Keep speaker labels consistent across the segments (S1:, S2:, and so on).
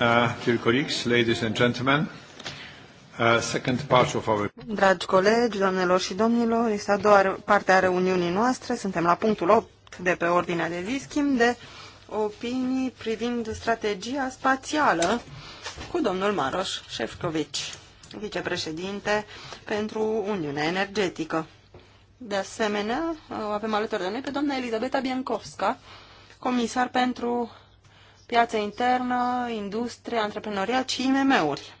S1: Uh, dear colleagues, ladies and gentlemen, uh, second part of our...
S2: Dragi colegi, doamnelor și domnilor, este a doua parte a reuniunii noastre. Suntem la punctul 8 de pe ordinea de zi, schimb de opinii privind strategia spațială cu domnul Maroș Șefcovici, vicepreședinte pentru Uniunea Energetică. De asemenea, avem alături de noi pe doamna Elizabeta Biancovska, comisar pentru piața internă, industria, antreprenoriat și IMM-uri.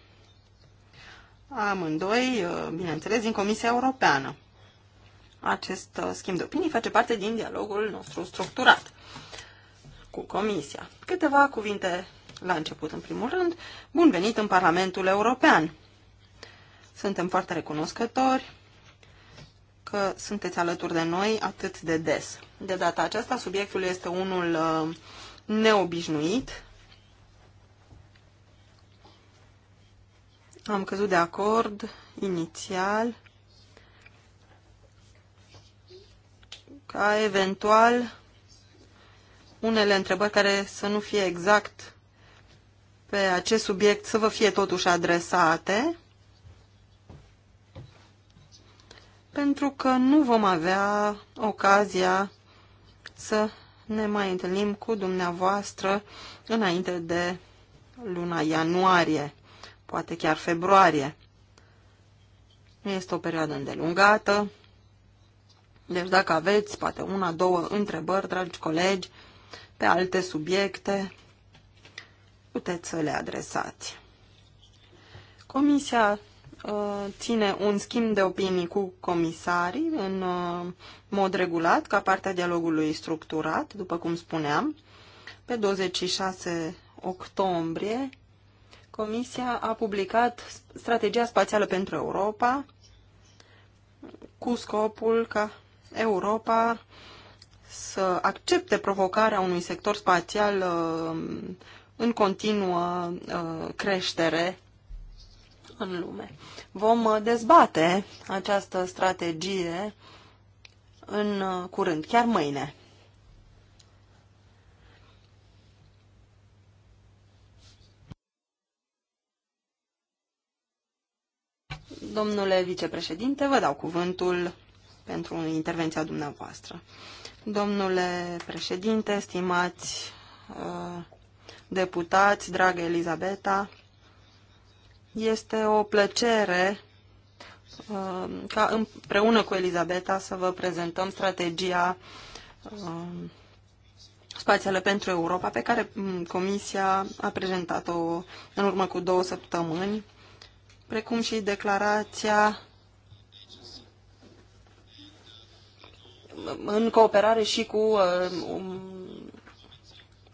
S2: Amândoi, uh, bineînțeles, din Comisia Europeană. Acest uh, schimb de opinii face parte din dialogul nostru structurat cu Comisia. Câteva cuvinte la început, în primul rând. Bun venit în Parlamentul European! Suntem foarte recunoscători că sunteți alături de noi atât de des. De data aceasta, subiectul este unul uh, neobișnuit. Am căzut de acord inițial ca eventual unele întrebări care să nu fie exact pe acest subiect să vă fie totuși adresate, pentru că nu vom avea ocazia să ne mai întâlnim cu dumneavoastră înainte de luna ianuarie, poate chiar februarie. Este o perioadă îndelungată, deci dacă aveți poate una, două întrebări, dragi colegi, pe alte subiecte, puteți să le adresați. Comisia Uh, ține un schimb de opinii cu comisarii în uh, mod regulat, ca parte a dialogului structurat, după cum spuneam. Pe 26 octombrie, Comisia a publicat Strategia Spațială pentru Europa cu scopul ca Europa să accepte provocarea unui sector spațial uh, în continuă creștere în lume. Vom uh, dezbate această strategie în uh, curând, chiar mâine. Domnule vicepreședinte, vă dau cuvântul pentru intervenția dumneavoastră. Domnule președinte, stimați uh, deputați, dragă Elizabeta, este o plăcere um, ca împreună cu Elizabeta să vă prezentăm strategia um, spațială pentru Europa, pe care um, Comisia a prezentat-o în urmă cu două săptămâni, precum și declarația în cooperare și cu uh,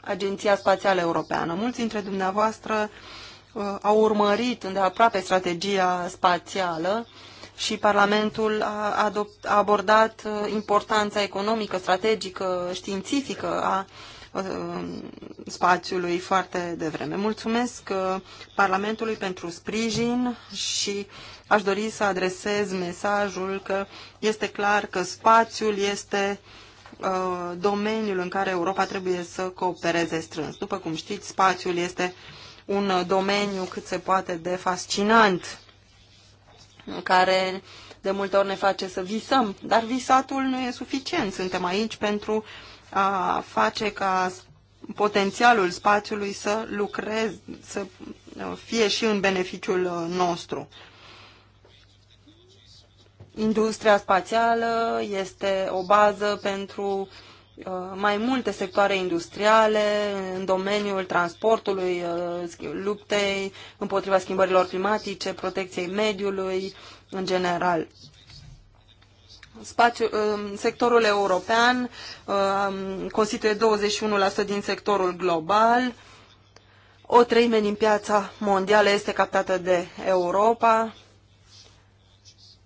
S2: Agenția Spațială Europeană. Mulți dintre dumneavoastră uh, Uh, au urmărit îndeaproape strategia spațială și Parlamentul a, adopt, a abordat uh, importanța economică, strategică, științifică a uh, spațiului foarte devreme. Mulțumesc Parlamentului pentru sprijin și aș dori să adresez mesajul că este clar că spațiul este domeniul în care Europa trebuie să coopereze strâns. După cum știți, spațiul este uh, un domeniu cât se poate de fascinant, care de multe ori ne face să visăm, dar visatul nu e suficient. Suntem aici pentru a face ca potențialul spațiului să lucreze, să fie și în beneficiul uh, nostru. Industria spațială este o bază pentru Uh, mai multe sectoare industriale în domeniul transportului, uh, luptei împotriva schimbărilor climatice, protecției mediului în general. Spațiu, uh, sectorul european constituie 21% din sectorul global. O treime din piața mondială este captată de Europa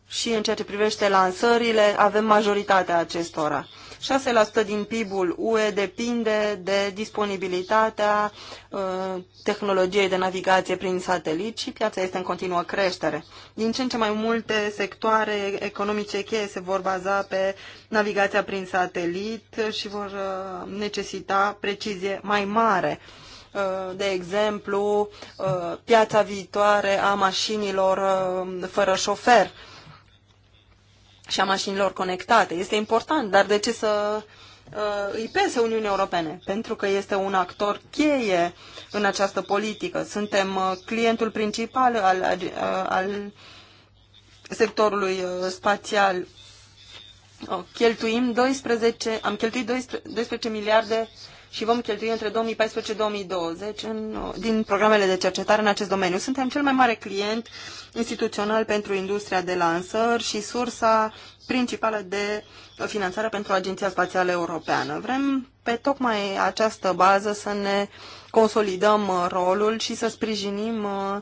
S2: și în ceea ce privește lansările avem majoritatea acestora. 6% din PIB-ul UE depinde de disponibilitatea uh, tehnologiei de navigație prin satelit și piața este în continuă creștere. Din ce în ce mai multe sectoare economice cheie se vor baza pe navigația prin satelit și vor uh, necesita precizie mai mare uh, de exemplu, piața viitoare a mașinilor fără șofer și a mașinilor conectate. Este important, dar de ce să uh, îi pese Uniunea Europene? Pentru că este un actor cheie în această politică. Suntem uh, clientul principal al, uh, al sectorului spațial. cheltuim 12, am cheltuit 12, 12 miliarde și vom cheltui între 2014-2020 din programele de cercetare în acest domeniu. Suntem cel mai mare client instituțional pentru industria de lansări și sursa principală de finanțare pentru Agenția Spațială Europeană. Vrem pe tocmai această bază să ne consolidăm uh, rolul și să sprijinim uh,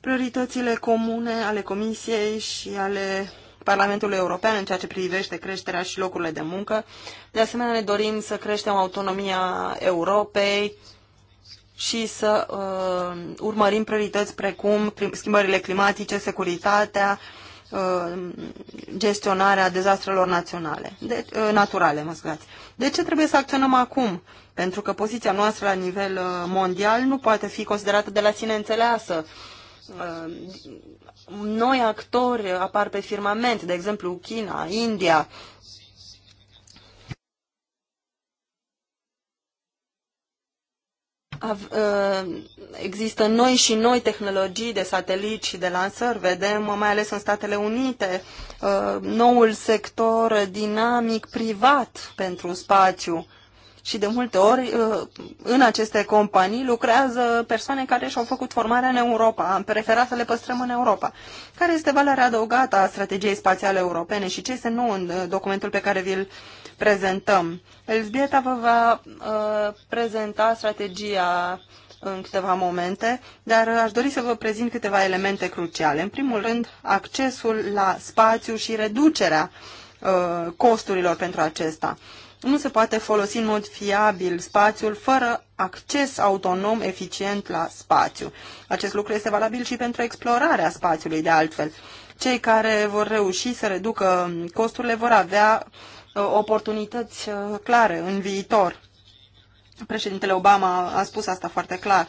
S2: prioritățile comune ale Comisiei și ale Parlamentului European în ceea ce privește creșterea și locurile de muncă. De asemenea, ne dorim să creștem autonomia Europei și să uh, urmărim priorități precum schimbările climatice, securitatea, uh, gestionarea dezastrelor naționale, de, uh, naturale, mă scuzați. De ce trebuie să acționăm acum? Pentru că poziția noastră la nivel uh, mondial nu poate fi considerată de la sine înțeleasă. Uh, noi actori apar pe firmament, de exemplu China, India. Ă, există noi și noi tehnologii de satelit și de lansări, vedem mai ales în Statele Unite, ă, noul sector dinamic privat pentru spațiu și de multe ori uh, în aceste companii lucrează persoane care și-au făcut formarea în Europa. Am preferat să le păstrăm în Europa. Care este valoarea adăugată a strategiei spațiale europene și ce este nou în uh, documentul pe care vi-l prezentăm? Elzbieta vă va uh, prezenta strategia în câteva momente, dar aș dori să vă prezint câteva elemente cruciale. În primul rând, accesul la spațiu și reducerea uh, costurilor pentru acesta. Nu se poate folosi în mod fiabil spațiul fără acces autonom eficient la spațiu. Acest lucru este valabil și pentru explorarea spațiului, de altfel. Cei care vor reuși să reducă costurile vor avea uh, oportunități uh, clare în viitor. Președintele Obama a spus asta foarte clar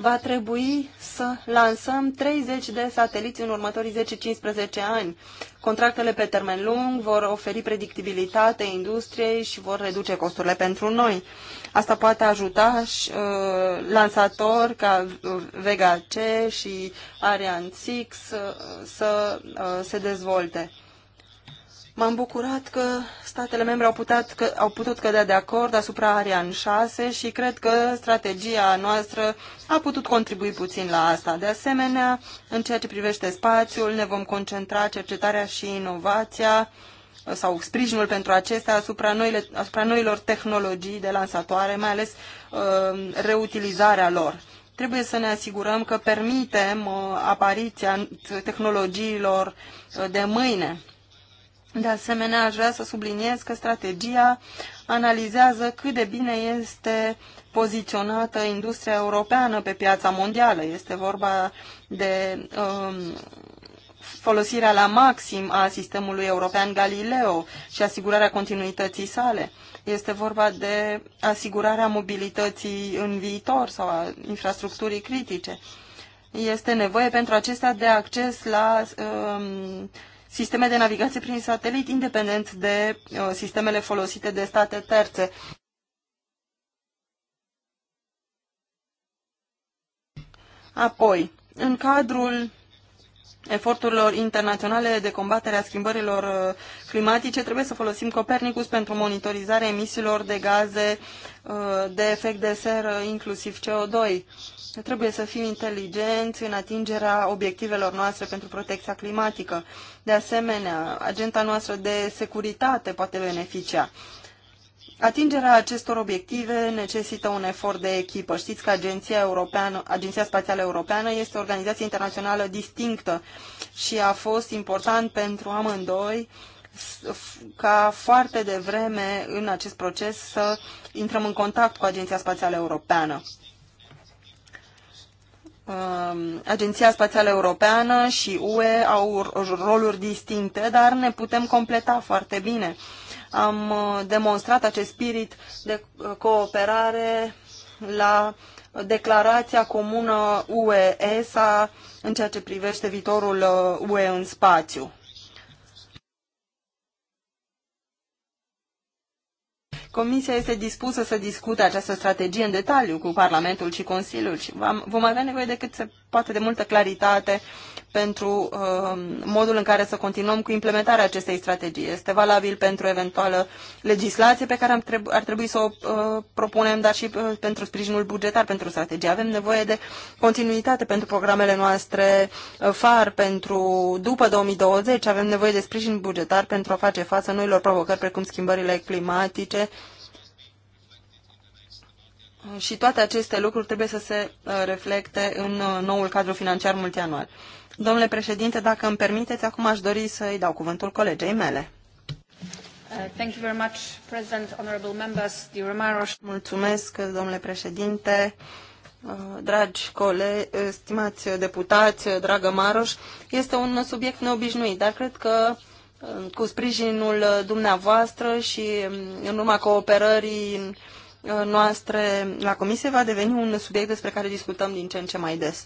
S2: va trebui să lansăm 30 de sateliți în următorii 10-15 ani. Contractele pe termen lung vor oferi predictibilitate industriei și vor reduce costurile pentru noi. Asta poate ajuta și, uh, lansatori ca uh, Vega C și Ariane 6 uh, să uh, se dezvolte. M-am bucurat că statele membre au, putat, că, au putut cădea de acord asupra Ariane 6 și cred că strategia noastră a putut contribui puțin la asta. De asemenea, în ceea ce privește spațiul, ne vom concentra cercetarea și inovația sau sprijinul pentru acestea asupra, noile, asupra noilor tehnologii de lansatoare, mai ales uh, reutilizarea lor. Trebuie să ne asigurăm că permitem uh, apariția tehnologiilor uh, de mâine de asemenea, aș vrea să subliniez că strategia analizează cât de bine este poziționată industria europeană pe piața mondială. Este vorba de um, folosirea la maxim a sistemului european Galileo și asigurarea continuității sale. Este vorba de asigurarea mobilității în viitor sau a infrastructurii critice. Este nevoie pentru acestea de acces la um, sisteme de navigație prin satelit, independent de uh, sistemele folosite de state terțe. Apoi, în cadrul eforturilor internaționale de combatere a schimbărilor uh, climatice, trebuie să folosim Copernicus pentru monitorizarea emisiilor de gaze uh, de efect de seră, inclusiv CO2. Trebuie să fim inteligenți în atingerea obiectivelor noastre pentru protecția climatică. De asemenea, agenda noastră de securitate poate beneficia. Atingerea acestor obiective necesită un efort de echipă. Știți că Agenția, Europeană, Agenția Spațială Europeană este o organizație internațională distinctă și a fost important pentru amândoi ca foarte devreme în acest proces să intrăm în contact cu Agenția Spațială Europeană. Um, Agenția Spațială Europeană și UE au roluri distincte, dar ne putem completa foarte bine am uh, demonstrat acest spirit de uh, cooperare la declarația comună UE-ESA în ceea ce privește viitorul UE uh, în spațiu. Comisia este dispusă să discute această strategie în detaliu cu Parlamentul și Consiliul și vom avea nevoie de cât se poate de multă claritate pentru uh, modul în care să continuăm cu implementarea acestei strategii. Este valabil pentru eventuală legislație pe care am treb- ar trebui să o uh, propunem, dar și uh, pentru sprijinul bugetar pentru strategie. Avem nevoie de continuitate pentru programele noastre uh, FAR pentru după 2020. Avem nevoie de sprijin bugetar pentru a face față noilor provocări precum schimbările climatice, și toate aceste lucruri trebuie să se uh, reflecte în uh, noul cadru financiar multianual. Domnule președinte, dacă îmi permiteți, acum aș dori să îi dau cuvântul colegei mele. Uh, Mulțumesc, domnule președinte, uh, dragi colegi, uh, stimați deputați, dragă Maroș. Este un subiect neobișnuit, dar cred că cu sprijinul dumneavoastră și um, în urma cooperării noastre la comisie va deveni un subiect despre care discutăm din ce în ce mai des.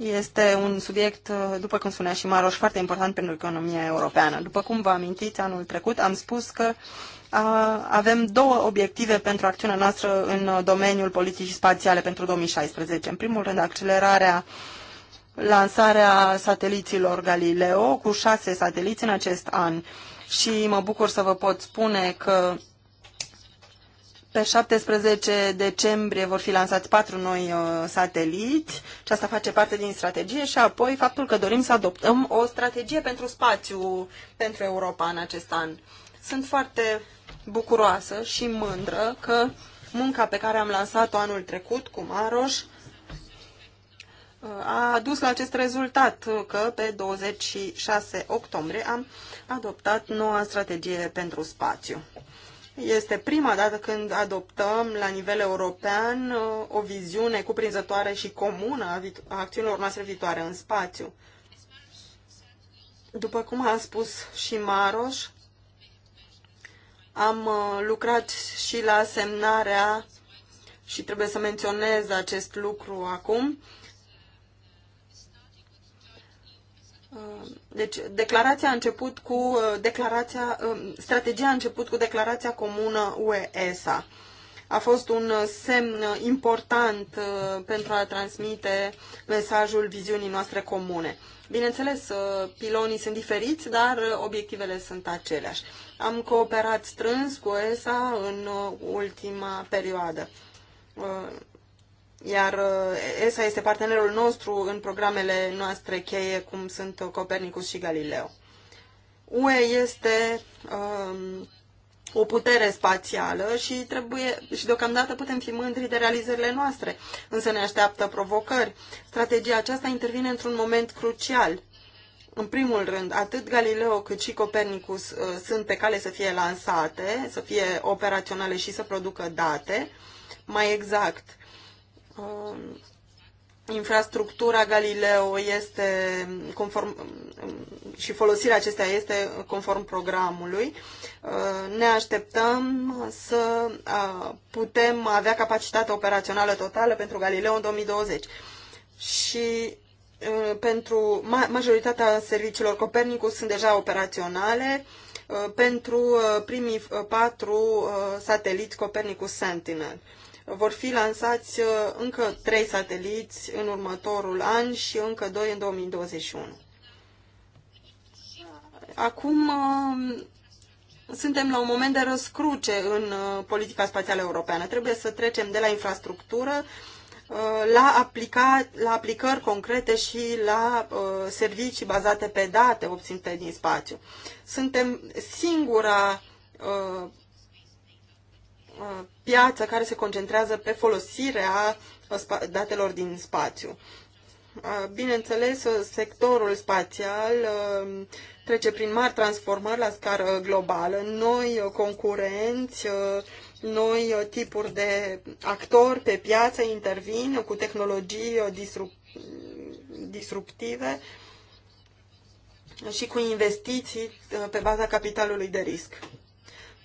S2: Este un subiect, uh, după cum spunea și Maroș, foarte important pentru economia europeană. După cum vă amintiți, anul trecut am spus că uh, avem două obiective pentru acțiunea noastră în uh, domeniul politicii spațiale pentru 2016. În primul rând, accelerarea lansarea sateliților Galileo cu șase sateliți în acest an. Și mă bucur să vă pot spune că pe 17 decembrie vor fi lansați patru noi uh, sateliți și asta face parte din strategie și apoi faptul că dorim să adoptăm o strategie pentru spațiu pentru Europa în acest an. Sunt foarte bucuroasă și mândră că munca pe care am lansat-o anul trecut cu Maroș uh, a dus la acest rezultat uh, că pe 26 octombrie am adoptat noua strategie pentru spațiu. Este prima dată când adoptăm la nivel european uh, o viziune cuprinzătoare și comună a acțiunilor noastre viitoare în spațiu. După cum a spus și Maroș, am uh, lucrat și la semnarea, și trebuie să menționez acest lucru acum, Uh, deci, declarația a început cu uh, declarația, um, strategia a început cu declarația comună UE-ESA. A fost un uh, semn important pentru a transmite mesajul viziunii noastre comune. Bineînțeles, pilonii sunt diferiți, dar obiectivele sunt aceleași. Am cooperat strâns cu ESA în ultima perioadă iar uh, ESA este partenerul nostru în programele noastre cheie, cum sunt Copernicus și Galileo. UE este um, o putere spațială și trebuie și deocamdată putem fi mândri de realizările noastre, însă ne așteaptă provocări. Strategia aceasta intervine într-un moment crucial. În primul rând, atât Galileo cât și Copernicus uh, sunt pe cale să fie lansate, să fie operaționale și să producă date. Mai exact, Uh, infrastructura Galileo este conform uh, și folosirea acestea este conform programului. Uh, ne așteptăm să putem avea capacitatea operațională totală pentru Galileo în 2020. Și pentru majoritatea serviciilor Copernicus sunt deja operaționale pentru primii patru sateliți Copernicus Sentinel. Vor fi lansați uh, încă trei sateliți în următorul an și încă doi în 2021. Acum uh, suntem la un moment de răscruce în uh, politica spațială europeană. Trebuie să trecem de la infrastructură la, aplica, la aplicări concrete și la servicii bazate pe date obținute din spațiu. Suntem singura Uh, piață care se concentrează pe folosirea uh, datelor din spațiu. Uh, bineînțeles, sectorul spațial trece prin mari transformări la scară globală, noi concurenți, noi tipuri de actori pe piață intervin cu tehnologii disruptive și cu investiții pe baza capitalului de risc.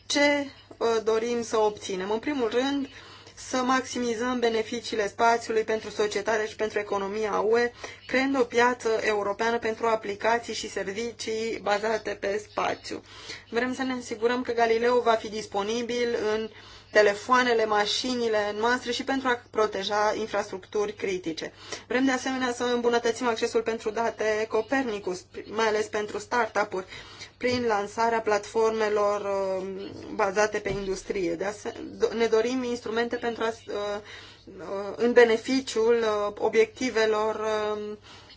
S2: Ce Uh, dorim să obținem? În primul rând, să maximizăm beneficiile spațiului pentru societate și pentru economia UE, creând o piață europeană pentru aplicații și servicii bazate pe spațiu. Vrem să ne asigurăm că Galileo va fi disponibil în telefoanele, mașinile noastre și pentru a proteja infrastructuri critice. Vrem de asemenea să îmbunătățim accesul pentru date Copernicus, mai ales pentru startup-uri prin lansarea platformelor um, bazate pe industrie. De ne dorim instrumente pentru a, uh, uh, în beneficiul uh, obiectivelor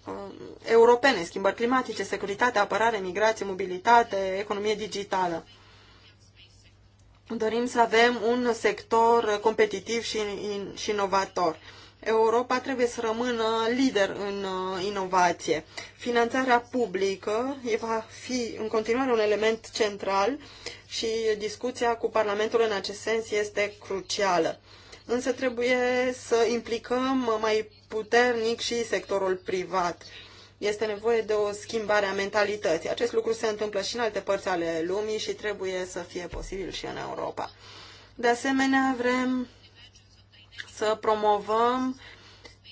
S2: um, europene, schimbări climatice, securitate, apărare, migrație, mobilitate, economie digitală. Dorim să avem un sector competitiv și, și inovator. Europa trebuie să rămână lider în uh, inovație. Finanțarea publică va fi în continuare un element central și discuția cu Parlamentul în acest sens este crucială. Însă trebuie să implicăm mai puternic și sectorul privat. Este nevoie de o schimbare a mentalității. Acest lucru se întâmplă și în alte părți ale lumii și trebuie să fie posibil și în Europa. De asemenea, vrem să promovăm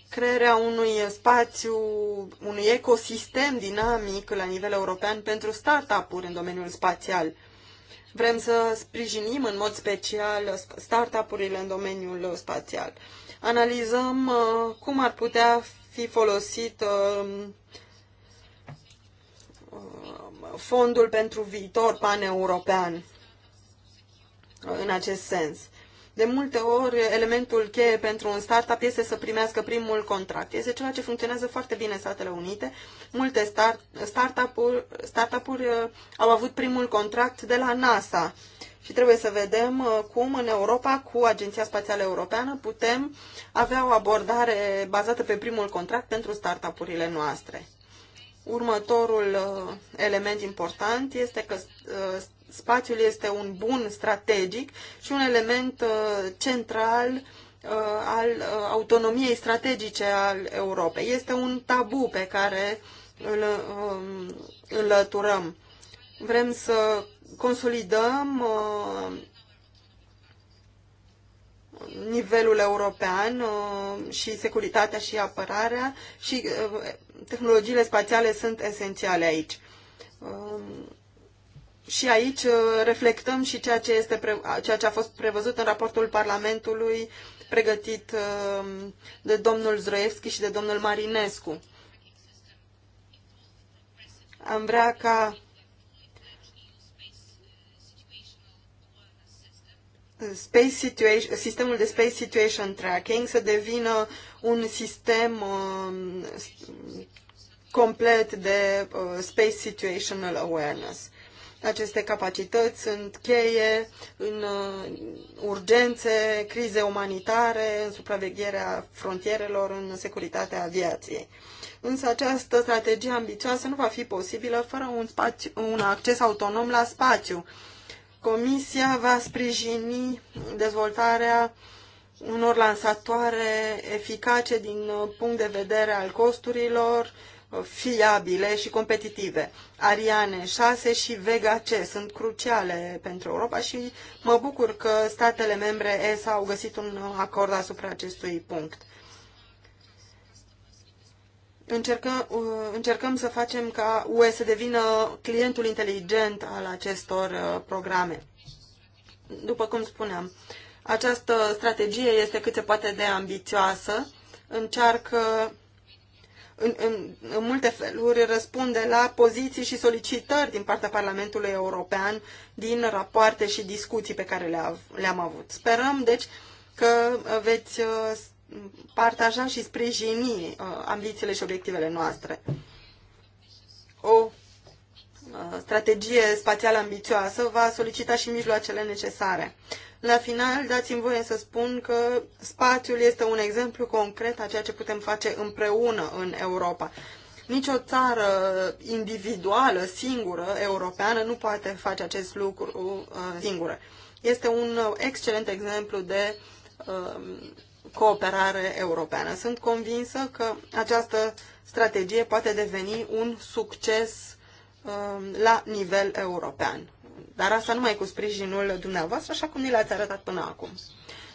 S2: crearea unui spațiu, unui ecosistem dinamic la nivel european pentru startup-uri în domeniul spațial. Vrem să sprijinim în mod special startup-urile în domeniul spațial. Analizăm uh, cum ar putea fi folosit um, uh, fondul pentru viitor pan european uh, în acest sens. De multe ori, elementul cheie pentru un startup este să primească primul contract. Este ceea ce funcționează foarte bine în Statele Unite. Multe startup-uri, startup-uri uh, au avut primul contract de la NASA și trebuie să vedem uh, cum în Europa, cu Agenția Spațială Europeană, putem avea o abordare bazată pe primul contract pentru startup-urile noastre. Următorul uh, element important este că spațiul este un bun strategic și un element uh, central uh, al uh, autonomiei strategice al Europei. Este un tabu pe care îl um, înlăturăm. Vrem să consolidăm nivelul european și securitatea și apărarea și tehnologiile spațiale sunt esențiale aici. Um, și aici uh, reflectăm și ceea ce, este ceea ce a fost prevăzut în raportul Parlamentului pregătit uh, de domnul Zroevski și de domnul Marinescu. Am vrea ca space situation, sistemul de Space Situation Tracking să devină un sistem uh, complet de Space Situational Awareness aceste capacități sunt cheie în uh, urgențe, crize umanitare, în supravegherea frontierelor, în securitatea aviației. Însă această strategie ambițioasă nu va fi posibilă fără un, spațiu, un acces autonom la spațiu. Comisia va sprijini dezvoltarea unor lansatoare eficace din uh, punct de vedere al costurilor, fiabile și competitive. Ariane 6 și Vega C sunt cruciale pentru Europa și mă bucur că statele membre ESA au găsit un acord asupra acestui punct. Încercăm, uh, încercăm să facem ca UE să devină clientul inteligent al acestor uh, programe. După cum spuneam, această strategie este cât se poate de ambițioasă, încearcă în, în, în multe feluri răspunde la poziții și solicitări din partea Parlamentului European din rapoarte și discuții pe care le-am le avut. Sperăm, deci, că uh, veți uh, partaja și sprijini uh, ambițiile și obiectivele noastre. O strategie spațială ambițioasă va solicita și mijloacele necesare. La final, dați-mi voie să spun că spațiul este un exemplu concret a ceea ce putem face împreună în Europa. Nici o țară individuală, singură, europeană, nu poate face acest lucru uh, singură. Este un excelent exemplu de um, cooperare europeană. Sunt convinsă că această strategie poate deveni un succes um, la nivel european dar asta numai cu sprijinul dumneavoastră, așa cum ni l-ați arătat până acum.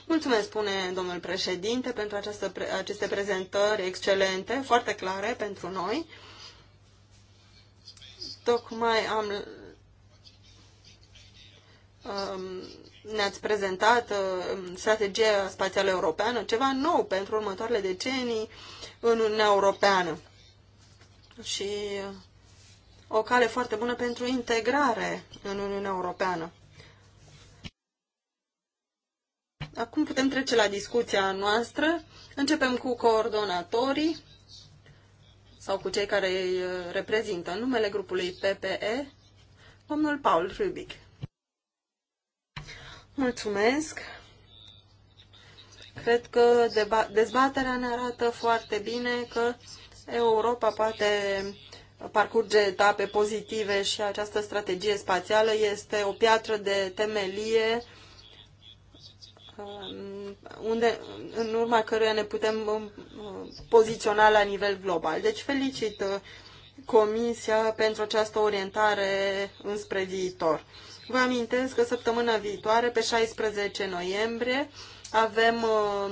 S2: Mulțumesc, spune domnul președinte, pentru această, aceste prezentări excelente, foarte clare pentru noi. Tocmai am um, ne-ați prezentat uh, strategia spațială europeană, ceva nou pentru următoarele decenii în Uniunea Europeană. Și uh, o cale foarte bună pentru integrare în Uniunea Europeană. Acum putem trece la discuția noastră. Începem cu coordonatorii sau cu cei care îi uh, reprezintă în numele grupului PPE, domnul Paul Rubic. Mulțumesc! Cred că dezbaterea ne arată foarte bine că Europa poate parcurge etape pozitive și această strategie spațială este o piatră de temelie um, unde, în urma căruia ne putem um, poziționa la nivel global. Deci felicit uh, Comisia pentru această orientare înspre viitor. Vă amintesc că săptămâna viitoare, pe 16 noiembrie, avem um,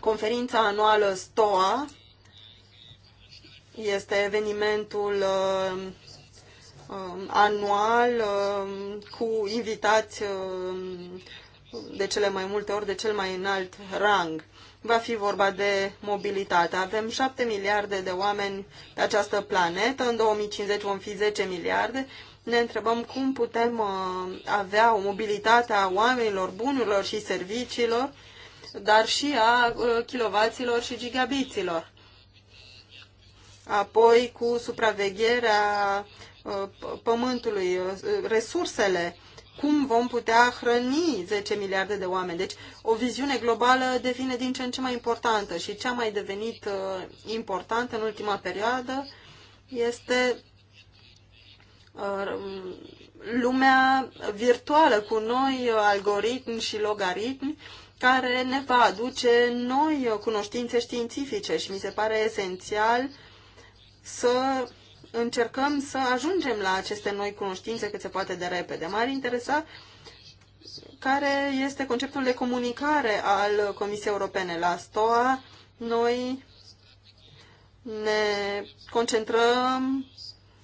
S2: conferința anuală STOA, este evenimentul uh, uh, anual uh, cu invitați de cele mai multe ori de cel mai înalt rang. Va fi vorba de mobilitate. Avem 7 miliarde de oameni pe această planetă, în 2050 vom fi 10 miliarde. Ne întrebăm cum putem avea o mobilitate a oamenilor, bunurilor și serviciilor, dar și a kilovaților și gigabiților apoi cu supravegherea uh, pământului, uh, resursele, cum vom putea hrăni 10 miliarde de oameni. Deci o viziune globală devine din ce în ce mai importantă și cea mai devenit uh, importantă în ultima perioadă este lumea virtuală cu noi algoritmi și logaritmi care ne va aduce noi cunoștințe științifice și mi se pare esențial uh, să încercăm să ajungem la aceste noi cunoștințe cât se poate de repede. M-ar interesa care este conceptul de comunicare al Comisiei Europene. La STOA noi ne concentrăm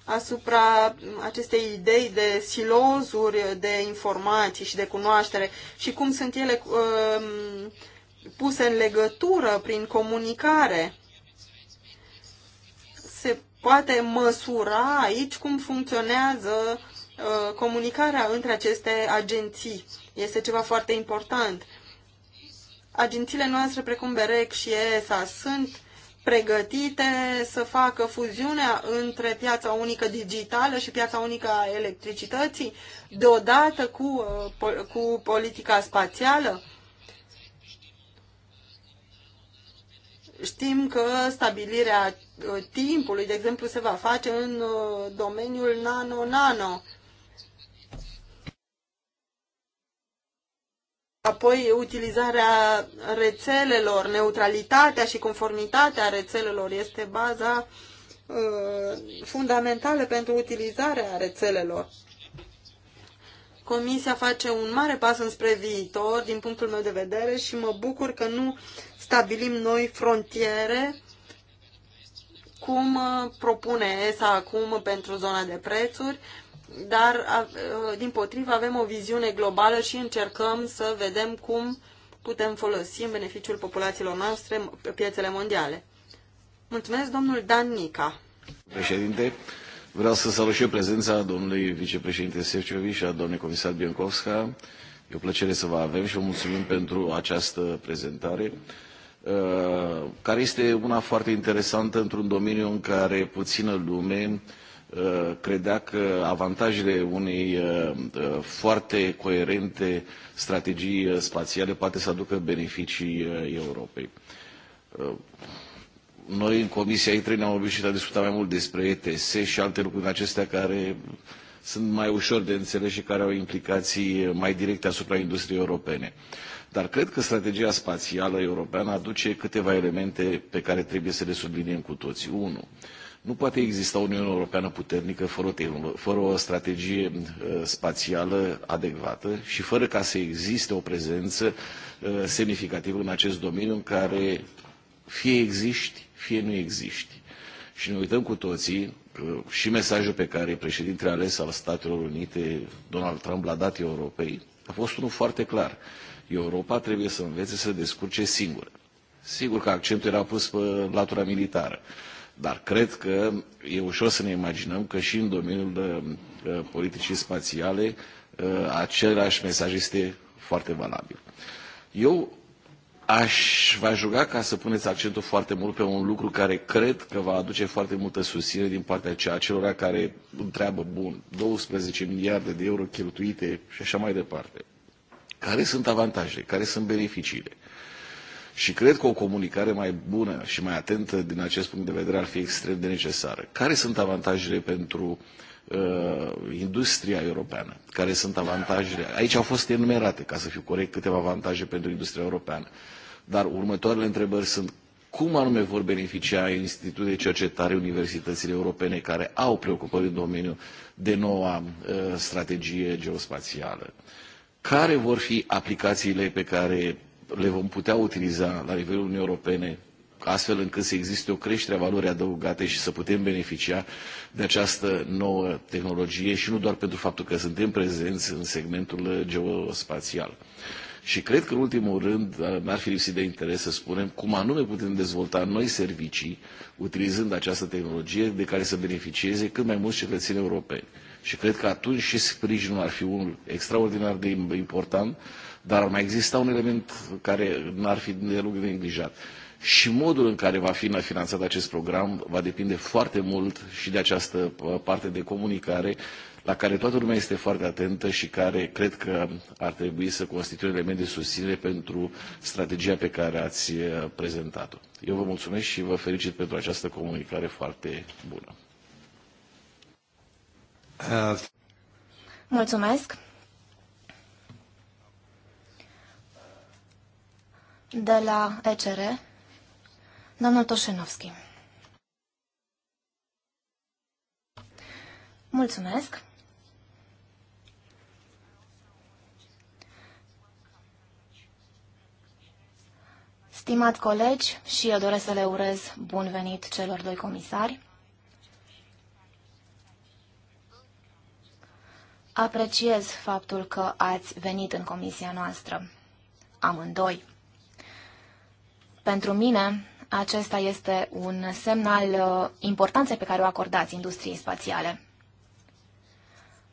S2: asupra acestei idei de silozuri de informații și de cunoaștere și cum sunt ele uh, puse în legătură prin comunicare poate măsura aici cum funcționează uh, comunicarea între aceste agenții. Este ceva foarte important. Agențiile noastre, precum BEREC și ESA, sunt pregătite să facă fuziunea între piața unică digitală și piața unică a electricității, deodată cu, uh, cu politica spațială. Știm că stabilirea uh, timpului, de exemplu, se va face în uh, domeniul nano-nano. Apoi utilizarea rețelelor, neutralitatea și conformitatea rețelelor este baza uh, fundamentală pentru utilizarea rețelelor. Comisia face un mare pas înspre viitor, din punctul meu de vedere, și mă bucur că nu stabilim noi frontiere, cum uh, propune ESA acum pentru zona de prețuri, dar uh, din potrivă avem o viziune globală și încercăm să vedem cum putem folosi în beneficiul populațiilor noastre pe piețele mondiale. Mulțumesc, domnul Dan Nica.
S1: Președinte, vreau să salut și eu prezența domnului vicepreședinte Sefcovi și a doamnei comisar Biancovska. E o plăcere să vă avem și vă mulțumim pentru această prezentare. Uh, care este una foarte interesantă într-un domeniu în care puțină lume uh, credea că avantajele unei uh, foarte coerente strategii spațiale poate să aducă beneficii Europei. Noi în Comisia ITRE ne-am obișnuit a discuta mai mult despre ETS și alte lucruri acestea care sunt mai ușor de înțeles și care au implicații mai directe asupra industriei europene dar cred că strategia spațială europeană aduce câteva elemente pe care trebuie să le subliniem cu toții. Unu, nu poate exista o Uniune Europeană puternică fără o, fără o strategie uh, spațială adecvată și fără ca să existe o prezență uh, semnificativă în acest domeniu în care fie existi, fie nu existi. Și ne uităm cu toții uh, și mesajul pe care președintele ales al Statelor Unite, Donald Trump, l-a dat Europei, a fost unul foarte clar. Europa trebuie să învețe să se descurce singură. Sigur că accentul era pus pe latura militară, dar cred că e ușor să ne imaginăm că și în domeniul politicii spațiale ă, același mesaj este foarte valabil. Eu aș v-aș ruga ca să puneți accentul foarte mult pe un lucru care cred că va aduce foarte multă susținere din partea celor care întreabă, bun, 12 miliarde de euro cheltuite și așa mai departe. Care sunt avantajele? Care sunt beneficiile? Și cred că o comunicare mai bună și mai atentă din acest punct de vedere ar fi extrem de necesară. Care sunt avantajele pentru uh, industria europeană? Care sunt avantajele? Aici au fost enumerate, ca să fiu corect, câteva avantaje pentru industria europeană. Dar următoarele întrebări sunt cum anume vor beneficia institutele de cercetare, universitățile europene care au preocupări în domeniul de noua uh, strategie geospațială? Uh, care vor fi aplicațiile pe care le vom putea utiliza la nivelul Uniunii Europene, astfel încât să existe o creștere a valorii adăugate și să putem beneficia de această nouă tehnologie și nu doar pentru faptul că suntem prezenți în segmentul geospațial. Și cred că, în ultimul rând, mi-ar fi lipsit de interes să spunem cum anume putem dezvolta noi servicii utilizând această tehnologie de care să beneficieze cât mai mulți cetățeni europeni. Și cred că atunci și sprijinul ar fi unul extraordinar de important, dar ar mai exista un element care n-ar fi deloc de neglijat. Și modul în care va fi finanțat acest program va depinde foarte mult și de această uh, parte de comunicare la care toată lumea este foarte atentă și care cred că ar trebui să constituie un element de susținere pentru strategia pe care ați uh, prezentat-o. Eu vă mulțumesc și vă felicit pentru această comunicare foarte bună.
S3: Mulțumesc. De la ECR, domnul Toșenovski. Mulțumesc. Stimați colegi, și eu doresc să le urez bun venit celor doi comisari. Apreciez faptul că ați venit în comisia noastră, amândoi. Pentru mine, acesta este un semn al uh, importanței pe care o acordați industriei spațiale.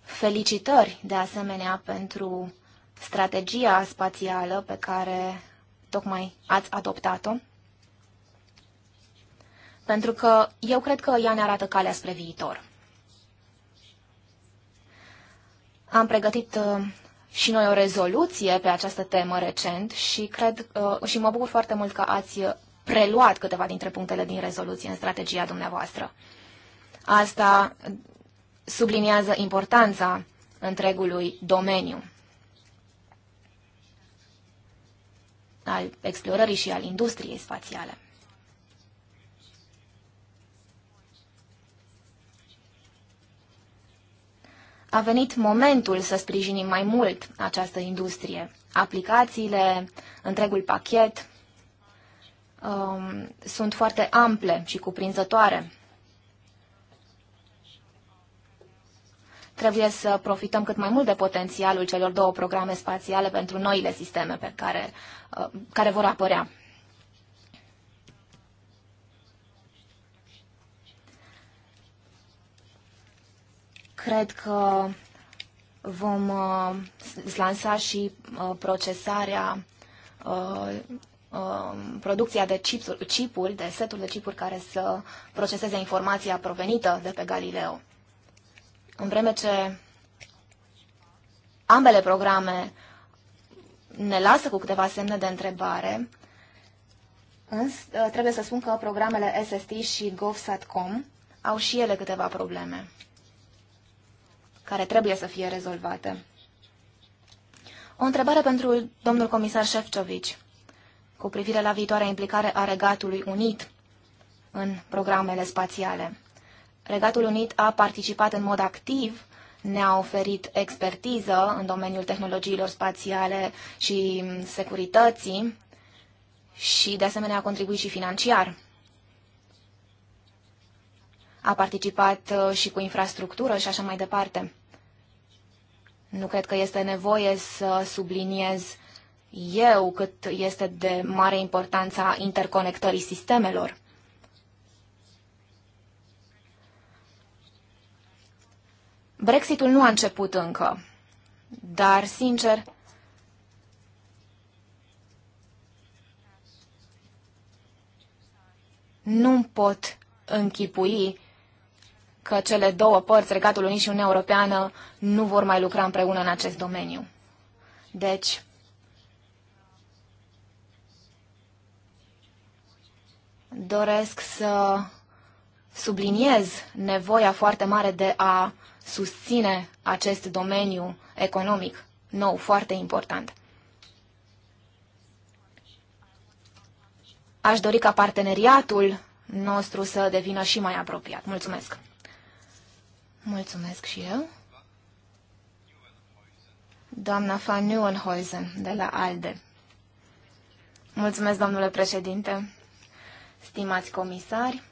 S3: Felicitări, de asemenea, pentru strategia spațială pe care tocmai ați adoptat-o, pentru că eu cred că ea ne arată calea spre viitor. Am pregătit uh, și noi o rezoluție pe această temă recent și cred uh, și mă bucur foarte mult că ați uh, preluat câteva dintre punctele din rezoluție în strategia dumneavoastră. Asta subliniază importanța întregului domeniu al explorării și al industriei spațiale. a venit momentul să sprijinim mai mult această industrie. Aplicațiile, întregul pachet um, sunt foarte ample și cuprinzătoare. Trebuie să profităm cât mai mult de potențialul celor două programe spațiale pentru noile sisteme pe care, uh, care vor apărea. Cred că vom uh, lansa și uh, procesarea, uh, um, producția de chipuri, chipuri, de setul de chipuri care să proceseze informația provenită de pe Galileo. În vreme ce ambele programe ne lasă cu câteva semne de întrebare, însă trebuie să spun că programele SST și GovSatcom au și ele câteva probleme care trebuie să fie rezolvate. O întrebare pentru domnul comisar Șefcovici cu privire la viitoarea implicare a Regatului Unit în programele spațiale. Regatul Unit a participat în mod activ, ne-a oferit expertiză în domeniul tehnologiilor spațiale și securității și, de asemenea, a contribuit și financiar. A participat uh, și cu infrastructură și așa mai departe. Nu cred că este nevoie să subliniez eu cât este de mare importanța interconectării sistemelor. Brexitul nu a început încă, dar, sincer, nu pot închipui că cele două părți, Regatul Unit și Uniunea Europeană, nu vor mai lucra împreună în acest domeniu. Deci, doresc să subliniez nevoia foarte mare de a susține acest domeniu economic nou, foarte important. Aș dori ca parteneriatul nostru să devină și mai apropiat. Mulțumesc! Mulțumesc și eu. Doamna Van Nieuwenhuizen, de la ALDE. Mulțumesc, domnule președinte. Stimați comisari,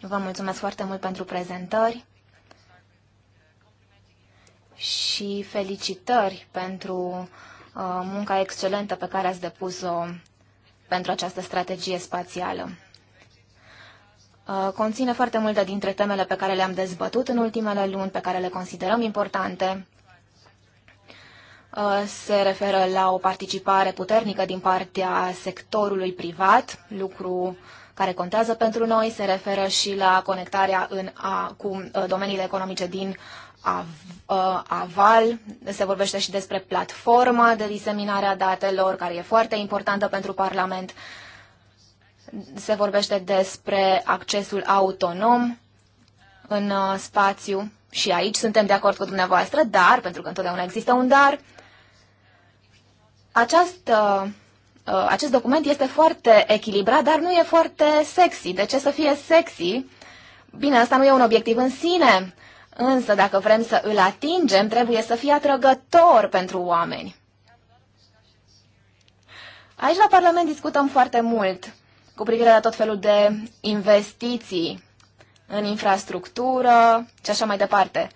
S3: vă mulțumesc foarte mult pentru prezentări și felicitări pentru uh, munca excelentă pe care ați depus-o pentru această strategie spațială. Uh, conține foarte multe dintre temele pe care le-am dezbătut în ultimele luni, pe care le considerăm importante. Uh, se referă la o participare puternică din partea sectorului privat, lucru care contează pentru noi, se referă și la conectarea în a, cu uh, domeniile economice din aval, se vorbește și despre platforma de diseminare a datelor, care e foarte importantă pentru Parlament. Uh, se vorbește despre accesul autonom în uh, spațiu și aici suntem de acord cu dumneavoastră, dar, pentru că întotdeauna există un dar, Acest uh, acest document este foarte echilibrat, dar nu e foarte sexy. De ce să fie sexy? Bine, asta nu e un obiectiv în sine, însă dacă vrem să îl atingem, trebuie să fie atrăgător pentru oameni. Aici la Parlament discutăm foarte mult cu privire la tot felul de investiții în infrastructură și așa mai departe.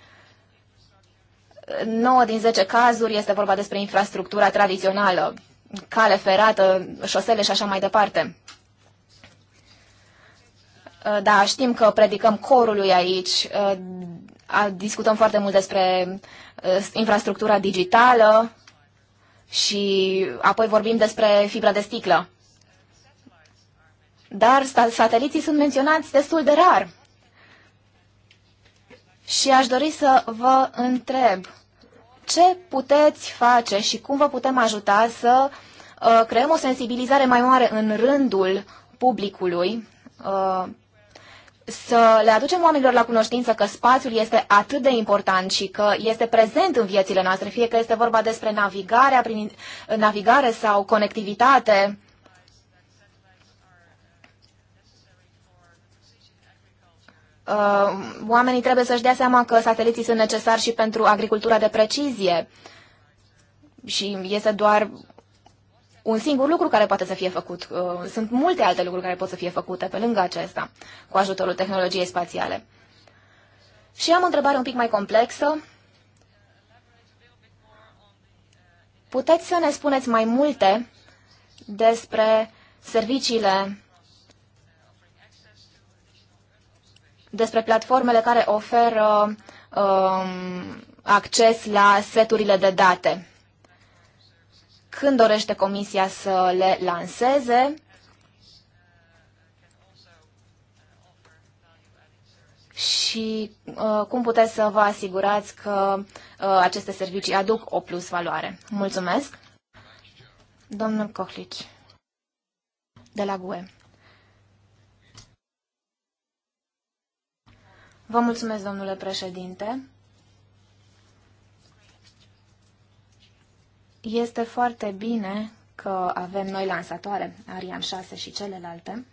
S3: 9 din 10 cazuri este vorba despre infrastructura tradițională, cale ferată, șosele și așa mai departe. Da, știm că predicăm corului aici, discutăm foarte mult despre infrastructura digitală și apoi vorbim despre fibra de sticlă dar sateliții sunt menționați destul de rar. Și aș dori să vă întreb ce puteți face și cum vă putem ajuta să uh, creăm o sensibilizare mai mare în rândul publicului, uh, să le aducem oamenilor la cunoștință că spațiul este atât de important și că este prezent în viețile noastre, fie că este vorba despre navigarea prin navigare sau conectivitate Uh, oamenii trebuie să-și dea seama că sateliții sunt necesari și pentru agricultura de precizie. Și este doar un singur lucru care poate să fie făcut. Uh, sunt multe alte lucruri care pot să fie făcute pe lângă acesta, cu ajutorul tehnologiei spațiale. Și am o întrebare un pic mai complexă. Puteți să ne spuneți mai multe despre serviciile despre platformele care oferă um, acces la seturile de date. Când dorește Comisia să le lanseze și uh, cum puteți să vă asigurați că uh, aceste servicii aduc o plus valoare. Mulțumesc! Domnul Cohlici, de la GUE. Vă mulțumesc, domnule președinte. Este foarte bine că avem noi lansatoare, Ariane 6 și celelalte.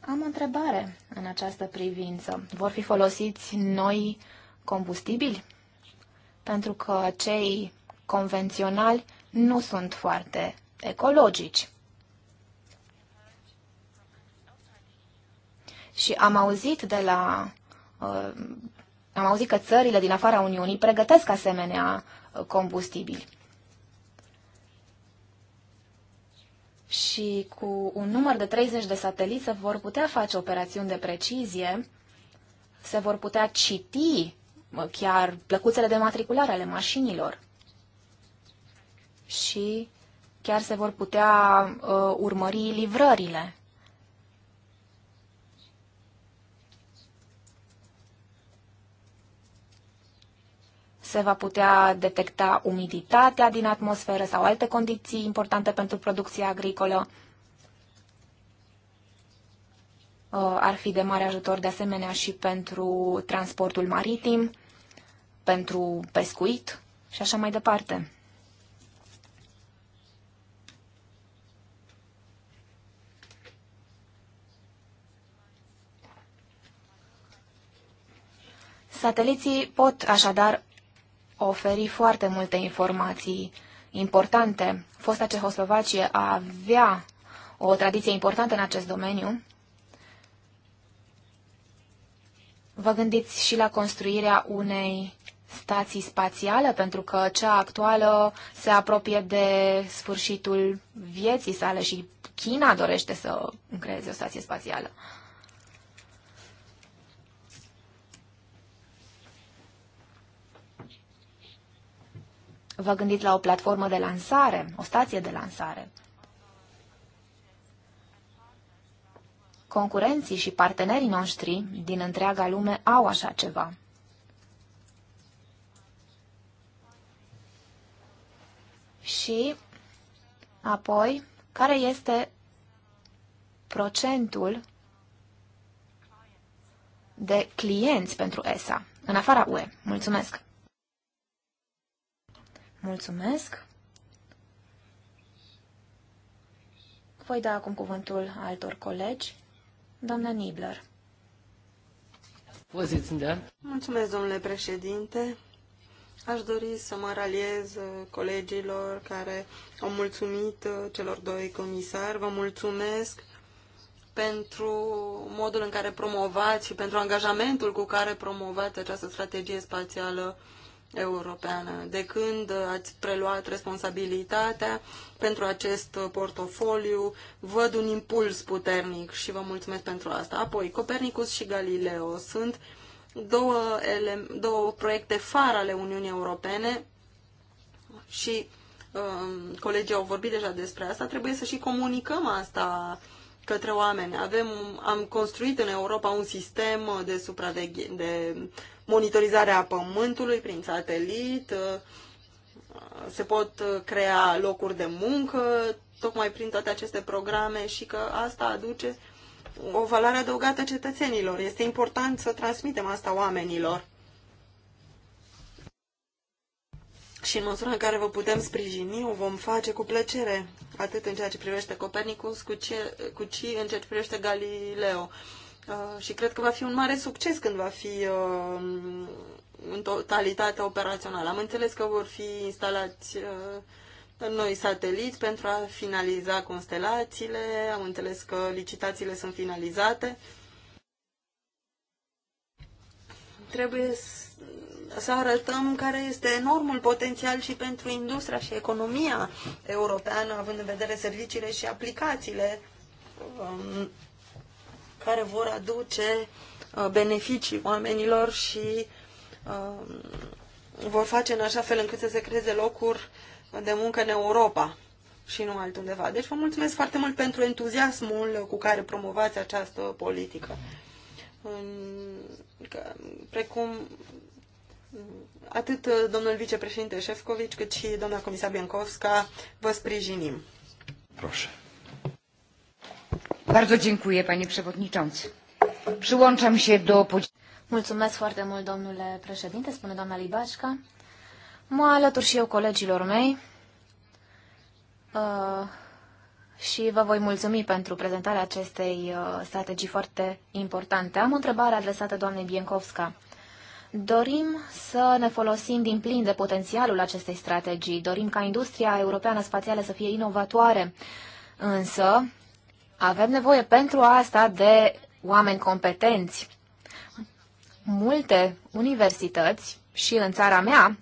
S3: Am o întrebare în această privință. Vor fi folosiți noi combustibili? Pentru că cei convenționali nu sunt foarte ecologici. Și am auzit de la uh, am auzit că țările din afara Uniunii pregătesc asemenea uh, combustibili. Și cu un număr de 30 de sateliți se vor putea face operațiuni de precizie, se vor putea citi uh, chiar plăcuțele de matriculare ale mașinilor și chiar se vor putea uh, urmări livrările se va putea detecta umiditatea din atmosferă sau alte condiții importante pentru producția agricolă. Uh, ar fi de mare ajutor de asemenea și pentru transportul maritim, pentru pescuit și așa mai departe. Sateliții pot așadar oferi foarte multe informații importante. Fosta Cehoslovacie avea o tradiție importantă în acest domeniu. Vă gândiți și la construirea unei stații spațiale, pentru că cea actuală se apropie de sfârșitul vieții sale și China dorește să creeze o stație spațială. vă gândiți la o platformă de lansare, o stație de lansare. Concurenții și partenerii noștri din întreaga lume au așa ceva. Și apoi, care este procentul de clienți pentru ESA, în afara UE? Mulțumesc! Mulțumesc! Voi da acum cuvântul altor colegi. Doamna Nibler.
S1: Da?
S2: Mulțumesc, domnule președinte. Aș dori să mă raliez colegilor care au mulțumit celor doi comisari. Vă mulțumesc pentru modul în care promovați și pentru angajamentul cu care promovați această strategie spațială uh, europeană. De când ați preluat responsabilitatea pentru acest portofoliu, văd un impuls puternic și vă mulțumesc pentru asta. Apoi, Copernicus și Galileo sunt două, ele, două proiecte far ale Uniunii Europene și um, colegii au vorbit deja despre asta, trebuie să și comunicăm asta către oameni. Avem, am construit în Europa un sistem de supraveghere, de monitorizarea pământului prin satelit, uh, se pot uh, crea locuri de muncă tocmai prin toate aceste programe și că asta aduce o valoare adăugată cetățenilor. Este important să transmitem asta oamenilor. Și în măsura în care vă putem sprijini, o vom face cu plăcere, atât în ceea ce privește Copernicus, cu ce, cu ce în ceea ce privește Galileo. Uh, și cred că va fi un mare succes când va fi uh, în totalitate operațional. Am înțeles că vor fi instalați uh, noi sateliți pentru a finaliza constelațiile, am înțeles că licitațiile sunt finalizate. Trebuie să arătăm care este enormul potențial și pentru industria și economia europeană, având în vedere serviciile și aplicațiile um, care vor aduce uh, beneficii oamenilor și uh, vor face în așa fel încât să se creeze locuri de muncă în Europa și nu altundeva. Deci vă mulțumesc foarte mult pentru entuziasmul cu care promovați această politică. Precum atât domnul vicepreședinte Șefcovici cât și doamna comisar Biancovska vă sprijinim.
S4: Proșe.
S3: Bardzo dziękuję, panie przewodniczący. Przyłączam się do... Mulțumesc foarte mult, domnule președinte, spune doamna Libașca. Mă alătur și eu colegilor mei uh, și vă voi mulțumi pentru prezentarea acestei uh, strategii foarte importante. Am o întrebare adresată doamnei Biencovska. Dorim să ne folosim din plin de potențialul acestei strategii. Dorim ca industria europeană spațială să fie inovatoare, însă avem nevoie pentru asta de oameni competenți. Multe universități și în țara mea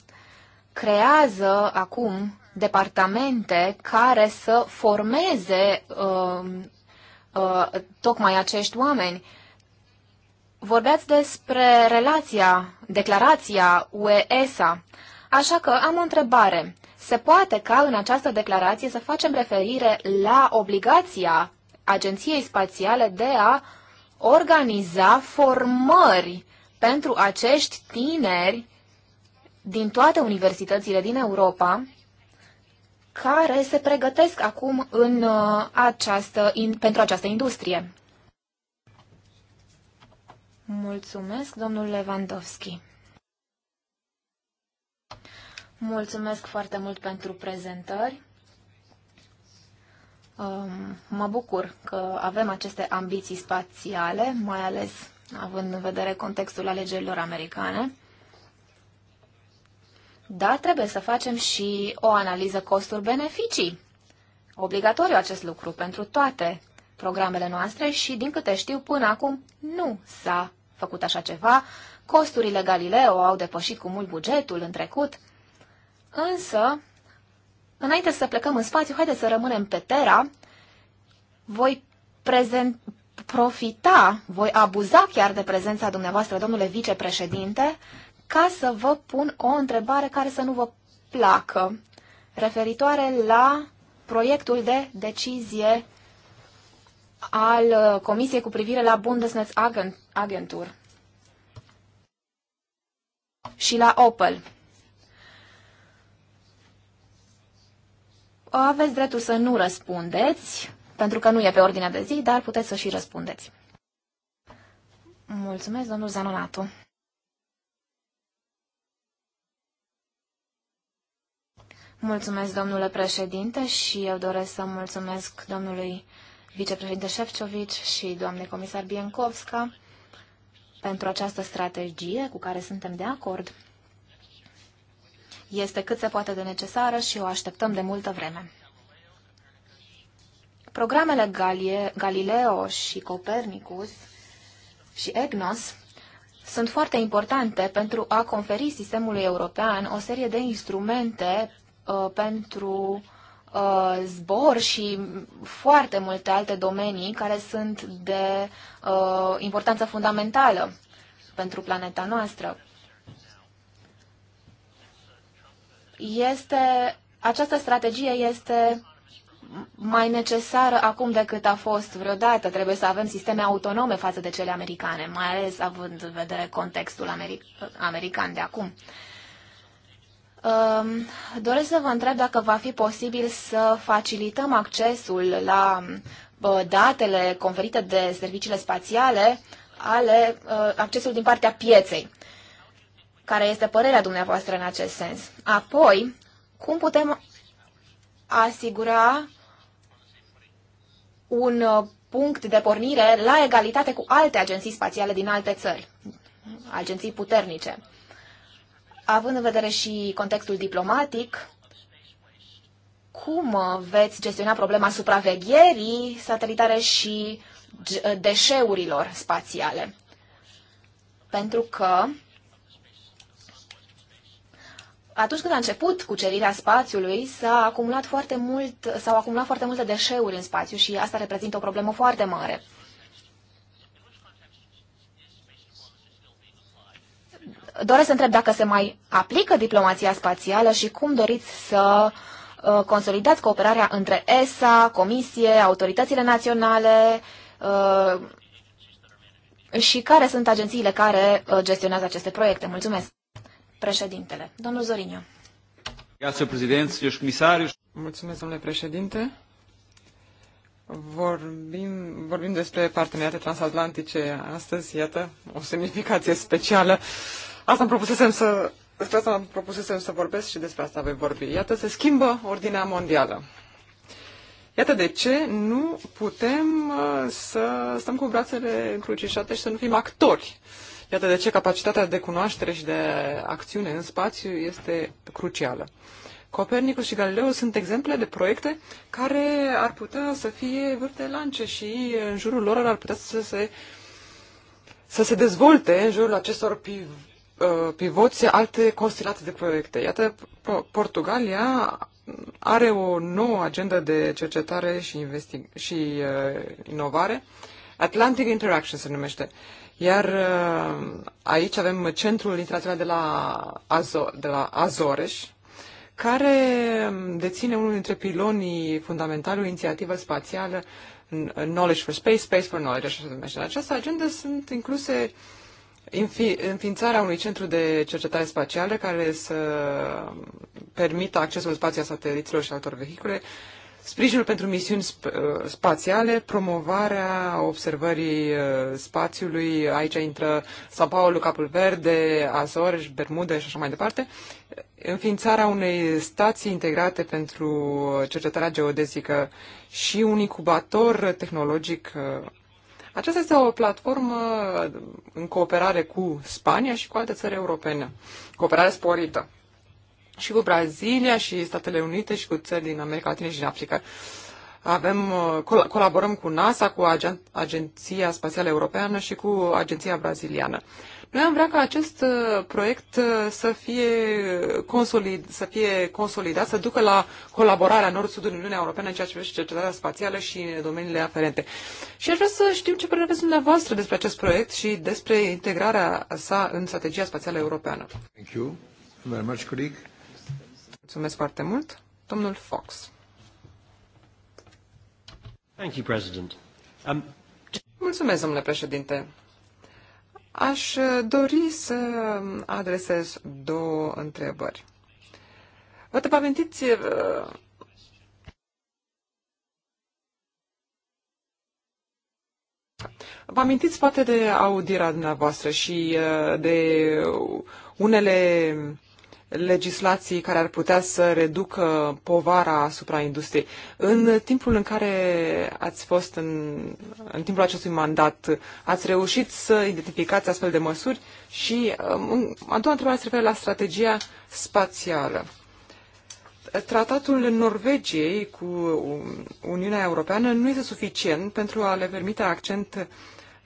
S3: creează acum departamente care să formeze uh, uh, tocmai acești oameni. Vorbeați despre relația, declarația UE-ESA. Așa că am o întrebare. Se poate ca în această declarație să facem referire la obligația Agenției Spațiale de a organiza formări pentru acești tineri din toate universitățile din Europa care se pregătesc acum în uh, această, in, pentru această industrie. Mulțumesc, domnul Lewandowski. Mulțumesc foarte mult pentru prezentări. Um, mă bucur că avem aceste ambiții spațiale, mai ales având în vedere contextul alegerilor americane. Dar trebuie să facem și o analiză costuri-beneficii. Obligatoriu acest lucru pentru toate programele noastre și, din câte știu, până acum nu s-a făcut așa ceva. Costurile Galileo au depășit cu mult bugetul în trecut, însă Înainte să plecăm în spațiu, haideți să rămânem pe Terra. Voi prezent, profita, voi abuza chiar de prezența dumneavoastră, domnule vicepreședinte, ca să vă pun o întrebare care să nu vă placă, referitoare la proiectul de decizie al uh, Comisiei cu privire la Agentur și la Opel. Aveți dreptul să nu răspundeți, pentru că nu e pe ordinea de zi, dar puteți să și răspundeți. Mulțumesc, domnul Zanonatu. Mulțumesc, domnule președinte, și eu doresc să mulțumesc domnului vicepreședinte Șefcovici și doamnei comisar Biencovska pentru această strategie cu care suntem de acord este cât se poate de necesară și o așteptăm de multă vreme. Programele Galileo și Copernicus și EGNOS sunt foarte importante pentru a conferi sistemului european o serie de instrumente uh, pentru uh, zbor și foarte multe alte domenii care sunt de uh, importanță fundamentală pentru planeta noastră. este, această strategie este mai necesară acum decât a fost vreodată. Trebuie să avem sisteme autonome față de cele americane, mai ales având în vedere contextul americ- american de acum. Ehm, doresc să vă întreb dacă va fi posibil să facilităm accesul la datele conferite de serviciile spațiale ale ă, accesul din partea pieței care este părerea dumneavoastră în acest sens. Apoi, cum putem asigura un uh, punct de pornire la egalitate cu alte agenții spațiale din alte țări, agenții puternice. Având în vedere și contextul diplomatic, cum uh, veți gestiona problema supravegherii satelitare și uh, deșeurilor spațiale? Pentru că atunci când a început cucerirea spațiului, s-a acumulat foarte mult, s-au acumulat foarte multe deșeuri în spațiu și asta reprezintă o problemă foarte mare. Doresc să întreb dacă se mai aplică diplomația spațială și cum doriți să uh, consolidați cooperarea între ESA, Comisie, autoritățile naționale uh, și care sunt agențiile care uh, gestionează aceste proiecte. Mulțumesc! Președintele, domnul Zorinio.
S4: Mulțumesc, domnule președinte. Vorbim, vorbim despre parteneriate transatlantice astăzi, iată, o semnificație specială. Asta am propusesem să, despre asta am propusesem să vorbesc și despre asta voi vorbi. Iată, se schimbă ordinea mondială. Iată de ce nu putem uh, să stăm cu brațele încrucișate și să nu fim actori. Uh, Iată de ce capacitatea de cunoaștere și de acțiune în spațiu este crucială. Copernicus și Galileo sunt exemple de proiecte care ar putea să fie vârte lance și în jurul lor ar putea să se, să se dezvolte în jurul acestor piv, uh, pivoți alte constelații de proiecte. Iată, Portugalia are o nouă agendă de cercetare și, investi- și uh, inovare. Atlantic Interaction se numește. Uh, iar uh, aici avem Centrul Internațional de la, Azo- de la Azoreș, care um, deține unul dintre pilonii fundamentali, o inițiativă spațială, Knowledge for Space, Space for Knowledge, așa se numește. În această agenda sunt incluse înființarea unui centru de cercetare spațială care să permită accesul spației a sateliților și altor vehicule sprijinul pentru misiuni sp- uh, spațiale, promovarea observării uh, spațiului, aici intră São Paulo, Capul Verde, Azores, Bermude și așa mai departe, înființarea unei stații integrate pentru cercetarea geodezică și un incubator tehnologic. Aceasta este o platformă în cooperare cu Spania și cu alte țări europene, cooperare sporită și cu Brazilia și Statele Unite și cu țări din America Latină și din Africa. Avem, uh, col- colaborăm cu NASA, cu Agen- Agenția Spațială Europeană și cu Agenția Braziliană. Noi am vrea ca acest uh, proiect uh, să fie, consolid, să fie consolidat, să ducă la colaborarea Nord-Sud în Uniunea Europeană în ceea ce privește cercetarea spațială și în domeniile aferente. Și aș vrea să știm ce părere aveți dumneavoastră despre acest proiect și despre integrarea sa în strategia spațială europeană.
S1: Thank you very much, colleague.
S4: Mulțumesc foarte mult. Domnul Fox. Thank you, President. Um... Mulțumesc, domnule președinte. Aș dori să adresez două întrebări. Vă te amintiți uh, Vă amintiți poate de audirea dumneavoastră și uh, de unele legislații care ar putea să reducă povara asupra industriei. În timpul în care ați fost în, în timpul acestui mandat, ați reușit să identificați astfel de măsuri și um, a doua întrebare se referă la strategia spațială. Tratatul Norvegiei cu Uniunea Europeană nu este suficient pentru a le permite accent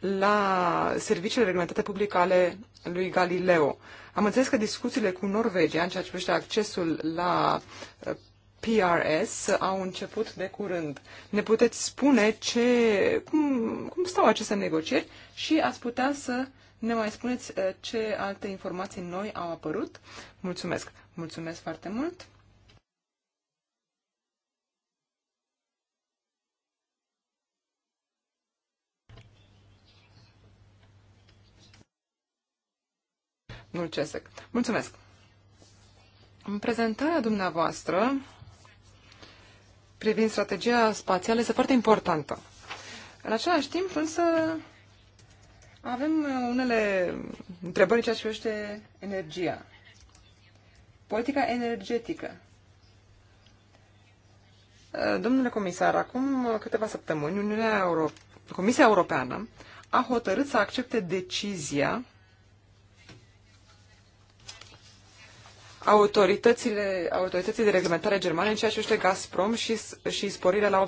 S4: la serviciile reglementate public ale lui Galileo. Am înțeles că discuțiile cu Norvegia în ceea ce privește accesul la uh, PRS au început de curând. Ne puteți spune ce, cum, cum stau aceste negocieri și ați putea să ne mai spuneți uh, ce alte informații noi au apărut? Mulțumesc! Mulțumesc foarte mult! domnul Cesec. Mulțumesc! În prezentarea dumneavoastră privind strategia spațială este foarte importantă. În același timp, însă, avem unele întrebări în ceea ce privește energia. Politica energetică. Domnule comisar, acum câteva săptămâni, Uniunea Europe- Comisia Europeană a hotărât să accepte decizia autoritățile, autorității de reglementare germane în ceea ce este Gazprom și, și sporirea la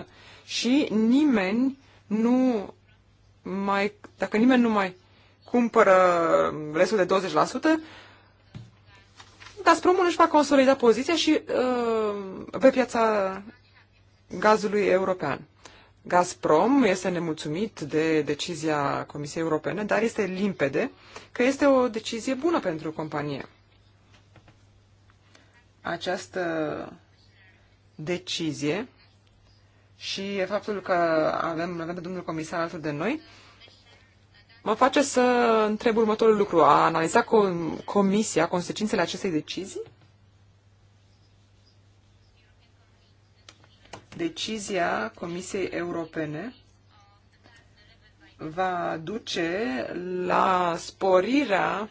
S4: 80%. Și nimeni nu mai, dacă nimeni nu mai cumpără restul de 20%, Gazpromul își va consolida poziția și uh, pe piața gazului european. Gazprom este nemulțumit de decizia Comisiei Europene, dar este limpede că este o decizie bună pentru companie această decizie și faptul că avem, avem pe domnul comisar altul de noi, mă face să întreb următorul lucru. A analizat comisia consecințele acestei decizii? Decizia Comisiei Europene va duce la sporirea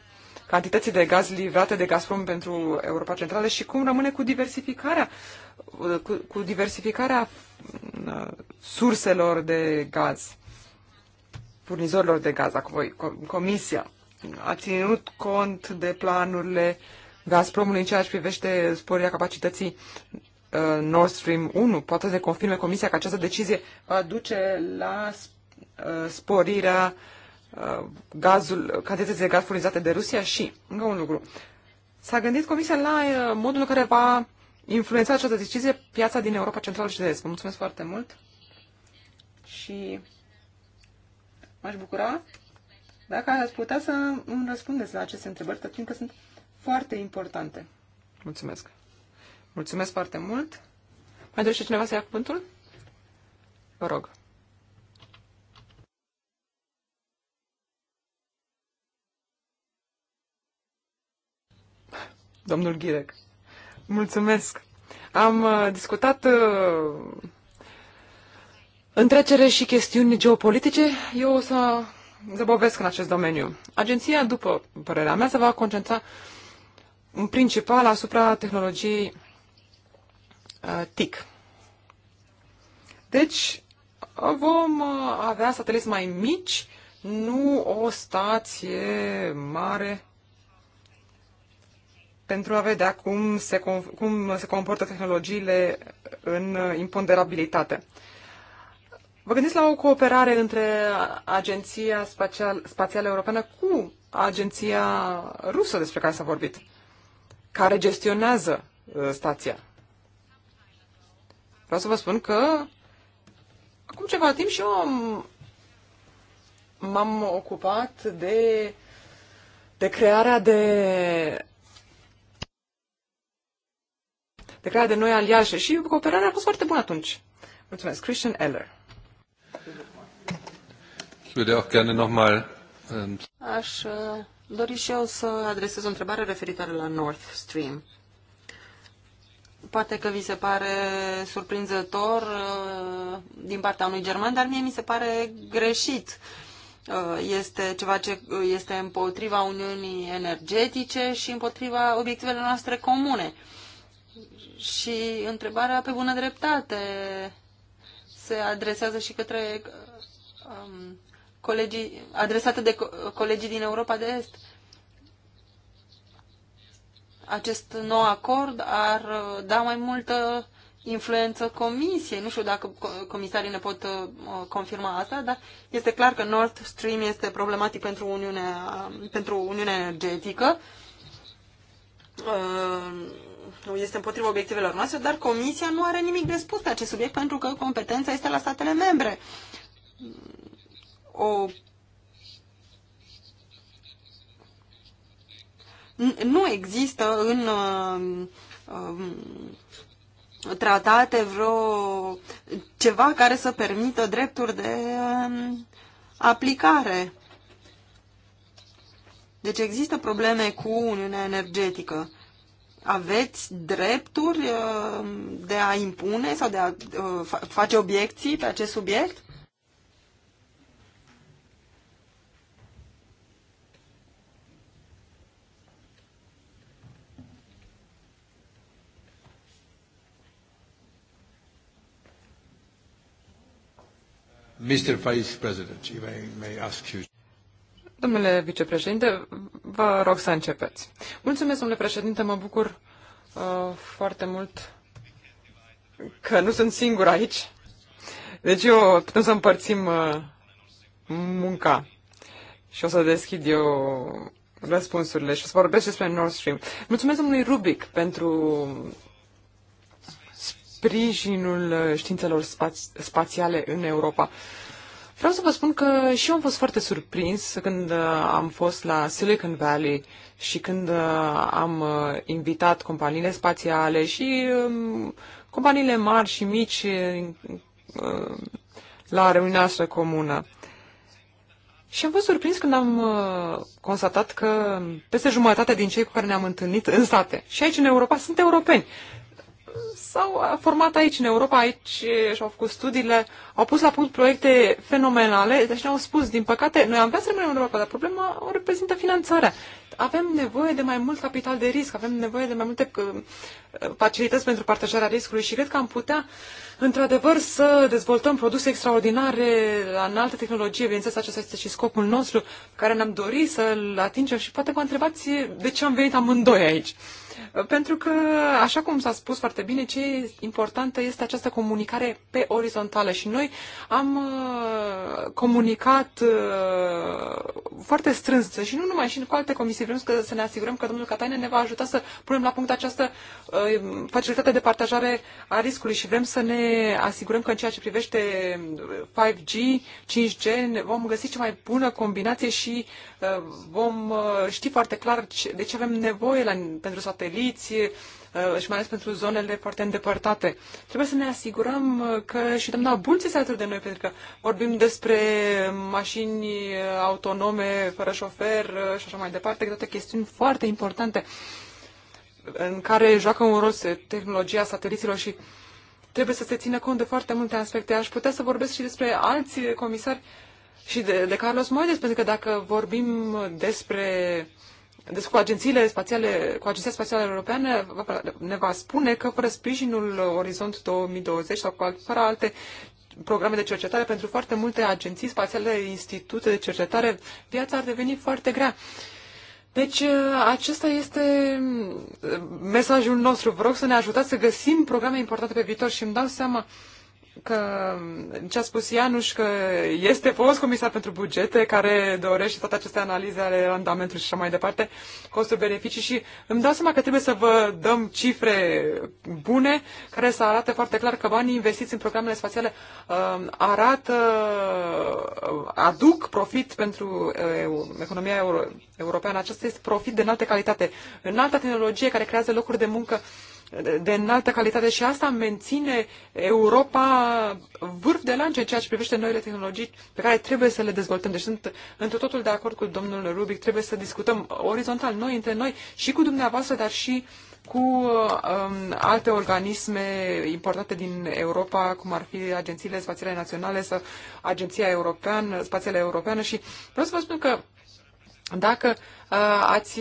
S4: cantității de gaz livrate de Gazprom pentru Europa Centrală și cum rămâne cu diversificarea, cu, cu diversificarea uh, surselor de gaz, furnizorilor de gaz, acum Comisia a ținut cont de planurile Gazpromului în ceea ce privește sporirea capacității uh, Nord Stream 1. Poate să confirme Comisia că această decizie va duce la uh, sporirea uh, Uh, gazul, cantități de gaz furnizate de Rusia și, încă un lucru, s-a gândit Comisia la uh, modul în care va influența această decizie piața din Europa Centrală și de Est. Vă mulțumesc foarte mult și m-aș bucura dacă ați putea să îmi răspundeți la aceste întrebări, că sunt foarte importante. Mulțumesc. Mulțumesc foarte mult. Mai dorește cineva să ia cuvântul? Vă rog. Domnul Ghirec. Mulțumesc. Am uh, discutat uh, întrecere și chestiuni geopolitice. Eu o să zăbovesc în acest domeniu. Agenția, după părerea mea, se va concentra în principal asupra tehnologiei uh, TIC. Deci, uh, vom uh, avea sateliți mai mici, nu o stație mare pentru a vedea cum se, cum se comportă tehnologiile în imponderabilitate. Vă gândiți la o cooperare între Agenția Spațial, Spațială Europeană cu Agenția Rusă despre care s-a vorbit, care gestionează uh, stația. Vreau să vă spun că acum ceva timp și eu m-am ocupat de, de crearea de de crearea de noi aliaje și cooperarea a fost foarte bună atunci. Mulțumesc. Christian Eller.
S3: Ähm,
S2: Aș uh, dori și eu să adresez o întrebare referitoare la North Stream. Poate că vi se pare surprinzător uh, din partea unui german, dar mie mi se pare greșit. Uh, este ceva ce este împotriva Uniunii Energetice și împotriva obiectivelor noastre comune. Și întrebarea pe bună dreptate se adresează și către um, colegii, adresată de co colegii din Europa de Est. Acest nou acord ar uh, da mai multă influență comisiei. Nu știu dacă comisarii ne pot uh, confirma asta, dar este clar că Nord Stream este problematic pentru Uniunea, um, pentru Uniunea Energetică. Uh, este împotriva obiectivelor noastre, dar Comisia nu are nimic de spus pe acest subiect pentru că competența este la statele membre. O... Nu există în uh, um, tratate vreo ceva care să permită drepturi de um, aplicare. Deci există probleme cu Uniunea Energetică aveți drepturi uh, de a impune sau de a uh, face obiecții pe acest subiect?
S1: Mr. Vice President, if I may ask you.
S4: Domnule vicepreședinte, vă rog să începeți. Mulțumesc, domnule președinte, mă bucur uh, foarte mult că nu sunt singur aici. Deci eu putem să împărțim uh, munca și o să deschid eu răspunsurile și o să vorbesc despre Nord Stream. Mulțumesc domnului Rubic pentru sprijinul uh, științelor spațiale în Europa. Uh, Vreau să vă spun că și eu am fost foarte surprins când uh, am fost la Silicon Valley și când uh, am uh, invitat companiile spațiale și um, companiile mari și mici la reuniunea noastră comună. Și am fost surprins când am constatat că peste jumătate din cei cu care ne-am întâlnit în state și aici în Europa sunt europeni s-au format aici, în Europa, aici și-au făcut studiile, au pus la punct proiecte fenomenale, deci ne-au spus, din păcate, noi am vrea să rămânem în Europa, dar problema o reprezintă finanțarea. Avem nevoie de mai mult capital de risc, avem nevoie de mai multe uh, facilități pentru partajarea riscului și cred că am putea, într-adevăr, să dezvoltăm produse extraordinare la înaltă tehnologie, bineînțeles, acesta este și scopul nostru, care ne-am dorit să-l atingem și poate vă întrebați de ce am venit amândoi aici. Pentru că, așa cum s-a spus foarte bine, ce e importantă este această comunicare pe orizontală și noi am uh, comunicat uh, foarte strâns și nu numai și cu alte comisii. Vrem să ne asigurăm că domnul Cataine ne va ajuta să punem la punct această uh, facilitate de partajare a riscului și vrem să ne asigurăm că în ceea ce privește 5G, 5G, vom găsi cea mai bună combinație și vom ști foarte clar de ce avem nevoie la, pentru toate sateliți uh, și mai ales pentru zonele foarte îndepărtate. Trebuie să ne asigurăm uh, că și doamna Bulț este alături de noi, pentru că vorbim despre mașini uh, autonome, fără șofer și așa mai departe, toate chestiuni foarte importante în care joacă un rol tehnologia sateliților și trebuie să se țină cont de foarte multe aspecte. Aș putea să vorbesc și despre alți comisari și de, de Carlos Moides, pentru că dacă vorbim despre uh, deci cu agențiile spațiale, cu Agenția Spațială Europeană ne va spune că fără sprijinul Orizont 2020 sau cu fără alte programe de cercetare pentru foarte multe agenții spațiale, institute de cercetare, viața ar deveni foarte grea. Deci uh, acesta este uh, mesajul nostru. Vă rog să ne ajutați să găsim programe importante pe viitor și îmi dau seama uh, că ce a spus Ianuș, că este fost comisar pentru bugete care dorește toate aceste analize ale randamentului și așa mai departe, costuri-beneficii și îmi dau seama că trebuie să vă dăm cifre bune care să arate foarte clar că banii investiți în programele spațiale uh, arată, uh, aduc profit pentru uh, economia euro, europeană. Acesta este profit de înaltă calitate, înaltă tehnologie care creează locuri de muncă uh, de înaltă calitate și asta menține Europa vârf de lance în ceea ce privește noile tehnologii pe care trebuie să le dezvoltăm. Deci sunt într totul de acord cu domnul Rubic, trebuie să discutăm orizontal noi între noi și cu dumneavoastră, dar și cu um, alte organisme importante din Europa, cum ar fi agențiile spațiale naționale sau Agenția Europeană, Spațială Europeană și vreau să vă spun că dacă uh, ați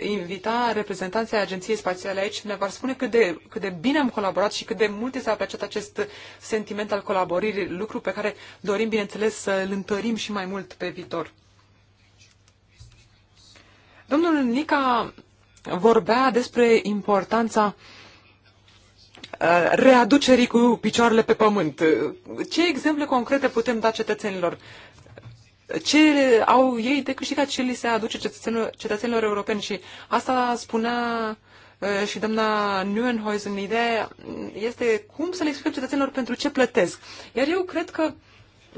S4: invita reprezentanții Agenției Spațiale aici, ne vor spune cât de, cât de bine am colaborat și cât de mult s-a apreciat acest sentiment al colaborării, lucru pe care dorim, bineînțeles, să-l întărim și mai mult pe viitor. Domnul Nica vorbea despre importanța readucerii cu picioarele pe pământ. Ce exemple concrete putem da cetățenilor? ce au ei de câștigat, ce li se aduce cetățenilor, cetățenilor europeni. Și asta spunea uh, și doamna în idee este cum să le explicăm cetățenilor pentru ce plătesc. Iar eu cred că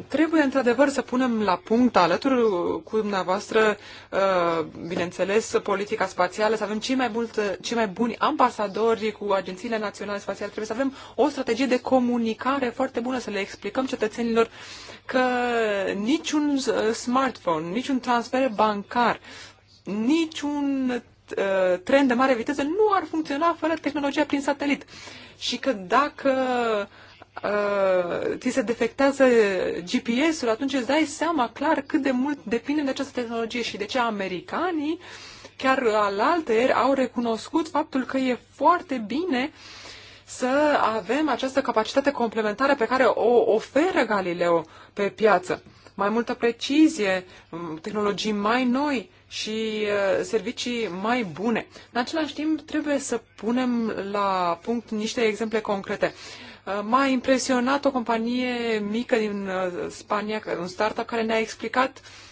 S4: trebuie într-adevăr să punem la punct alături cu dumneavoastră, uh, bineînțeles, politica spațială, să avem cei mai, mult, cei mai buni ambasadori cu agențiile naționale spațiale. Trebuie să avem o strategie de comunicare foarte bună, să le explicăm cetățenilor că niciun uh, smartphone, niciun transfer bancar, niciun uh, tren de mare viteză nu ar funcționa fără tehnologia prin satelit. Și că dacă uh, uh, ți se defectează GPS-ul, atunci îți dai seama clar cât de mult depinde de această tehnologie și de ce americanii chiar alaltăieri au recunoscut faptul că e foarte bine să avem această capacitate complementară pe care o oferă Galileo pe piață. Mai multă precizie, tehnologii mai noi și uh, servicii mai bune. În același timp, trebuie să punem la punct niște exemple concrete. Uh, Uh, m-a impresionat o companie mică din uh, Spania, un startup care ne-a explicat uh,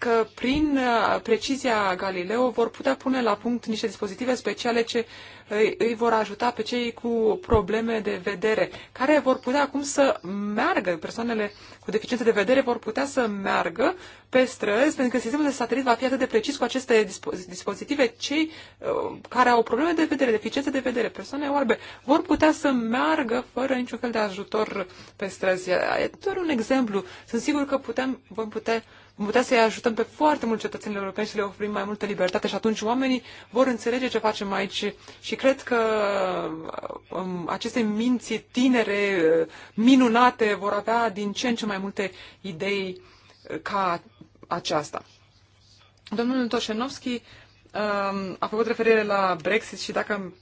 S4: că prin uh, precizia Galileo vor putea pune la punct niște dispozitive speciale ce uh, îi, vor ajuta pe cei cu probleme de vedere, care vor putea acum să meargă, persoanele cu deficiențe de vedere vor putea să meargă pe străzi, pentru că sistemul de satelit va fi atât de precis cu aceste dispozitive, cei uh, care au probleme de vedere, deficiențe de vedere, persoane oarbe, vor putea să meargă fără niciun fel de ajutor pe străzi. E doar un exemplu. Sunt sigur că putem, vom putea Vom putea să-i ajutăm pe foarte mulți cetățeni europeni și le oferim mai multă libertate și atunci oamenii vor înțelege ce facem aici și cred că um, aceste minți tinere, uh, minunate, vor avea din ce în ce mai multe idei uh, ca aceasta. Domnul Toșenovski um, a făcut referire la Brexit și dacă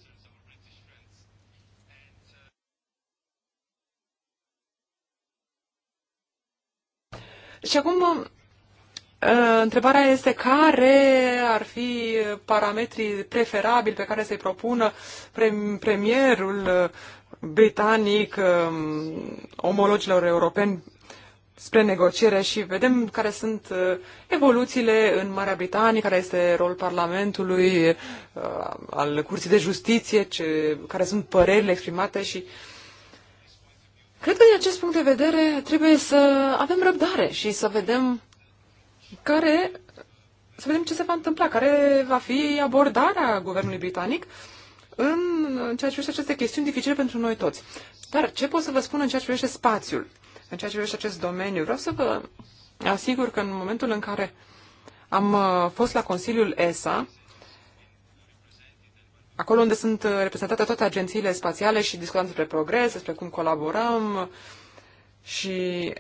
S4: Și acum Uh, întrebarea este care ar fi parametrii preferabili pe care să-i propună premierul uh, britanic um, omologilor europeni spre negociere și vedem care sunt uh, evoluțiile în Marea Britanie, care este rolul Parlamentului, al Curții de Justiție, ce, care sunt părerile exprimate și cred că din acest punct de vedere trebuie să avem răbdare și să vedem care să vedem ce se va întâmpla, care va fi abordarea guvernului britanic în ceea ce privește aceste chestiuni dificile pentru noi toți. Dar ce pot să vă spun în ceea ce privește spațiul, în ceea ce privește acest domeniu? Vreau să vă asigur că în momentul în care am uh, fost la Consiliul ESA, acolo unde sunt uh, reprezentate toate agențiile spațiale și discutăm despre progres, despre cum colaborăm și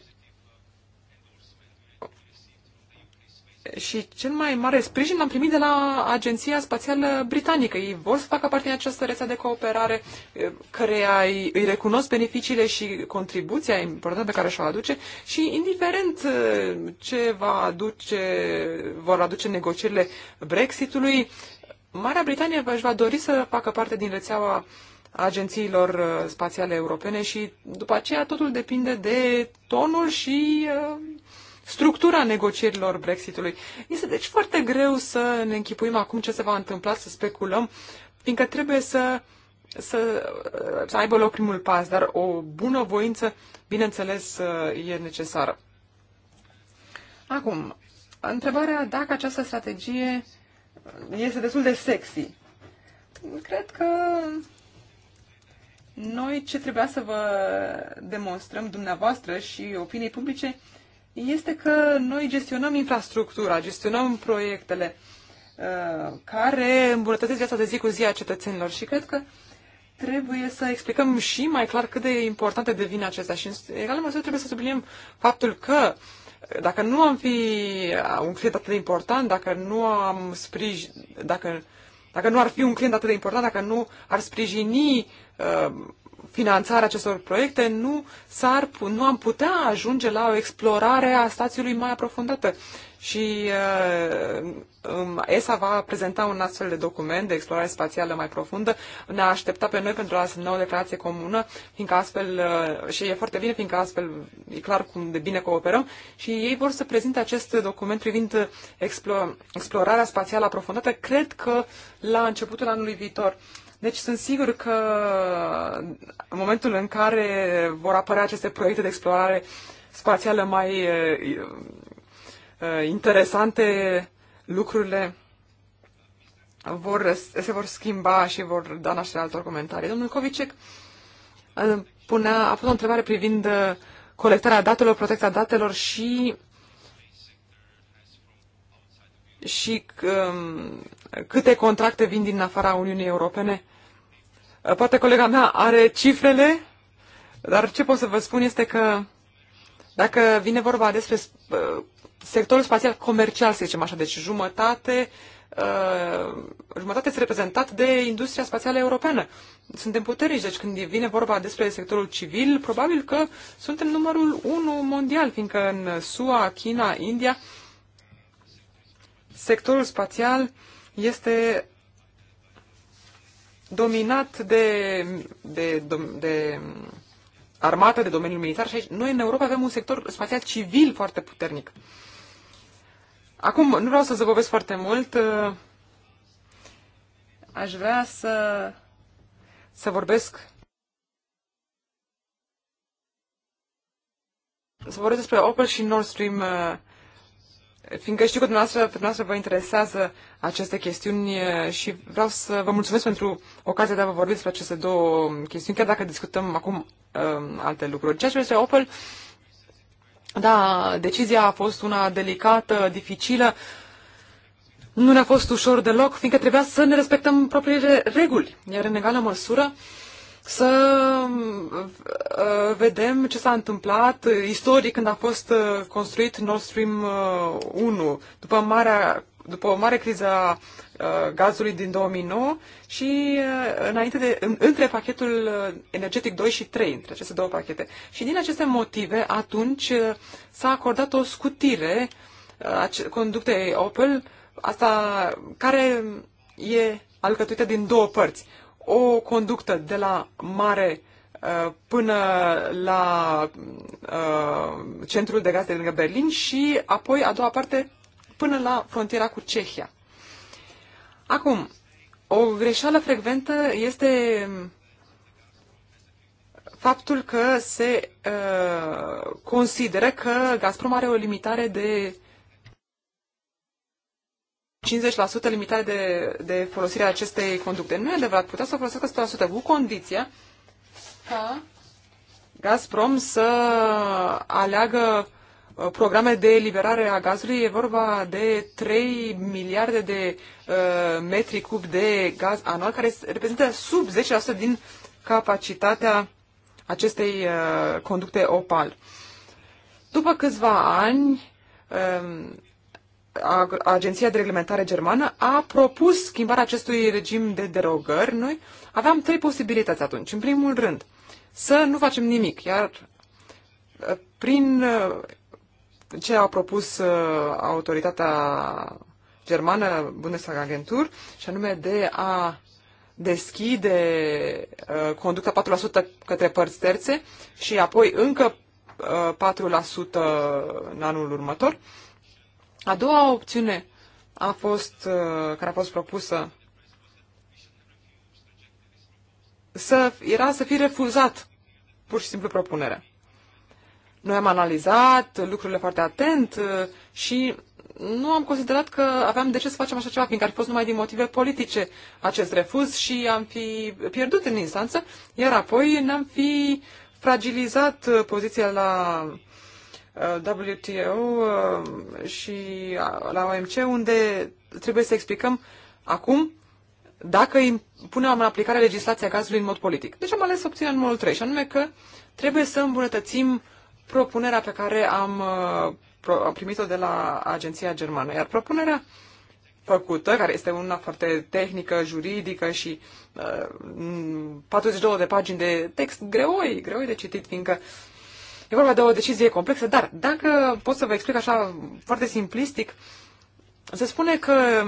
S4: și cel mai mare sprijin l-am primit de la Agenția Spațială Britanică. Ei vor să facă parte din această rețea de cooperare, eh, care îi recunosc beneficiile și contribuția importantă pe care și-o aduce și indiferent eh, ce va aduce, vor aduce negocierile Brexitului, Marea Britanie își va dori să facă parte din rețeaua agențiilor eh, spațiale europene și după aceea totul depinde de tonul și structura negocierilor Brexitului. Este deci foarte greu să ne închipuim acum ce se va întâmpla, să speculăm, fiindcă trebuie să, să, să aibă loc primul pas, dar o bună voință, bineînțeles, e necesară. Acum, întrebarea dacă această strategie este destul de sexy. Cred că noi ce trebuia să vă demonstrăm dumneavoastră și opiniei publice este că noi gestionăm infrastructura, gestionăm proiectele uh, care îmbunătățesc viața de zi cu zi a cetățenilor și cred că trebuie să explicăm și mai clar cât de importante devine acestea și în egală măsură trebuie să subliniem faptul că dacă nu am fi uh, un client atât de important, dacă nu am sprijin, dacă, dacă nu ar fi un client atât de important, dacă nu ar sprijini uh, finanțarea acestor proiecte, nu, s-ar, nu am putea ajunge la o explorare a stațiului mai aprofundată. Și uh, um, ESA va prezenta un astfel de document de explorare spațială mai profundă. Ne-a așteptat pe noi pentru a semna o declarație comună, fiindcă astfel, uh, și e foarte bine, fiindcă astfel e clar cum de bine cooperăm, și ei vor să prezinte acest document privind explorarea spațială aprofundată, cred că la începutul anului viitor. Deci sunt sigur că în momentul în care vor apărea aceste proiecte de explorare spațială mai interesante, lucrurile vor, se vor schimba și vor da naștere altor comentarii. Domnul Kovicek punea, a pus o întrebare privind colectarea datelor, protecția datelor și și um, câte contracte vin din afara Uniunii Europene. Uh, poate colega mea are cifrele, dar ce pot să vă spun este că dacă vine vorba despre uh, sectorul spațial comercial, să zicem așa, deci jumătate, uh, jumătate este reprezentat de industria spațială europeană. Suntem puternici, deci când vine vorba despre sectorul civil, probabil că suntem numărul unu mondial, fiindcă în SUA, China, India, sectorul spațial uh, este dominat de, de, de, de armată, de domeniul militar și aici, noi în Europa avem un sector spațial civil foarte puternic. Acum, nu vreau să zăbovesc foarte mult, aș vrea să, să vorbesc să vorbesc despre Opel și Nord Stream fiindcă știu că dumneavoastră, dumneavoastră vă interesează aceste chestiuni și vreau să vă mulțumesc pentru ocazia de a vă vorbi despre aceste două chestiuni, chiar dacă discutăm acum uh, alte lucruri. Ceea ce este Opel, da, decizia a fost una delicată, dificilă, nu ne-a fost ușor deloc, fiindcă trebuia să ne respectăm propriile reguli, iar în egală măsură, uh, să uh, vedem ce s-a întâmplat istoric când a fost uh, construit Nord Stream 1, uh, după, marea, după o mare criză a gazului din 2009 și înainte de, între pachetul energetic 2 și 3, între aceste două pachete. Și din aceste motive, atunci s-a acordat o scutire conductei Opel, asta care e alcătuită din două părți o conductă de la mare uh, până la uh, centrul de gaz de lângă Berlin și apoi a doua parte până la frontiera cu Cehia. Acum, o greșeală frecventă este faptul că se uh, consideră că Gazprom are o limitare de 50% limitare de, de folosire a acestei conducte. Nu e adevărat, putea să o folosească 100% cu condiția ca Gazprom să aleagă uh, programe de eliberare a gazului. E vorba de 3 miliarde de uh, metri cub de gaz anual, care reprezintă sub 10% din capacitatea acestei uh, conducte opal. După câțiva ani, um, Agenția de Reglementare Germană a propus schimbarea acestui regim de derogări, noi aveam trei posibilități atunci. În primul rând, să nu facem nimic, iar uh, prin uh, ce a propus uh, autoritatea germană, Bundesagentur, și anume de a deschide conducta 4% către părți terțe și apoi încă 4% în anul următor, a doua opțiune a fost, uh, care a fost propusă să, era să fi refuzat pur și simplu propunerea. Noi am analizat lucrurile foarte atent uh, și nu am considerat că aveam de ce să facem așa ceva, fiindcă ar fi fost numai din motive politice acest refuz și am fi pierdut în instanță, iar apoi ne-am fi fragilizat uh, poziția la WTO uh, și uh, la OMC, unde trebuie să explicăm acum dacă punem în aplicare legislația gazului în mod politic. Deci am ales opțiunea numărul 3, și anume că trebuie să îmbunătățim propunerea pe care am, uh, am primit-o de la Agenția Germană. Iar propunerea făcută, care este una foarte tehnică, juridică și uh, 42 de pagini de text greoi, greoi de citit, fiindcă uh, E vorba de o decizie complexă, dar dacă pot să vă explic așa foarte simplistic, se spune că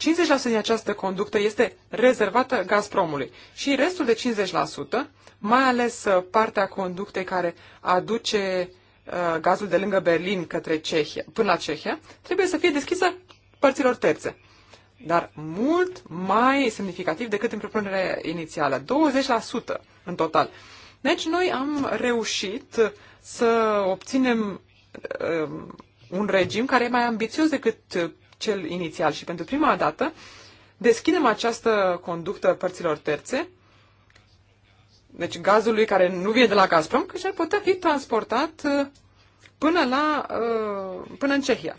S4: 50% din această conductă este rezervată Gazpromului și restul de 50%, mai ales uh, partea conductei care aduce uh, gazul de lângă Berlin către Cehia, până la Cehia, trebuie să fie deschisă părților terțe. Dar mult mai semnificativ decât în propunerea inițială, 20% în total. Deci noi am reușit să obținem um, un regim care e mai ambițios decât cel inițial și pentru prima dată deschidem această conductă părților terțe, deci gazului care nu vine de la Gazprom, că și ar putea fi transportat uh, până, la, uh, până în Cehia.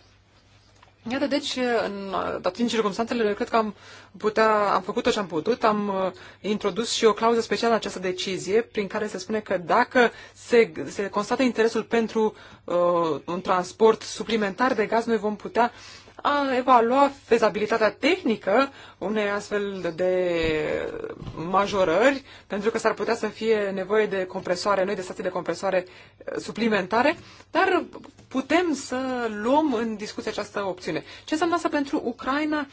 S4: Iată, deci, în, atunci circunstanțele, cred că am, putea, am făcut tot ce am putut, am uh, introdus și o clauză specială în această decizie, prin care se spune că dacă se, se constată interesul pentru uh, un transport suplimentar de gaz, noi vom putea uh, a evalua fezabilitatea tehnică unei astfel de majorări, pentru că s-ar putea să fie nevoie de compresoare, noi de stații de compresoare eh, suplimentare, dar putem să luăm în discuție această opțiune. Ce înseamnă asta pentru Ucraina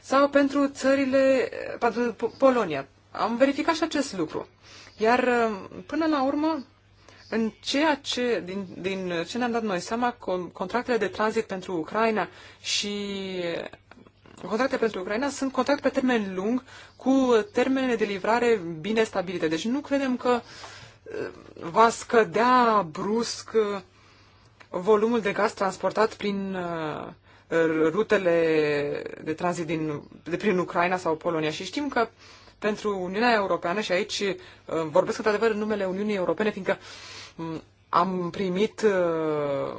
S4: sau pentru țările, eh, pentru Polonia? Am verificat și acest lucru. Iar eh, până la urmă, în ceea ce, din, din ce ne-am dat noi seama, contractele de tranzit pentru Ucraina și contracte pentru Ucraina sunt contracte pe termen lung cu termene de livrare bine stabilite. Deci nu credem că uh, va scădea brusc uh, volumul de gaz transportat prin uh, rutele de tranzit din, de prin Ucraina sau Polonia. Și știm că pentru Uniunea Europeană, și aici vorbesc într-adevăr în numele Uniunii Europene, fiindcă uh, am primit uh,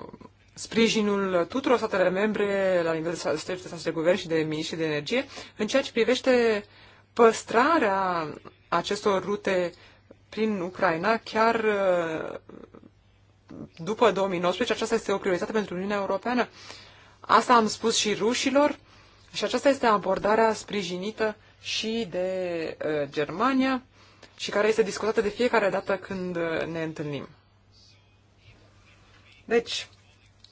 S4: sprijinul tuturor statele membre la nivel de stat de guvern și de miniștri de energie în ceea ce privește păstrarea acestor rute prin Ucraina chiar uh, după 2019. Aceasta este o prioritate pentru Uniunea Europeană. Asta am spus și rușilor și aceasta este abordarea sprijinită și de uh, Germania și care este discutată de fiecare dată când ne întâlnim. Deci,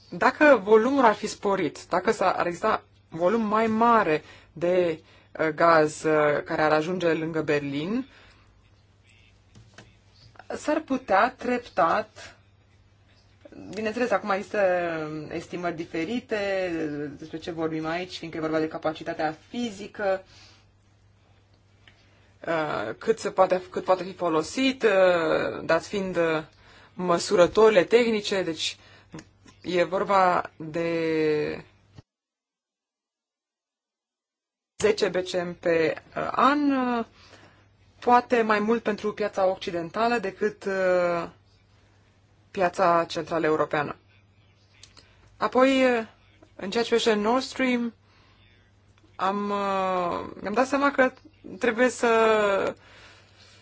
S4: dacă volumul ar fi sporit, dacă ar exista volum mai mare de uh, gaz uh, care ar ajunge lângă Berlin, s-ar putea treptat Bineînțeles, acum există uh, estimări diferite despre ce vorbim aici, fiindcă e vorba de capacitatea fizică, cât, se poate, cât poate fi folosit, dat fiind măsurătorile tehnice, deci e vorba de 10 BCM pe uh, an, uh, poate mai mult pentru piața occidentală decât uh, piața centrală europeană. Apoi, în ceea ce privește Nord Stream, am, am dat seama că trebuie să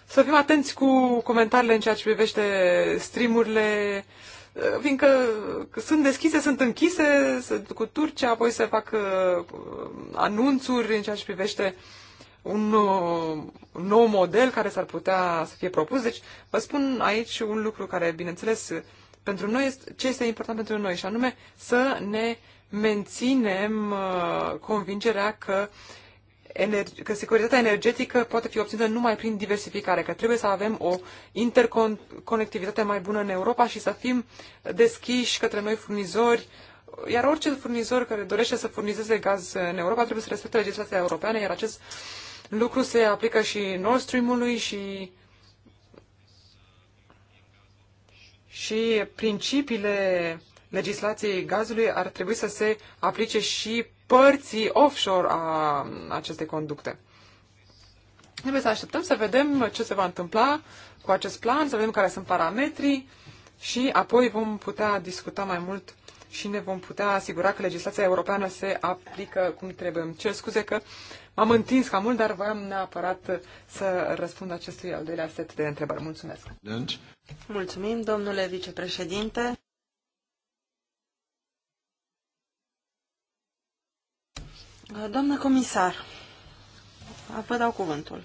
S4: să fim atenți cu comentariile în ceea ce privește streamurile, eh, fiindcă sunt deschise, sunt închise cu Turcia, apoi se fac eh, anunțuri în ceea ce privește un nou model care s-ar putea să fie propus. Deci vă spun aici un lucru care, bineînțeles, pentru noi este, ce este important pentru noi și anume să ne menținem eh, convingerea că uh, că securitatea energetică poate fi obținută numai prin diversificare, că trebuie să avem o interconectivitate mai bună în Europa și să fim deschiși către noi furnizori, iar orice furnizor care dorește să furnizeze gaz în Europa trebuie să respecte legislația europeană, iar acest lucru se aplică și Nord Stream-ului și și principiile legislației gazului ar trebui să se aplice și părții offshore a acestei conducte. Trebuie să așteptăm să vedem ce se va întâmpla cu acest plan, să vedem care sunt parametrii și apoi vom putea discuta mai mult și ne vom putea asigura că legislația europeană se aplică cum trebuie. Îmi cer scuze că m-am întins cam mult, dar voiam neapărat să răspund acestui al doilea set de întrebări. Mulțumesc! Mulțumim, domnule vicepreședinte!
S2: Doamnă comisar, vă dau cuvântul.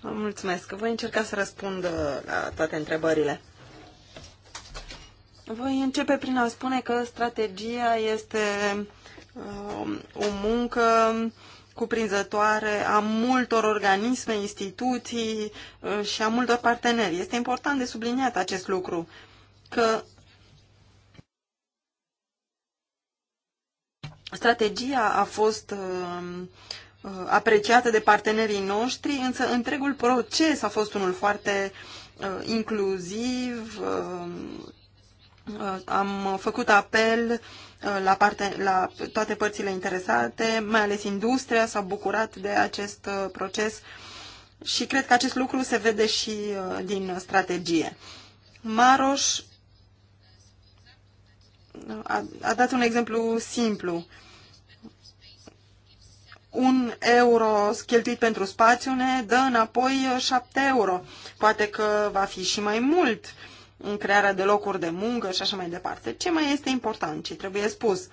S2: Vă mulțumesc. Voi încerca să răspund uh, la toate întrebările. Voi începe prin a spune că strategia este uh, o muncă cuprinzătoare a multor organisme, instituții uh, și a multor parteneri. Este important de subliniat acest lucru, că Strategia a fost um, uh, apreciată de partenerii noștri, însă întregul proces a fost unul foarte uh, inclusiv. Um, uh, am făcut apel la, parte, la toate părțile interesate, mai ales industria s-a bucurat de acest proces și cred că acest lucru se vede și din strategie. Maroș a, a dat un exemplu simplu un euro cheltuit pentru spațiu ne dă înapoi 7 euro. Poate că va fi și mai mult în crearea de locuri de muncă și așa mai departe. Ce mai este important, ce trebuie spus?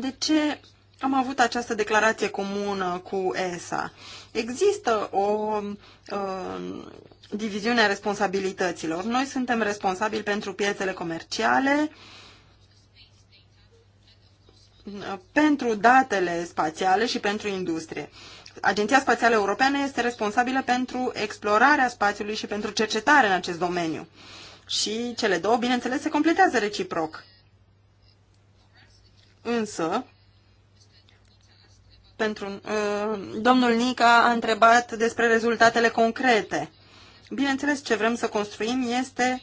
S2: De ce am avut această declarație comună cu ESA? Există o uh, diviziune a responsabilităților. Noi suntem responsabili pentru piețele comerciale, uh, pentru datele spațiale și pentru industrie. Agenția Spațială Europeană este responsabilă pentru explorarea spațiului și pentru cercetare în acest domeniu. Și cele două, bineînțeles, se completează reciproc. Însă, pentru, uh, domnul Nica a întrebat despre rezultatele concrete. Bineînțeles, ce vrem să construim este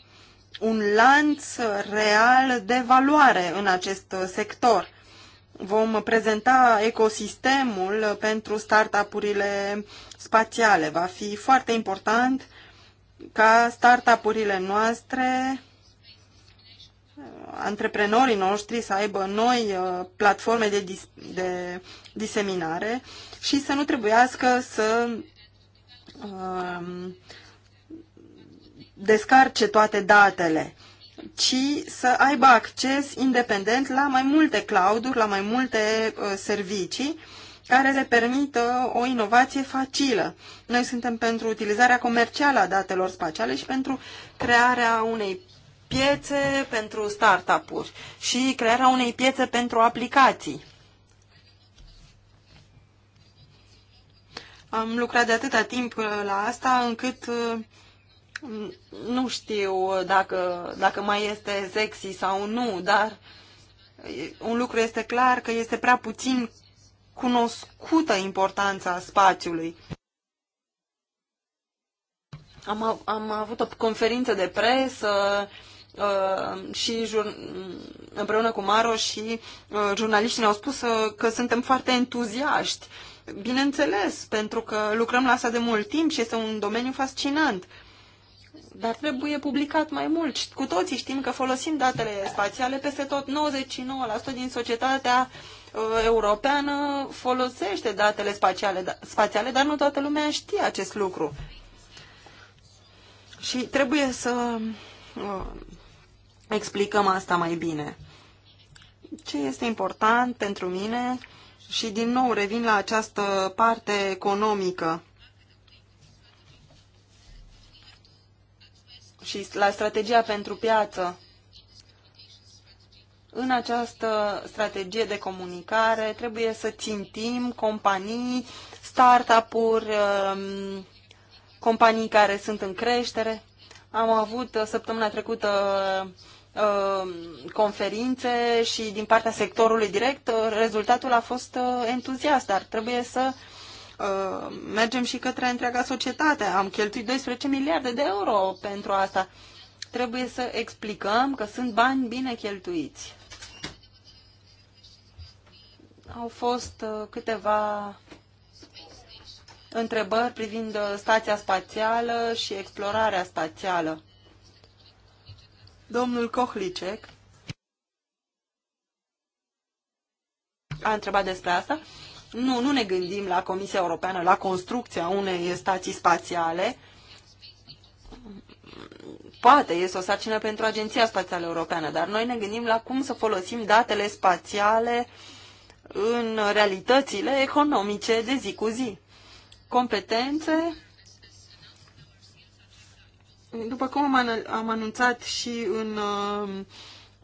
S2: un lanț real de valoare în acest sector vom prezenta ecosistemul pentru startup-urile spațiale. Va fi foarte important ca startup-urile noastre, antreprenorii noștri să aibă noi uh, platforme de, dis de diseminare și să nu trebuiască să um, descarce toate datele ci să aibă acces independent la mai multe clouduri, la mai multe uh, servicii care le permită o inovație facilă. Noi suntem pentru utilizarea comercială a datelor spațiale și pentru crearea unei piețe pentru startup-uri și crearea unei piețe pentru aplicații. Am lucrat de atâta timp uh, la asta încât uh, nu știu dacă, dacă mai este sexy sau nu, dar un lucru este clar că este prea puțin cunoscută importanța spațiului. Am, am avut o conferință de presă uh, și jur, împreună cu Maro și uh, jurnaliștii ne-au spus uh, că suntem foarte entuziaști. Bineînțeles, pentru că lucrăm la asta de mult timp și este un domeniu fascinant. Uh, dar trebuie publicat mai mult. Cu toții știm că folosim datele spațiale peste tot. 99% din societatea uh, europeană folosește datele spațiale, da, spațiale, dar nu toată lumea știe acest lucru. Și trebuie să uh, explicăm asta mai bine. Ce este important pentru mine și din nou revin la această parte economică și la strategia pentru piață. În această strategie de comunicare trebuie să țintim companii, startup-uri, um, companii care sunt în creștere. Am avut uh, săptămâna trecută uh, conferințe și din partea sectorului direct, uh, rezultatul a fost entuziast, dar trebuie să Uh, mergem și către întreaga societate. Am cheltuit 12 miliarde de euro pentru asta. Trebuie să explicăm că sunt bani bine cheltuiți. Au fost uh, câteva întrebări privind uh, stația spațială și explorarea spațială. Domnul Kohlicek a întrebat despre asta. Nu, nu ne gândim la Comisia Europeană, la construcția unei stații spațiale. Poate este o sarcină pentru Agenția Spațială Europeană, dar noi ne gândim la cum să folosim datele spațiale în realitățile economice de zi cu zi. Competențe, după cum am anunțat și în uh,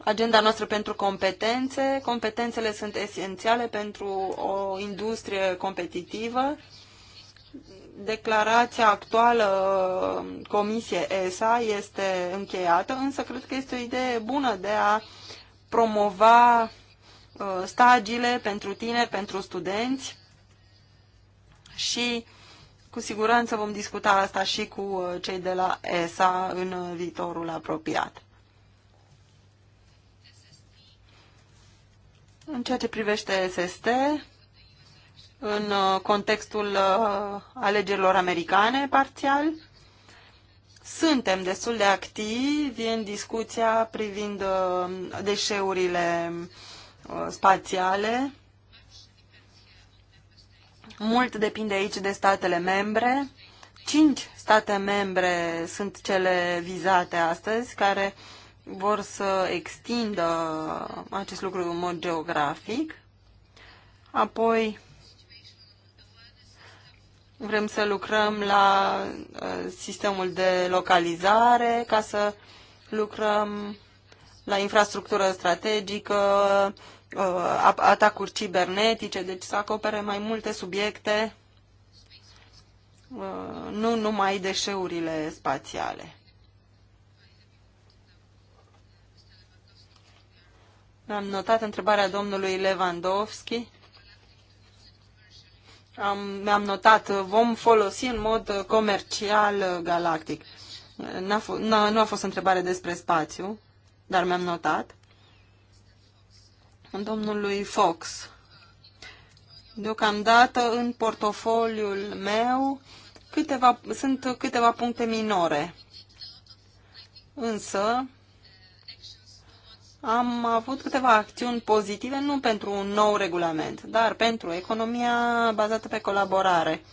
S2: agenda noastră pentru competențe. Competențele sunt esențiale pentru o industrie competitivă. Declarația actuală uh, Comisie ESA este încheiată, însă cred că este o idee bună de a promova uh, stagiile pentru tineri, pentru studenți și cu siguranță vom discuta asta și cu uh, cei de la ESA în viitorul apropiat. În ceea ce privește SST, în uh, contextul uh, alegerilor americane, parțial, suntem destul de activi în discuția privind uh, deșeurile spațiale. Mult depinde aici de statele membre. Cinci state membre sunt cele vizate astăzi, care uh, vor să extindă acest lucru în mod geografic. Apoi vrem să lucrăm la uh, sistemul de localizare ca să lucrăm la infrastructură strategică, uh, atacuri cibernetice, deci să acopere mai multe subiecte, uh, nu numai deșeurile spațiale. Am notat întrebarea domnului Lewandowski. Am, mi-am notat, vom folosi în mod comercial galactic. N-a nu a fost întrebare despre spațiu, dar mi-am notat. Domnului Fox. Deocamdată în portofoliul meu câteva, sunt câteva puncte minore. Însă, am avut câteva acțiuni pozitive, nu pentru un nou regulament, dar pentru economia bazată pe colaborare.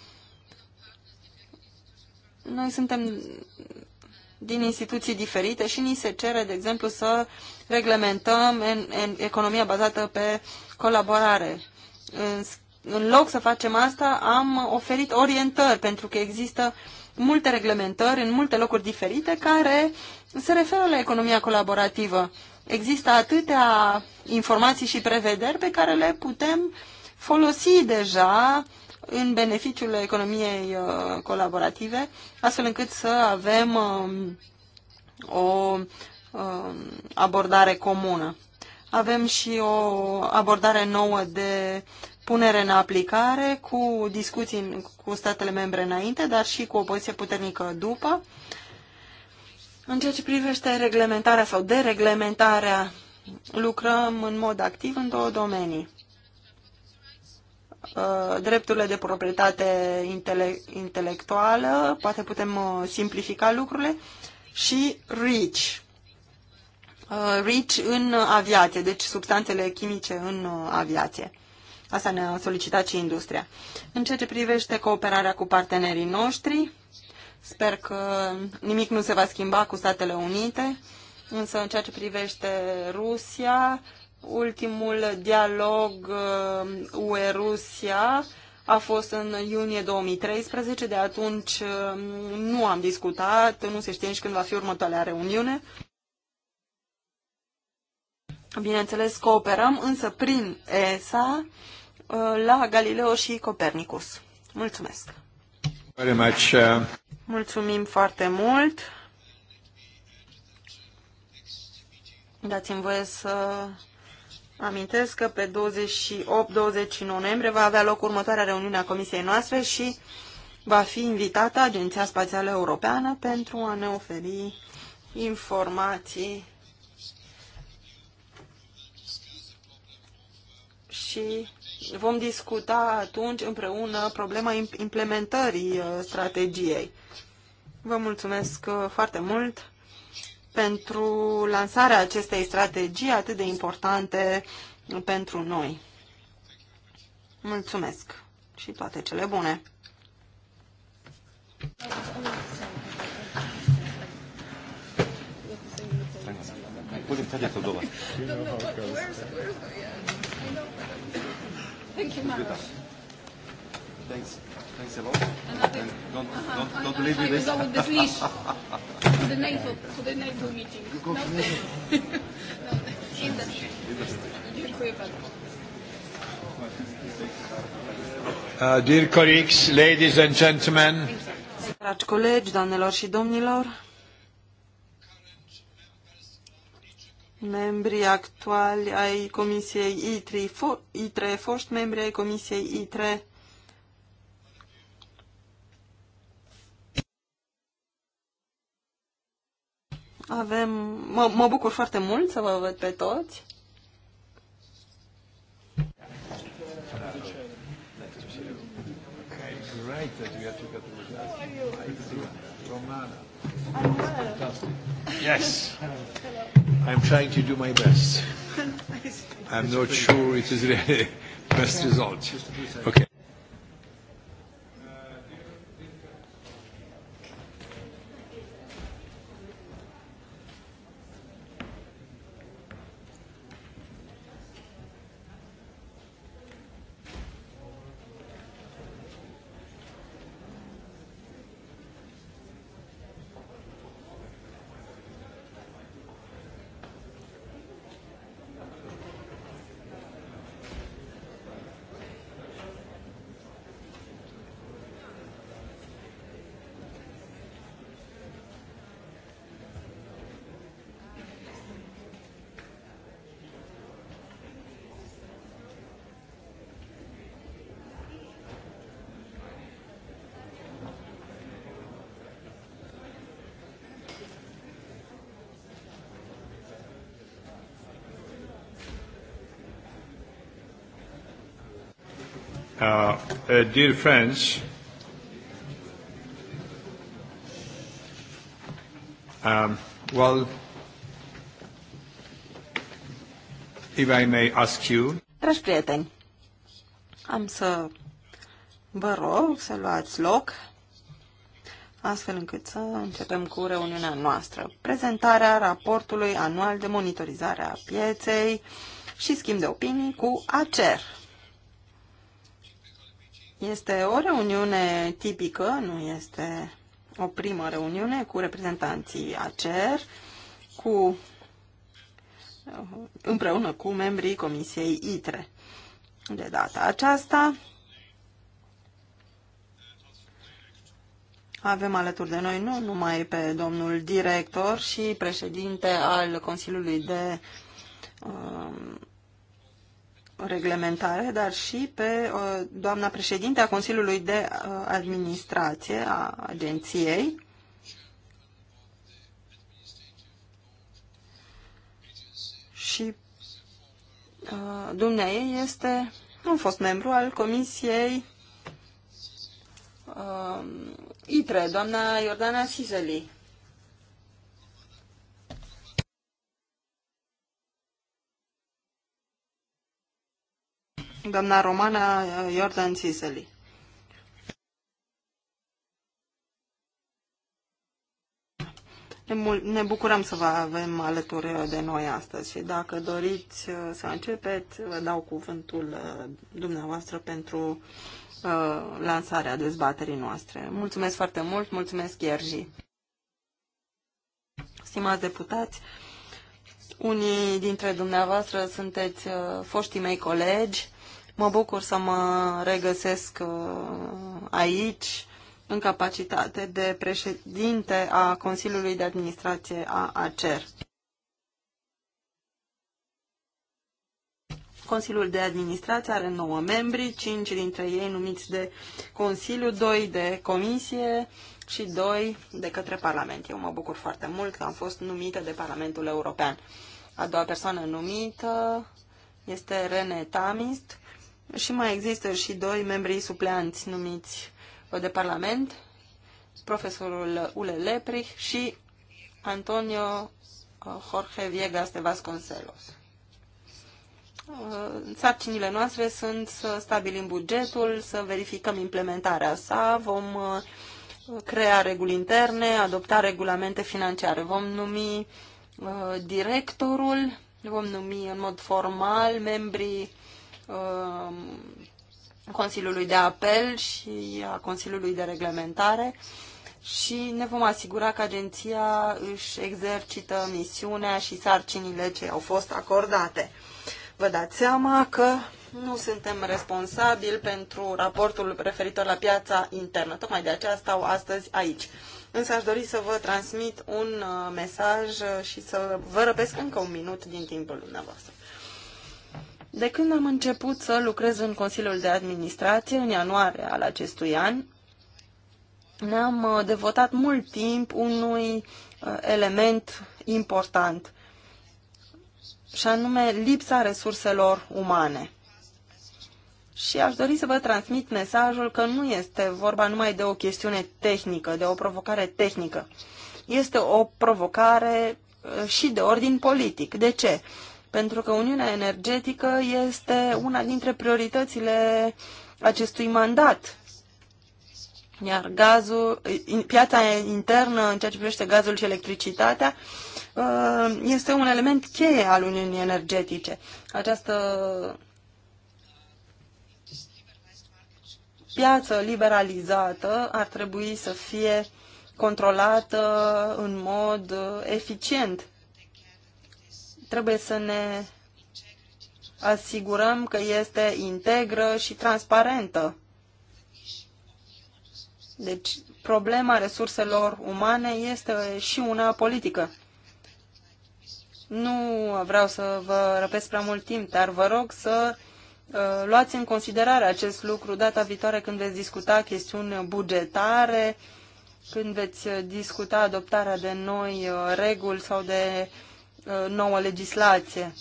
S2: Noi suntem din instituții diferite și ni se cere, de exemplu, să reglementăm în, în economia bazată pe colaborare. În, în loc să facem asta, am oferit orientări, pentru că există multe reglementări în multe locuri diferite care se referă la economia colaborativă Există atâtea informații și prevederi pe care le putem folosi deja în beneficiul economiei uh, colaborative, astfel încât să avem um, o um, abordare comună. Avem și o abordare nouă de punere în aplicare cu discuții cu statele membre înainte, dar și cu o poziție puternică după. În ceea ce privește reglementarea sau dereglementarea, lucrăm în mod activ în două domenii. Uh, drepturile de proprietate intele intelectuală, poate putem uh, simplifica lucrurile, și REACH. Uh, REACH în aviație, deci substanțele chimice în aviație. Asta ne-a solicitat și industria. În ceea ce privește cooperarea cu partenerii noștri, Sper că nimic nu se va schimba cu Statele Unite, însă în ceea ce privește Rusia, ultimul dialog uh, UE-Rusia a fost în iunie 2013, de atunci uh, nu am discutat, nu se știe nici când va fi următoarea reuniune. Bineînțeles, cooperăm, însă prin ESA uh, la Galileo și Copernicus. Mulțumesc! Very much. Mulțumim foarte mult. Dați-mi voie să amintesc că pe 28-29 noiembrie va avea loc următoarea reuniune a comisiei noastre și va fi invitată Agenția Spațială Europeană pentru a ne oferi informații și vom discuta atunci împreună problema implementării uh, strategiei. Vă mulțumesc uh, foarte mult pentru lansarea acestei strategii atât de importante pentru noi. Mulțumesc și toate cele bune!
S1: Thank you, Mara. Thanks. Thanks a lot. and don't, uh-huh. don't, don't leave I, this. with this leash to
S3: the NATO, to the NATO meeting. You go no. to NATO. no,
S1: Uh, dear colleagues, ladies and gentlemen.
S2: Dragi colegi, doamnelor și domnilor, membrii actuali ai Comisiei ITRE, fo- ITRE foști membri ai Comisiei ITRE, Avem, mă, mă bucur foarte mult să vă văd pe toți.
S1: Yes. I'm trying to do my best.
S3: I'm not sure it is really best result. Okay.
S1: Uh, dear friends, um, well, if I may ask you...
S2: Dragi prieteni, am să vă rog să luați loc astfel încât să începem cu reuniunea noastră. Prezentarea raportului anual de monitorizare a pieței și schimb de opinii cu ACER. Este o reuniune tipică, nu este o primă reuniune cu reprezentanții ACER, cu, împreună cu membrii Comisiei ITRE. De data aceasta avem alături de noi nu numai pe domnul director și președinte al Consiliului de um, reglementare, dar și pe uh, doamna președinte a Consiliului de uh, Administrație a agenției. Și uh, dumnea ei este un fost membru al Comisiei ITRE, doamna Iordana Sizeli. doamna Romana Iordan Țiseli. Ne bucurăm să vă avem alături de noi astăzi și dacă doriți uh, să începeți, vă dau cuvântul uh, dumneavoastră pentru uh, lansarea dezbaterii noastre. Mulțumesc foarte mult, mulțumesc Iergi. Stimați deputați, unii dintre dumneavoastră sunteți foștii mei colegi Mă bucur să mă regăsesc uh, aici în capacitate de președinte a Consiliului de Administrație a ACER. Consiliul de Administrație are 9 membri, 5 dintre ei numiți de Consiliu, 2 de Comisie și 2 de către Parlament. Eu mă bucur foarte mult că am fost numită de Parlamentul European. A doua persoană numită este Rene Tamist, și mai există și doi membri supleanți numiți de Parlament, profesorul Ule Leprich și Antonio uh, Jorge Viegas de Vasconcelos. Uh, sarcinile noastre sunt să stabilim bugetul, să verificăm implementarea sa, vom uh, crea reguli interne, adopta regulamente financiare. Vom numi directorul, vom numi în mod formal membrii Um, Consiliului de Apel și a Consiliului de Reglementare și ne vom asigura că agenția își exercită misiunea și sarcinile ce au fost acordate. Vă dați seama că nu suntem responsabili pentru raportul referitor la piața internă. Tocmai de aceea stau astăzi aici. Însă aș dori să vă transmit un uh, mesaj și să vă răpesc încă un minut din timpul dumneavoastră. De când am început să lucrez în Consiliul de Administrație, în ianuarie al acestui an, ne-am uh, devotat mult timp unui uh, element important, și anume lipsa resurselor umane. Și aș dori să vă transmit mesajul că nu este vorba numai de o chestiune tehnică, de o provocare tehnică. Este o provocare uh, și de ordin politic. De ce? pentru că Uniunea Energetică este una dintre prioritățile acestui mandat. Iar gazul, piața internă în ceea ce privește gazul și electricitatea uh, este un element cheie al Uniunii Energetice. Această piață liberalizată ar trebui să fie controlată în mod eficient Trebuie să ne asigurăm că este integră și transparentă. Deci, problema resurselor umane este și una politică. Nu vreau să vă răpesc prea mult timp, dar vă rog să uh, luați în considerare acest lucru data viitoare când veți discuta chestiuni bugetare, când veți discuta adoptarea de noi uh, reguli sau de Uh, nouă legislație.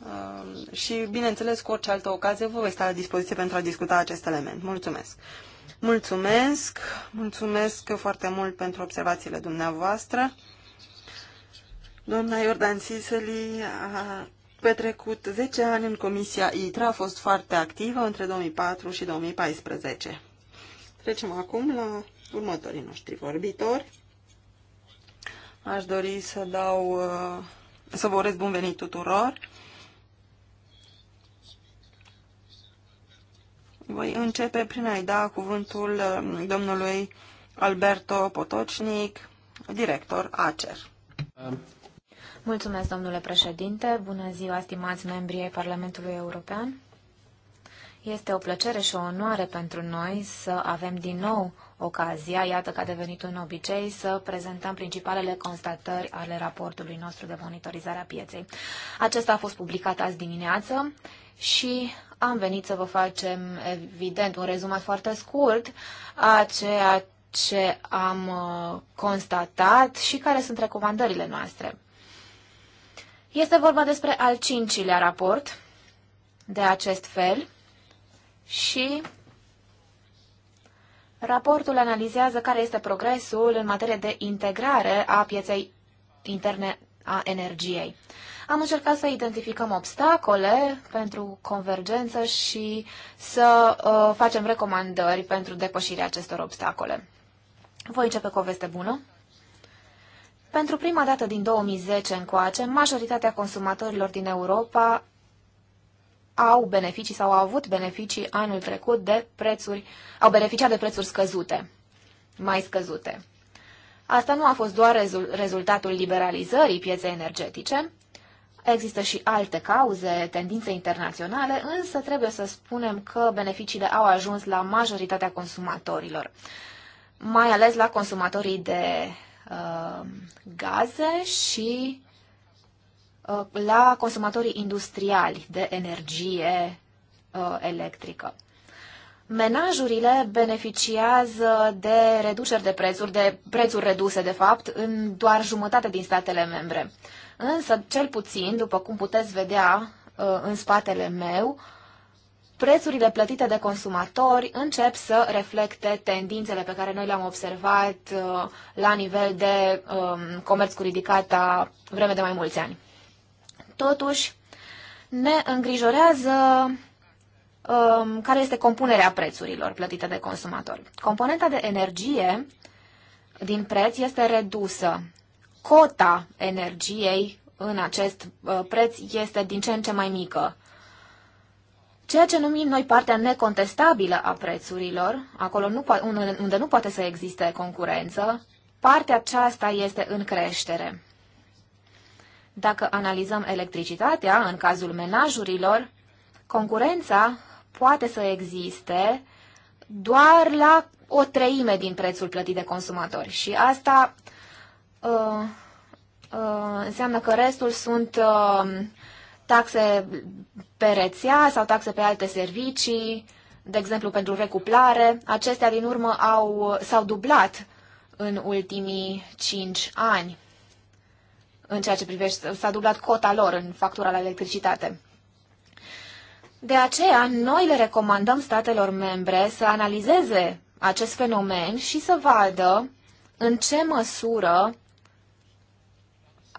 S2: Uh, și, bineînțeles, cu orice altă ocazie vă voi sta la dispoziție pentru a discuta acest element. Mulțumesc! Mulțumesc! Mulțumesc foarte mult pentru observațiile dumneavoastră. Doamna Iordan Siseli a petrecut 10 ani în Comisia ITRA, a fost foarte activă între 2004 și 2014. Trecem acum la următorii noștri vorbitori. Aș dori să dau, uh, să vă urez bun venit tuturor. Voi începe prin a-i da cuvântul uh, domnului Alberto Potocnic,
S3: director ACER. Mulțumesc, domnule președinte. Bună ziua, stimați membri ai Parlamentului European. Este o plăcere și o onoare pentru noi să avem din nou ocazia, iată că a devenit un obicei, să prezentăm principalele constatări ale raportului nostru de monitorizare a pieței. Acesta a fost publicat azi dimineață și am venit să vă facem, evident, un rezumat foarte scurt a ceea ce am uh, constatat și care sunt recomandările noastre. Este vorba despre al cincilea raport de acest fel și Raportul analizează care este progresul în materie de integrare a pieței interne a energiei. Am încercat să identificăm obstacole pentru convergență și să uh, facem recomandări pentru depășirea acestor obstacole. Voi începe cu o veste bună. Pentru prima dată din 2010 încoace, majoritatea consumatorilor din Europa au beneficii sau au avut beneficii anul trecut de prețuri, au beneficiat de prețuri scăzute, mai scăzute. Asta nu a fost doar rezultatul liberalizării pieței energetice, există și alte cauze, tendințe internaționale, însă trebuie să spunem că beneficiile au ajuns la majoritatea consumatorilor, mai ales la consumatorii de uh, gaze și Uh, la consumatorii industriali de energie uh, electrică. Menajurile beneficiază de reduceri de prețuri, de prețuri reduse, de fapt, în doar jumătate din statele membre. Însă, cel puțin, după cum puteți vedea uh, în spatele meu, prețurile plătite de consumatori încep să reflecte tendințele pe care noi le-am observat la nivel de um, comerț cu ridicata vreme de mai mulți ani. Totuși, ne îngrijorează um, care este compunerea prețurilor plătite de consumatori. Componenta de energie din preț este redusă. Cota energiei în acest uh, preț este din ce în ce mai mică. Ceea ce numim noi partea necontestabilă a prețurilor, acolo nu unde nu poate să existe concurență, partea aceasta este în creștere. Dacă analizăm electricitatea, în cazul menajurilor, concurența poate să existe doar la o treime din prețul plătit de consumatori. Și asta uh, uh, înseamnă că restul sunt uh, taxe pe rețea sau taxe pe alte servicii, de exemplu pentru recuplare. Acestea din urmă au, s-au dublat în ultimii 5 ani în ceea ce privește, s-a dublat cota lor în factura la electricitate. De aceea, noi le recomandăm statelor membre să analizeze acest fenomen și să vadă în ce măsură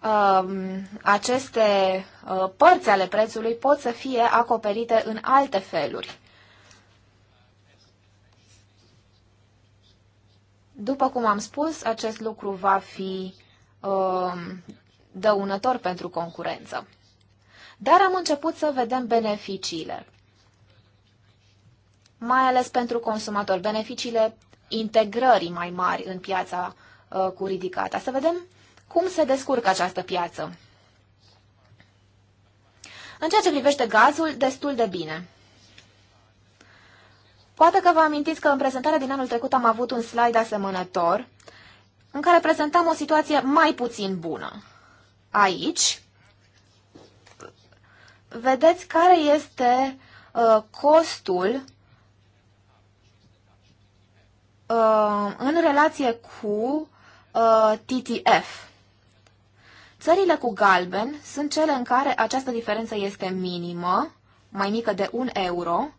S3: um, aceste uh, părți ale prețului pot să fie acoperite în alte feluri. După cum am spus, acest lucru va fi uh, dăunător pentru concurență. Dar am început să vedem beneficiile, mai ales pentru consumator, beneficiile integrării mai mari în piața uh, cu ridicata. Să vedem cum se descurcă această piață. În ceea ce privește gazul, destul de bine. Poate că vă amintiți că în prezentarea din anul trecut am avut un slide asemănător în care prezentam o situație mai puțin bună aici, vedeți care este uh, costul uh, în relație cu uh, TTF. Țările cu galben sunt cele în care această diferență este minimă, mai mică de 1 euro,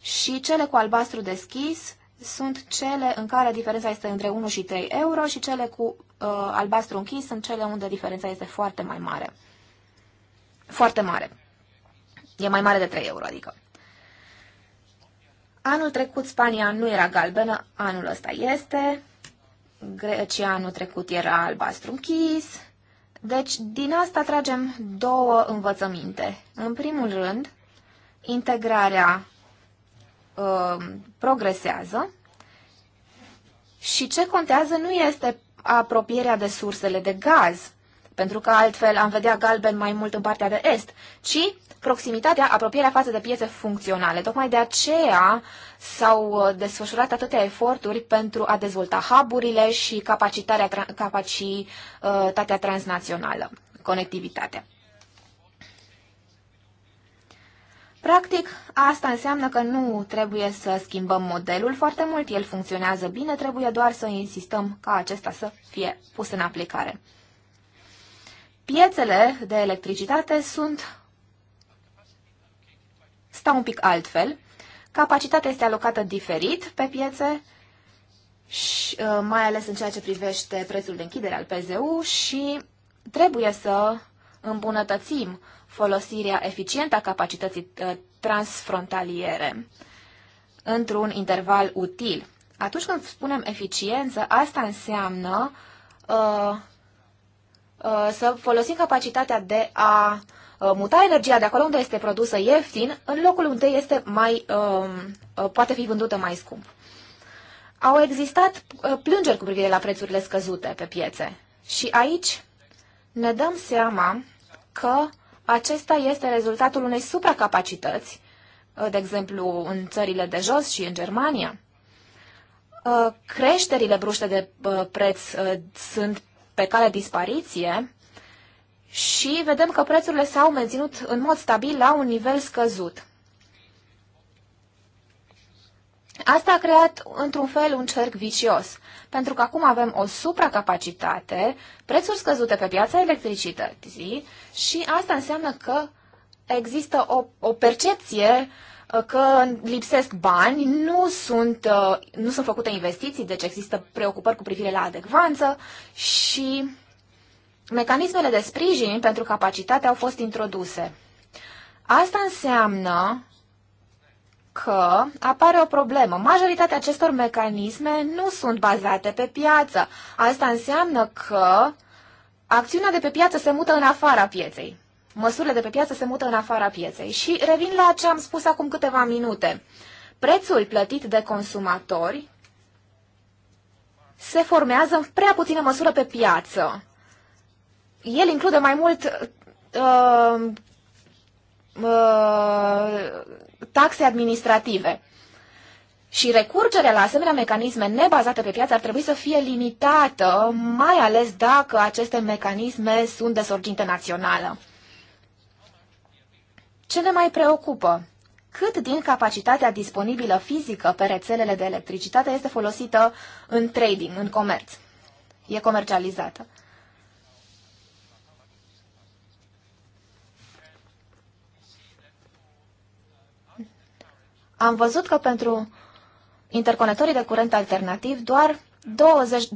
S3: și cele cu albastru deschis sunt cele în care diferența este între 1 și 3 euro și cele cu Uh, albastru închis sunt cele unde diferența este foarte mai mare. Foarte mare. E mai mare de 3 euro, adică. Anul trecut Spania nu era galbenă, anul ăsta este. Grecia anul trecut era albastru închis. Deci, din asta tragem două învățăminte. În primul rând, integrarea uh, progresează și ce contează nu este apropierea de sursele de gaz, pentru că altfel am vedea galben mai mult în partea de est, ci proximitatea, apropierea față de piețe funcționale. Tocmai de aceea s-au uh, desfășurat atâtea eforturi pentru a dezvolta haburile și capacitatea, capacitatea uh, transnațională, conectivitatea. Practic, asta înseamnă că nu trebuie să schimbăm modelul foarte mult, el funcționează bine, trebuie doar să insistăm ca acesta să fie pus în aplicare. Piețele de electricitate sunt stau un pic altfel. Capacitatea este alocată diferit pe piețe, și, uh, mai ales în ceea ce privește prețul de închidere al PZU și trebuie să îmbunătățim uh, folosirea eficientă a capacității uh, transfrontaliere într-un interval util. Atunci când spunem eficiență, asta înseamnă uh, uh, să folosim capacitatea de a uh, muta energia de acolo unde este produsă ieftin în locul unde este mai, uh, uh, poate fi vândută mai scump. Au existat uh, plângeri cu privire la prețurile scăzute pe piețe și aici ne dăm seama că uh, acesta este rezultatul unei supracapacități, uh, de exemplu în țările de jos și în Germania. Uh, creșterile bruște de uh, preț sunt pe cale dispariție și vedem că prețurile s-au menținut în mod stabil la un nivel scăzut. Asta a creat, într-un fel, un cerc vicios, pentru că acum avem o supracapacitate, prețuri scăzute pe piața electricității și asta înseamnă că există o, o percepție uh, că lipsesc bani, nu sunt, uh, nu sunt făcute investiții, deci există preocupări cu privire la adecvanță și mecanismele de sprijin pentru capacitate au fost introduse. Asta înseamnă că apare o problemă. Majoritatea acestor mecanisme nu sunt bazate pe piață. Asta înseamnă că acțiunea de pe piață se mută în afara pieței. Măsurile de pe piață se mută în afara pieței. Și revin la ce am spus acum câteva minute. Prețul plătit de consumatori se formează în prea puțină măsură pe piață. El include mai mult uh, uh, taxe administrative. Și recurgerea la asemenea mecanisme nebazate pe piață ar trebui să fie limitată, mai ales dacă aceste mecanisme sunt de sorginte națională. Ce ne mai preocupă? Cât din capacitatea disponibilă fizică pe rețelele de electricitate este folosită în trading, în comerț? E comercializată. am văzut că pentru interconectorii de curent alternativ doar 20,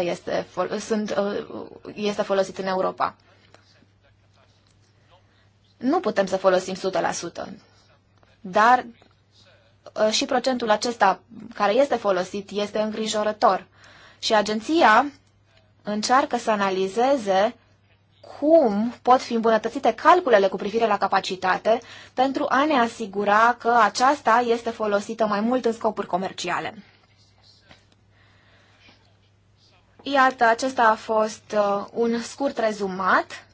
S3: 28% este, sunt, uh, este folosit în Europa. Nu putem să folosim 100%, dar uh, și procentul acesta care este folosit este îngrijorător. Și agenția încearcă să analizeze cum pot fi îmbunătățite calculele cu privire la capacitate pentru a ne asigura că aceasta este folosită mai mult în scopuri comerciale. Iată, acesta a fost uh, un scurt rezumat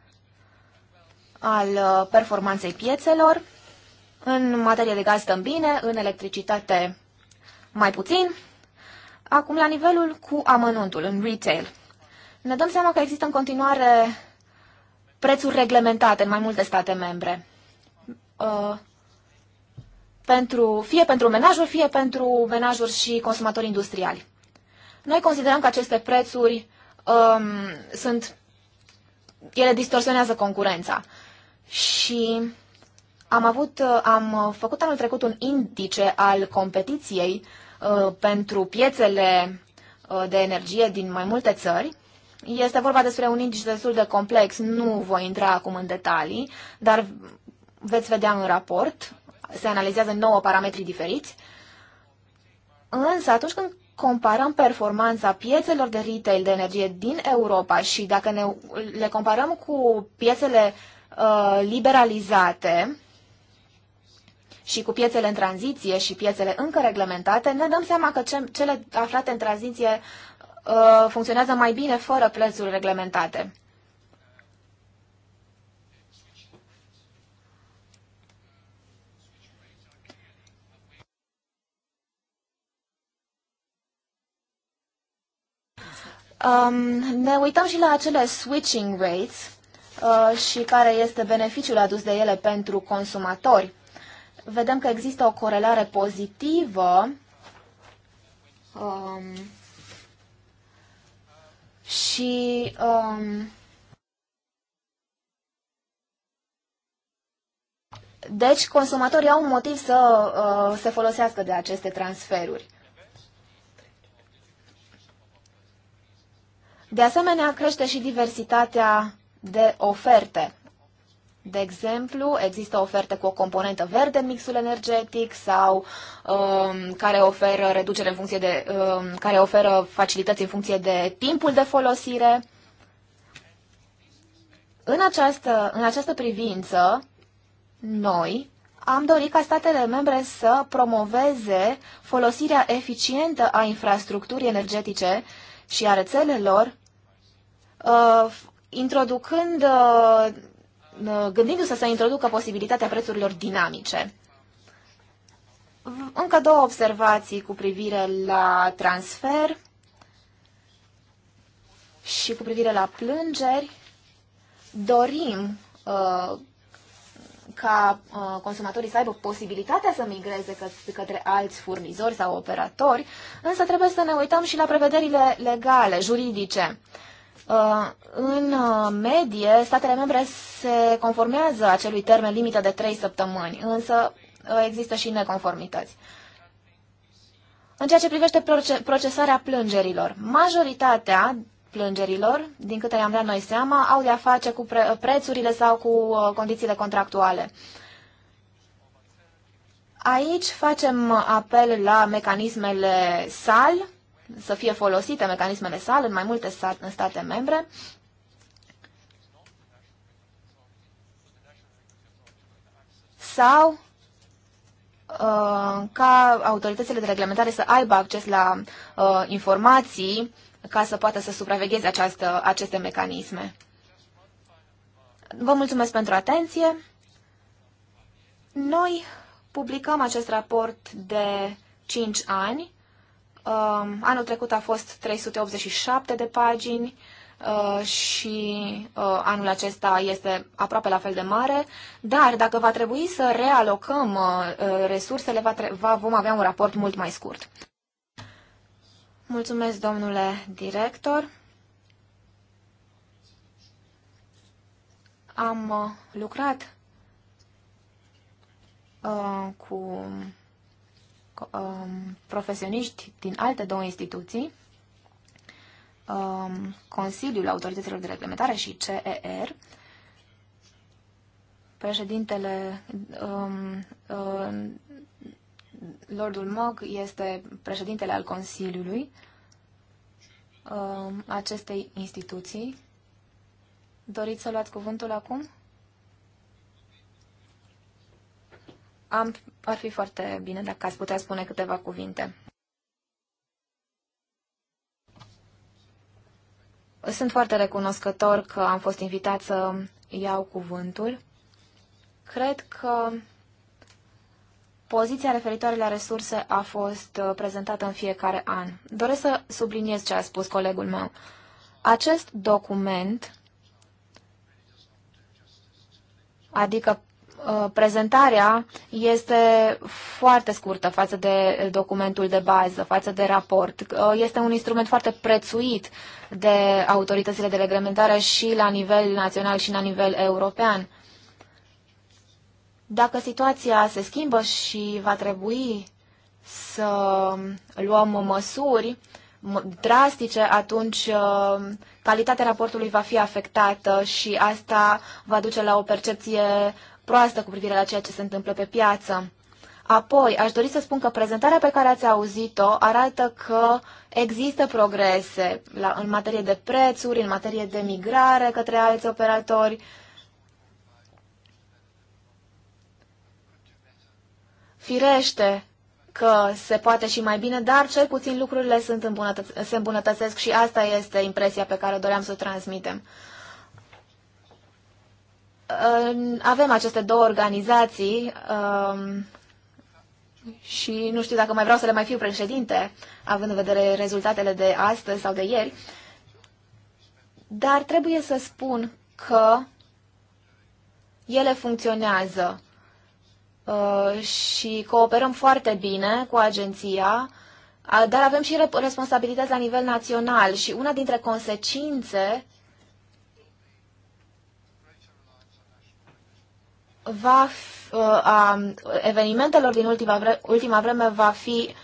S3: al uh, performanței piețelor. În materie de gaz stăm bine, în electricitate mai puțin. Acum, la nivelul cu amănuntul, în retail. Ne dăm seama că există în continuare prețuri reglementate în mai multe state membre. Uh, pentru, fie pentru menajuri, fie pentru menajuri și consumatori industriali. Noi considerăm că aceste prețuri um, sunt, ele distorsionează concurența. Și am, avut, uh, am făcut anul trecut un indice al competiției uh, pentru piețele uh, de energie din mai multe țări este vorba despre un indici destul de complex, nu voi intra acum în detalii, dar veți vedea în raport, se analizează nouă parametri diferiți. Însă atunci când comparăm performanța piețelor de retail de energie din Europa și dacă ne, le comparăm cu piețele uh, liberalizate și cu piețele în tranziție și piețele încă reglementate, ne dăm seama că ce, cele aflate în tranziție Uh, funcționează mai bine fără plățuri reglementate. Um, ne uităm și la acele switching rates uh, și care este beneficiul adus de ele pentru consumatori. Vedem că există o corelare pozitivă um, și um, Deci, consumatorii au un motiv să uh, se folosească de aceste transferuri. De asemenea, crește și diversitatea de oferte. De exemplu, există oferte cu o componentă verde în mixul energetic sau um, care oferă reducere în funcție de um, care oferă facilități în funcție de timpul de folosire. În această, în această privință, noi am dorit ca statele membre să promoveze folosirea eficientă a infrastructurii energetice și a rețelelor, uh, introducând uh, Uh, gândindu-se să introducă posibilitatea prețurilor dinamice. Încă două observații cu privire la transfer și cu privire la plângeri. Dorim uh, ca uh, consumatorii să aibă posibilitatea să migreze că, către alți furnizori sau operatori, însă trebuie să ne uităm și la prevederile legale, juridice. Uh, Uh, în uh, medie, statele membre se conformează acelui termen limită de 3 săptămâni, însă uh, există și neconformități. În ceea ce privește procesarea plângerilor, majoritatea plângerilor, din câte le-am dat noi seama, au de-a face cu pre- prețurile sau cu condițiile contractuale. Aici facem apel la mecanismele SAL, să fie folosite mecanismele sale în mai multe state membre. Sau uh, ca autoritățile de reglementare să aibă acces la uh, informații ca să poată să supravegheze această, aceste mecanisme. Vă mulțumesc pentru atenție. Noi publicăm acest raport de 5 ani Um, anul trecut a fost 387 de pagini uh, și uh, anul acesta este aproape la fel de mare, dar dacă va trebui să realocăm uh, resursele, va, va, vom avea un raport mult mai scurt. Mulțumesc, domnule director. Am lucrat uh, cu um, profesioniști din alte două instituții, um, Consiliul Autorităților de Reglementare și CER, președintele um, um, Lordul Mog este președintele al Consiliului um, acestei instituții. Doriți să luați cuvântul acum? Am, ar fi foarte bine dacă ați putea spune câteva cuvinte. Sunt foarte recunoscător că am fost invitat să iau cuvântul. Cred că poziția referitoare la resurse a fost uh, prezentată în fiecare an. Doresc să subliniez ce a spus colegul meu. Acest document, adică Uh, prezentarea este foarte scurtă față de documentul de bază, față de raport. Uh, este un instrument foarte prețuit de autoritățile de reglementare și la nivel național și la nivel european. Dacă situația se schimbă și va trebui să luăm măsuri drastice, atunci uh, calitatea raportului va fi afectată și asta va duce la o percepție proastă cu privire la ceea ce se întâmplă pe piață. Apoi, aș dori să spun că prezentarea pe care ați auzit-o arată că există progrese la, în materie de prețuri, în materie de migrare către alți operatori. Firește că se poate și mai bine, dar cel puțin lucrurile sunt îmbunătă- se îmbunătățesc și asta este impresia pe care o doream să o transmitem avem aceste două organizații um, și nu știu dacă mai vreau să le mai fiu președinte, având în vedere rezultatele de astăzi sau de ieri, dar trebuie să spun că ele funcționează uh, și cooperăm foarte bine cu agenția, uh, dar avem și responsabilități la nivel național și una dintre consecințe va uh, a evenimentelor din ultima, vre, ultima vreme va fi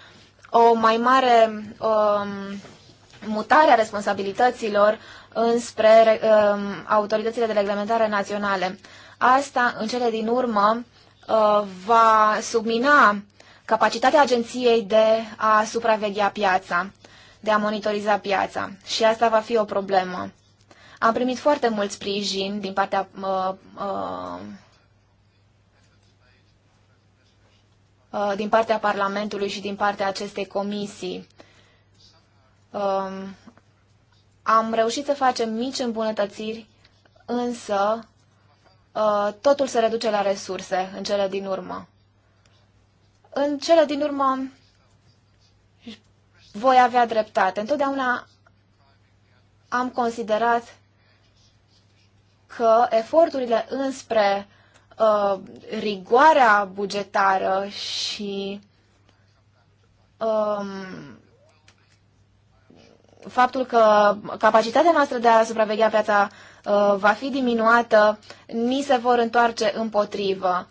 S3: o mai mare um, mutare a responsabilităților înspre um, autoritățile de reglementare naționale. Asta, în cele din urmă, uh, va submina capacitatea agenției de a supraveghea piața, de a monitoriza piața. Și asta va fi o problemă. Am primit foarte mult sprijin din partea uh, uh, Uh, din partea Parlamentului și din partea acestei comisii. Um, am reușit să facem mici îmbunătățiri, însă uh, totul se reduce la resurse în cele din urmă. În cele din urmă voi avea dreptate. Întotdeauna am considerat că eforturile înspre uh, rigoarea bugetară și um, faptul că capacitatea noastră de a supraveghea piața uh, va fi diminuată, ni se vor întoarce împotrivă.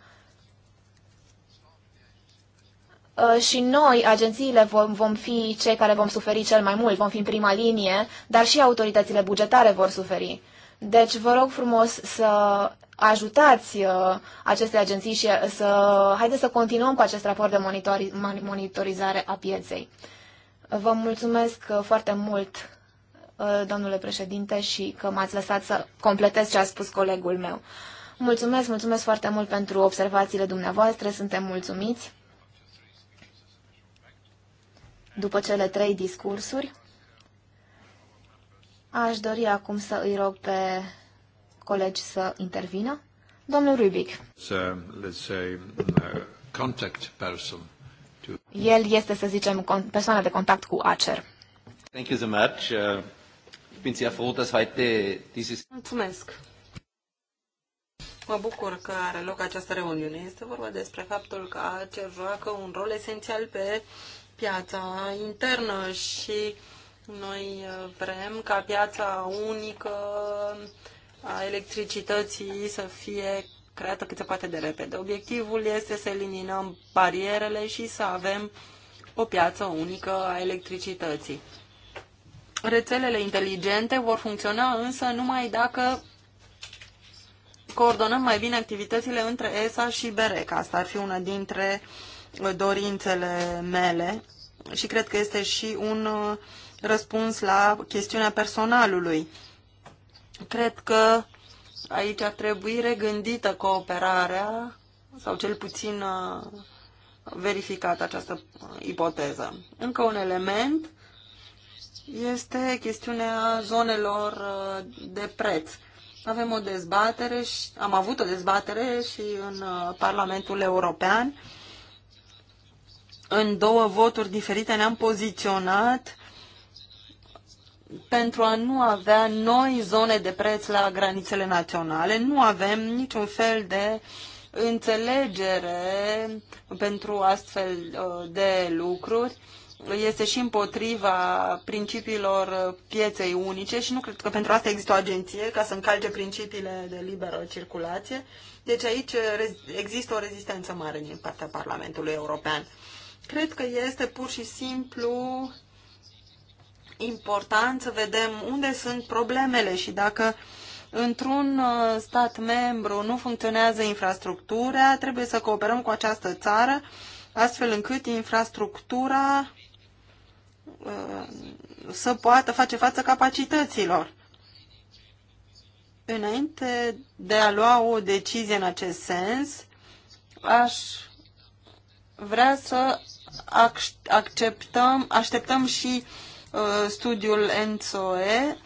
S3: Uh, și noi, agențiile, vom, vom fi cei care vom suferi cel mai mult, vom fi în prima linie, dar și autoritățile bugetare vor suferi. Deci vă rog frumos să ajutați uh, aceste agenții și uh, să haideți să continuăm cu acest raport de monitorizare a pieței. Vă mulțumesc uh, foarte mult, domnule președinte, și că m-ați lăsat să completez ce a spus colegul meu. Mulțumesc, mulțumesc foarte mult pentru observațiile dumneavoastră, suntem mulțumiți. După cele trei discursuri, aș dori acum să îi rog pe colegi să intervină. Domnul Rubic.
S1: Uh,
S3: El este, să zicem, persoana de contact cu ACER.
S1: Thank you so much. Uh,
S2: Mulțumesc. Mă bucur că are loc această reuniune. Este vorba despre faptul că ACER joacă un rol esențial pe piața internă și noi vrem ca piața unică a electricității să fie creată cât se poate de repede. Obiectivul este să eliminăm barierele și să avem o piață unică a electricității. Rețelele inteligente vor funcționa însă numai dacă coordonăm mai bine activitățile între ESA și BEREC. Asta ar fi una dintre uh, dorințele mele și cred că este și un uh, răspuns la chestiunea personalului. Cred că aici ar trebui regândită cooperarea sau cel puțin uh, verificată această ipoteză. Încă un element este chestiunea zonelor uh, de preț. Avem o dezbatere și am avut o dezbatere și în uh, Parlamentul European. În două voturi diferite ne-am poziționat pentru a nu avea noi zone de preț la granițele naționale. Nu avem niciun fel de înțelegere pentru astfel uh, de lucruri. Este și împotriva principiilor pieței unice și nu cred că pentru asta există o agenție ca să încalce principiile de liberă circulație. Deci aici există o rezistență mare din partea Parlamentului European. Cred că este pur și simplu important să vedem unde sunt problemele și dacă într-un uh, stat membru nu funcționează infrastructura, trebuie să cooperăm cu această țară astfel încât infrastructura uh, să poată face față capacităților. Înainte de a lua o decizie în acest sens, aș vrea să acceptăm, așteptăm și Uh, studiul ENSOE.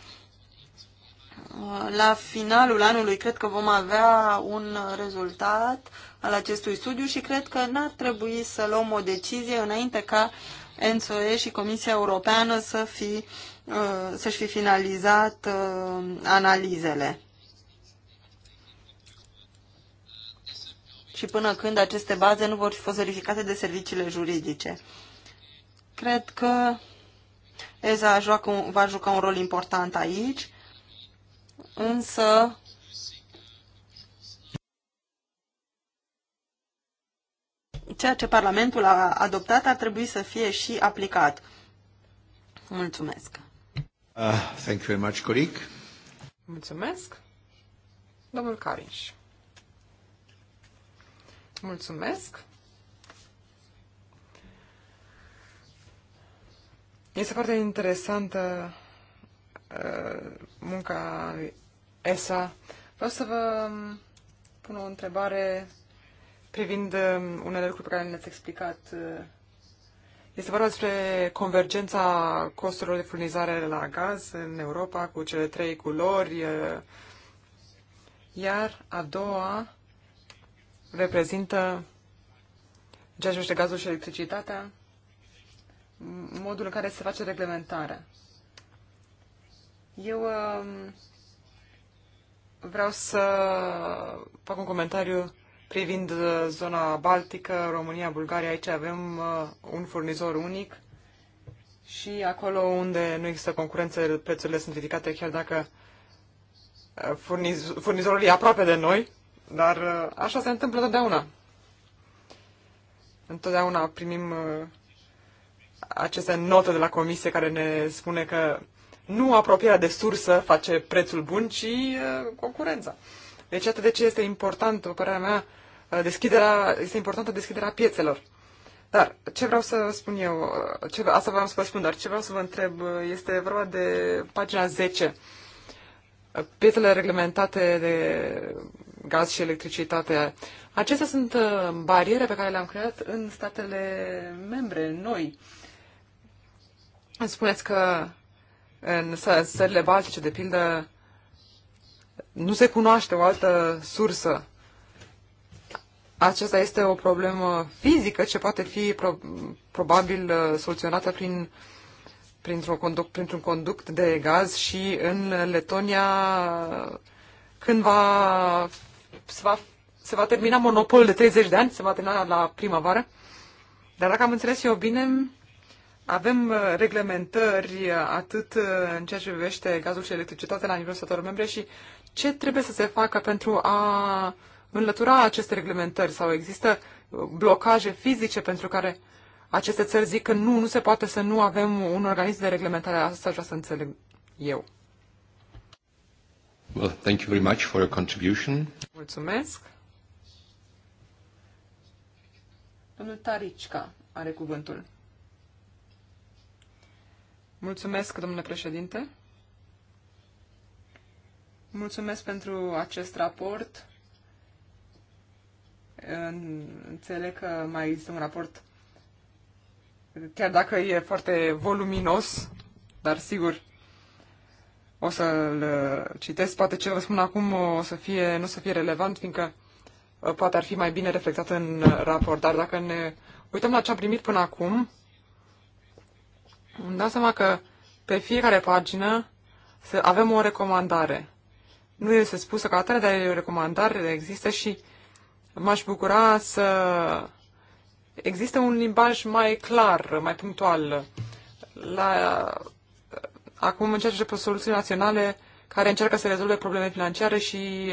S2: Uh, la finalul anului cred că vom avea un rezultat al acestui studiu și cred că n-ar trebui să luăm o decizie înainte ca ENSOE și Comisia Europeană să fi, uh, să-și fi finalizat analizele. Și până când aceste baze nu vor fi fost verificate de serviciile juridice. Cred că Eza joacă, va juca un rol important aici, însă ceea ce Parlamentul a adoptat ar trebui să fie și aplicat. Mulțumesc.
S1: Uh, thank you very much, Coric.
S4: Mulțumesc. Domnul Carinș. Mulțumesc. Este foarte interesantă uh, munca ESA. Vreau să vă um, pun o întrebare privind um, unele lucruri pe care le-ați explicat. Uh. Este vorba despre convergența costurilor de furnizare la gaz în Europa cu cele trei culori, uh. iar a doua reprezintă ceea ce gazul și electricitatea, modul în care se face reglementarea. Eu um, vreau să fac un comentariu privind uh, zona baltică, România, Bulgaria. Aici avem uh, un furnizor unic și acolo unde nu există concurență, prețurile sunt ridicate, chiar dacă uh, furniz- furnizorul e aproape de noi, dar așa se întâmplă întotdeauna. Întotdeauna primim aceste note de la comisie care ne spune că nu apropierea de sursă face prețul bun, ci concurența. Deci atât de ce este important, o părerea mea, deschiderea, este importantă deschiderea piețelor. Dar ce vreau să vă spun eu, ce, asta vreau să vă spun, dar ce vreau să vă întreb este vorba de pagina 10. Piețele reglementate de gaz și electricitate. Acestea sunt uh, bariere pe care le-am creat în statele membre, noi. Spuneți că în țările baltice, de pildă, nu se cunoaște o altă sursă. Aceasta este o problemă fizică ce poate fi pro- probabil uh, soluționată prin, printr-un, conduct, printr-un conduct de gaz și în Letonia uh, când va, se, va, se va termina monopolul de 30 de ani, se va termina la primăvară. Dar dacă am înțeles eu bine, avem uh, reglementări uh, atât uh, în ceea ce privește gazul și electricitatea la nivelul statelor membre și ce trebuie să se facă pentru a înlătura aceste reglementări sau există blocaje fizice pentru care aceste țări zic că nu, nu se poate să nu avem un organism de reglementare. Asta aș vrea să înțeleg eu. Well, thank you very much for your contribution. Mulțumesc. Domnul Taricica are cuvântul. Mulțumesc, domnule președinte. Mulțumesc pentru acest raport. Înțeleg că mai există un raport, chiar dacă e foarte voluminos, dar sigur o să-l uh, citesc. Poate ce vă spun acum o să fie, nu o să fie relevant, fiindcă uh, poate ar fi mai bine reflectat în uh, raport. Dar dacă ne uităm la ce am primit până acum, îmi dau seama că pe fiecare pagină să avem o recomandare. Nu este spusă ca atare, dar e o recomandare, există și m-aș bucura să există un limbaj mai clar, mai punctual. La, acum încearcă ceea soluții naționale care încearcă să rezolve probleme financiare și,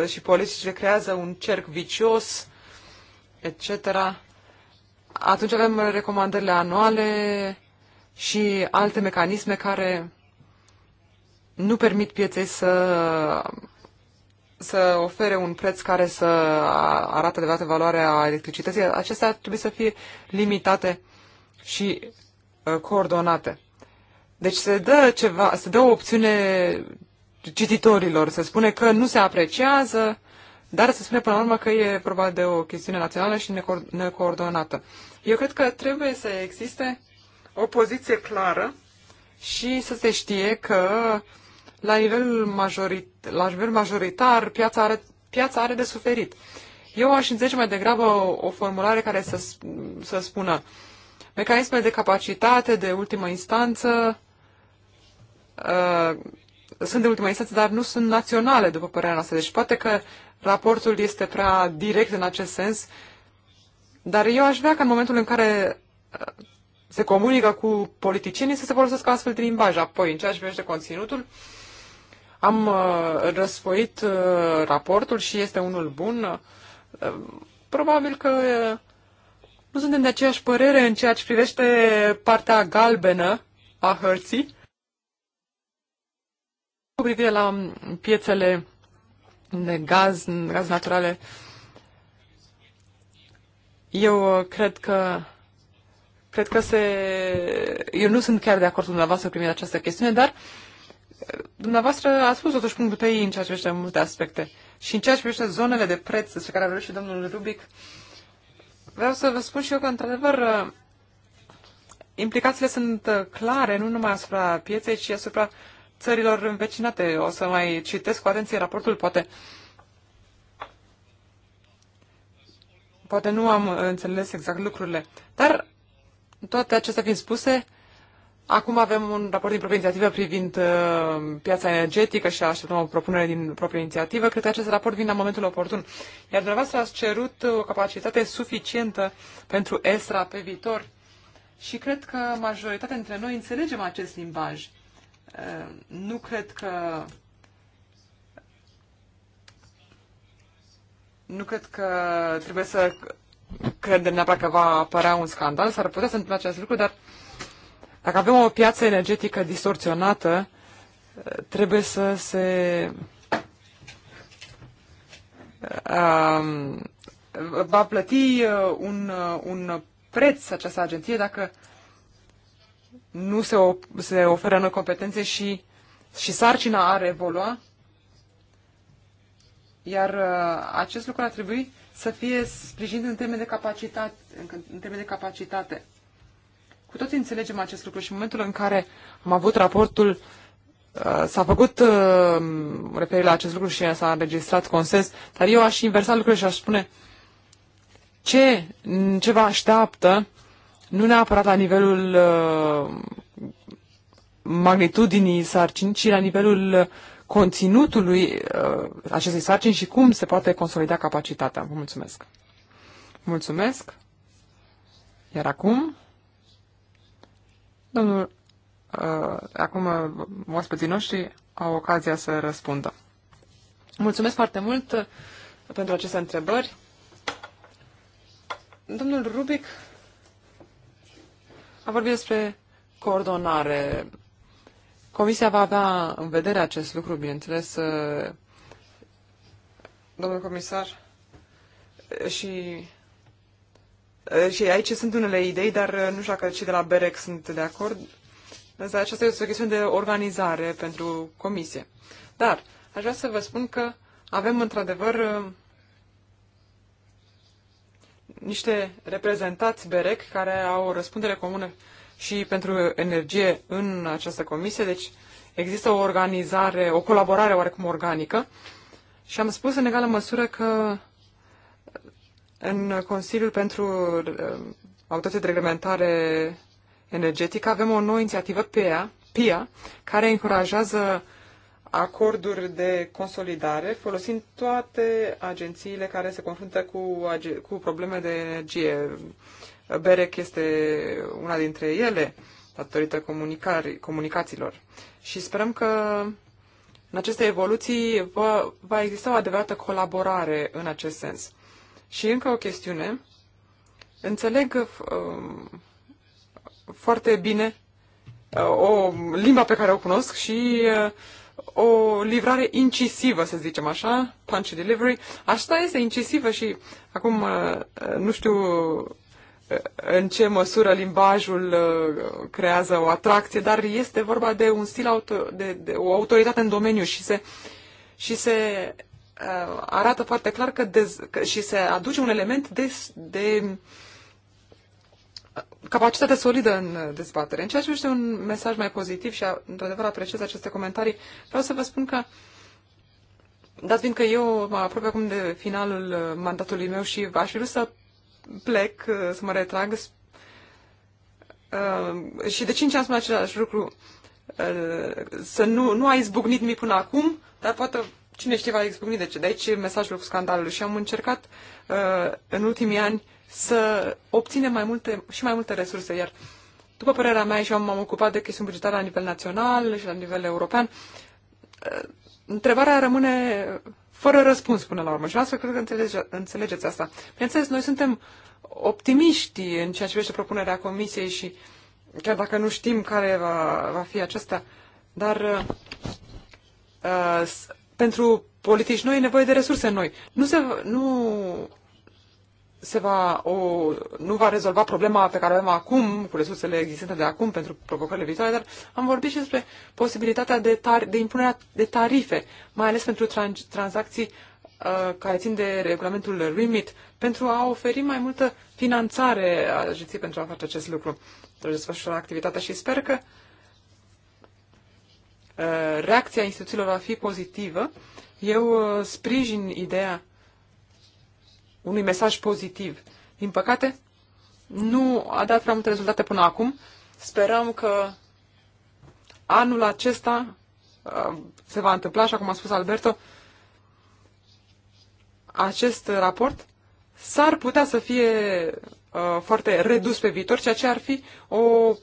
S4: uh, și politicile creează un cerc vicios, etc. Atunci avem recomandările anuale, și alte mecanisme care nu permit pieței să, să ofere un preț care să arate adevărată valoarea electricității. Acestea trebuie să fie limitate și uh, coordonate. Deci se dă, ceva, se dă o opțiune cititorilor. Se spune că nu se apreciază, dar se spune până la urmă că e vorba de o chestiune națională și necoordonată. Eu cred că trebuie să existe o poziție clară și să se știe că la nivel, majorit, la nivel majoritar piața are, piața are de suferit. Eu aș înțelege mai degrabă o, o formulare care să, să spună mecanisme de capacitate de ultimă instanță uh, sunt de ultimă instanță, dar nu sunt naționale, după părerea noastră. Deci poate că raportul este prea direct în acest sens, dar eu aș vrea că în momentul în care se comunică cu politicienii să se folosească astfel de limbaj. Apoi, în ceea ce privește conținutul, am uh, răsfoit uh, raportul și este unul bun. Uh, probabil că uh, nu suntem de aceeași părere în ceea ce privește partea galbenă a hărții cu privire la um, piețele de gaz, gaz naturale. Eu uh, cred că Cred că se... Eu nu sunt chiar de acord cu dumneavoastră primind această chestiune, dar eh, dumneavoastră a spus totuși punctul pe ei în ceea ce privește multe aspecte. Și în ceea ce privește zonele de preț despre care a vorbit și domnul Rubic, vreau să vă spun și eu că, într-adevăr, eh, implicațiile sunt eh, clare, nu numai asupra pieței, ci asupra țărilor învecinate. O să mai citesc cu atenție raportul, poate. Poate nu am înțeles exact lucrurile. Dar toate acestea fiind spuse, acum avem un raport din proprie inițiativă privind uh, piața energetică și așteptăm o propunere din proprie inițiativă. Cred că acest raport vine la momentul oportun. Iar dumneavoastră ați cerut o capacitate suficientă pentru ESRA pe viitor și cred că majoritatea dintre noi înțelegem acest limbaj. Uh, nu cred că nu cred că trebuie să credem neapărat că va apărea un scandal, s-ar putea să întâmple acest lucru, dar dacă avem o piață energetică distorsionată, trebuie să se um, va plăti uh, un, uh, un preț această agenție dacă nu se, se oferă noi competențe și, și sarcina ar evolua. Iar uh, acest lucru ar trebui să fie sprijinit în termen de capacitate. În termen de capacitate. Cu toții înțelegem acest lucru și în momentul în care am avut raportul, uh, s-a făcut uh, referire la acest lucru și s-a înregistrat consens, dar eu aș inversa lucrurile și aș spune ce, ce vă așteaptă, nu neapărat la nivelul uh, magnitudinii sarcini, ci la nivelul conținutului uh, acestei sarcini și cum se poate consolida capacitatea. Vă mulțumesc! Mulțumesc! Iar acum, domnul, uh, acum uh, oaspeții noștri au ocazia să răspundă. Mulțumesc foarte mult uh, pentru aceste întrebări. Domnul Rubic a vorbit despre coordonare Comisia va avea în vedere acest lucru, bineînțeles, uh, domnul comisar, uh, și, uh, și aici sunt unele idei, dar nu știu dacă cei de la BEREC sunt de acord. Însă aceasta este o chestiune de organizare pentru comisie. Dar aș vrea să vă spun că avem într-adevăr niște reprezentați BEREC care au o răspundere comună și pentru energie în această comisie, deci există o organizare, o colaborare oarecum organică și am spus în egală măsură că în Consiliul pentru uh, Autoritate de Reglementare Energetică avem o nouă inițiativă, PIA, PIA care încurajează acorduri de consolidare folosind toate agențiile care se confruntă cu, cu probleme de energie, Berec este una dintre ele, datorită comunicațiilor. Și sperăm că în aceste evoluții va, va exista o adevărată colaborare în acest sens. Și încă o chestiune. Înțeleg uh, foarte bine uh, o limba pe care o cunosc și uh, o livrare incisivă, să zicem așa, punch delivery. Asta este incisivă și acum uh, nu știu în ce măsură limbajul uh, creează o atracție, dar este vorba de un stil, auto, de, de o autoritate în domeniu și se, și se uh, arată foarte clar că, dez, că și se aduce un element de, de uh, capacitate solidă în dezbatere. În ceea ce este un mesaj mai pozitiv și, într-adevăr, apreciez aceste comentarii, vreau să vă spun că, dat fiindcă eu mă apropie acum de finalul mandatului meu și aș vrea să plec, uh, să mă retrag. Uh, și de cinci ani spun același lucru. Uh, să nu, nu ai izbucnit nimic până acum, dar poate cine știe va izbucni de ce. De aici mesajul cu scandalul. Și am încercat în ultimii ani să obținem mai multe, și mai multe resurse. Iar după părerea mea, și eu m-am ocupat de chestiuni bugetare la nivel național și la nivel european, întrebarea rămâne fără răspuns până la urmă. Și asta cred că înțelege, înțelegeți asta. Bineînțeles, noi suntem optimiști în ceea ce privește propunerea comisiei și chiar dacă nu știm care va, va fi acesta, dar uh, uh pentru politici noi e nevoie de resurse noi. Nu se, nu se va, o, nu va rezolva problema pe care o avem acum, cu resursele existente de acum pentru provocările viitoare, dar am vorbit și despre posibilitatea de, tar, de impunerea de tarife, mai ales pentru tran- tranzacții uh, care țin de regulamentul REMIT, pentru a oferi mai multă finanțare a agenției pentru a face acest lucru. Trebuie să desfășura activitatea și sper că uh, reacția instituțiilor va fi pozitivă. Eu uh, sprijin ideea unui mesaj pozitiv. Din păcate, nu a dat prea multe rezultate până acum. Sperăm că anul acesta uh, se va întâmpla, așa cum a spus Alberto, acest raport s-ar putea să fie uh, foarte redus pe viitor, ceea ce ar fi o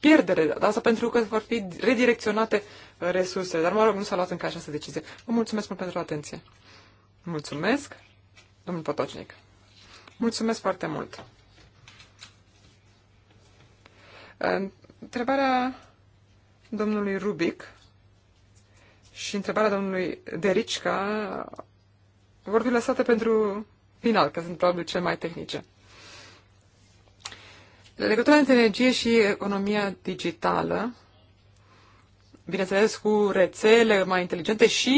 S4: pierdere, da, asta pentru că vor fi redirecționate uh, resursele. Dar, mă rog, nu s-a luat încă această decizie. Vă mulțumesc mult pentru atenție. Mulțumesc. Domnul Potocnic. Mulțumesc foarte mult. Întrebarea domnului Rubic și întrebarea domnului Dericca vor fi lăsate pentru final, că sunt probabil cele mai tehnice. Legătura între energie și economia digitală bineînțeles, cu rețele mai inteligente și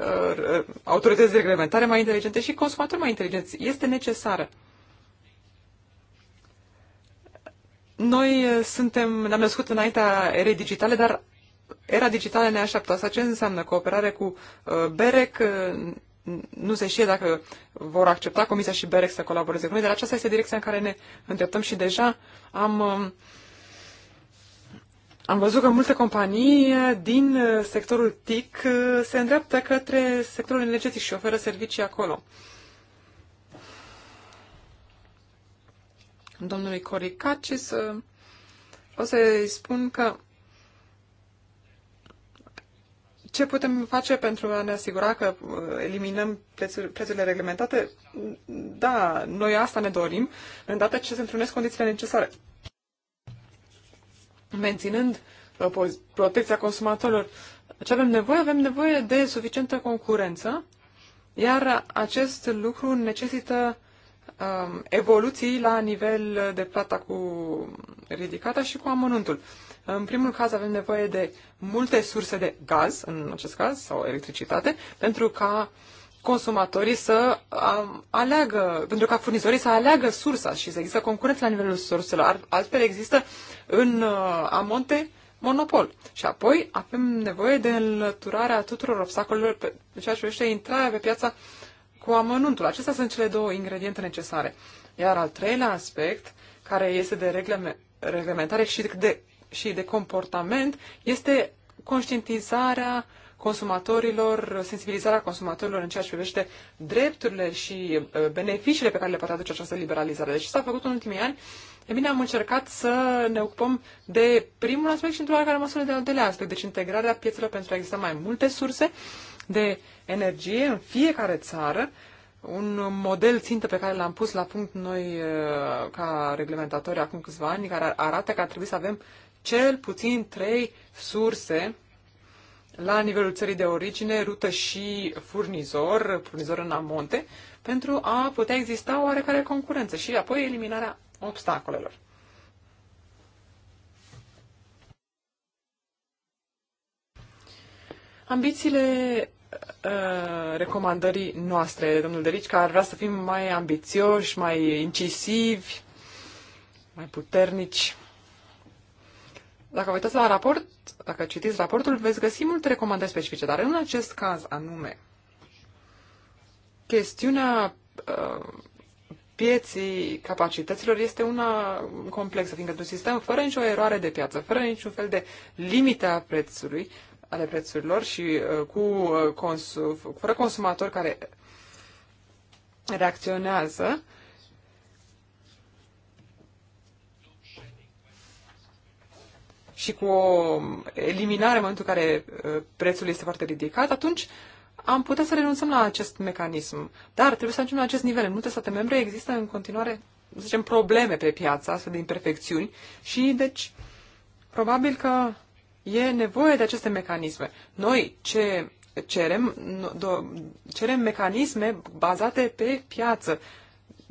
S4: uh, uh, autorități de reglementare mai inteligente și consumatori mai inteligenți. Este necesară. Noi uh, suntem, ne-am născut înaintea erei digitale, dar era digitală ne așteaptă. Asta ce înseamnă cooperare cu uh, BEREC? Uh, nu se știe dacă vor accepta Comisia și BEREC să colaboreze cu noi, dar aceasta este direcția în care ne îndreptăm și deja am uh, am văzut că multe companii eh, din eh, sectorul TIC eh, se îndreaptă către sectorul energetic și oferă servicii acolo. Domnului Coricacis, o să-i spun că ce putem face pentru a ne asigura că eliminăm prețurile reglementate? Da, noi asta ne dorim, în data ce se întrunesc condițiile necesare menținând protecția consumatorilor. Ce avem nevoie? Avem nevoie de suficientă concurență, iar acest lucru necesită um, evoluții la nivel de plata cu ridicata și cu amănuntul. În primul caz avem nevoie de multe surse de gaz, în acest caz, sau electricitate, pentru ca uh, consumatorii să um, aleagă, pentru ca furnizorii să aleagă sursa și să există concurență la nivelul surselor. Altfel există în uh, amonte monopol. Și apoi avem nevoie de înlăturarea tuturor obstacolelor pe ceea ce privește intrarea pe piața cu amănuntul. Acestea sunt cele două ingrediente necesare. Iar al treilea aspect, care este de reglementare și de, și de comportament, este conștientizarea uh, consumatorilor, sensibilizarea consumatorilor în ceea ce privește drepturile și uh, beneficiile pe care le poate aduce această liberalizare. Deci s-a făcut în ultimii ani. E bine, am încercat să ne ocupăm de primul aspect și într-o oarecare măsură de al doilea aspect, deci integrarea piețelor pentru a exista mai multe surse de energie în fiecare țară, un model țintă pe care l-am pus la punct noi uh, ca reglementatori acum câțiva ani, care arată că ar trebui să avem cel puțin trei surse la nivelul țării de origine, rută și furnizor, furnizor în amonte, pentru a putea exista oarecare concurență și apoi eliminarea obstacolelor. Ambițiile uh, recomandării noastre, domnul Delici, că ar vrea să fim mai ambițioși, mai incisivi, mai puternici. Dacă vă uitați la raport, dacă citiți raportul, veți găsi multe recomandări specifice, dar în acest caz anume, chestiunea uh, pieții capacităților este una complexă, fiindcă un sistem fără nicio eroare de piață, fără niciun fel de limite a prețului, ale prețurilor și uh, cu uh, consum, fără consumatori care reacționează, și cu o eliminare în momentul în care uh, prețul este foarte ridicat, atunci am putea să renunțăm la acest mecanism. Dar trebuie să ajungem la acest nivel. În multe state membre există în continuare, să zicem, probleme pe piață, astfel de imperfecțiuni și, deci, probabil că e nevoie de aceste mecanisme. Noi ce cerem, cerem mecanisme bazate pe piață,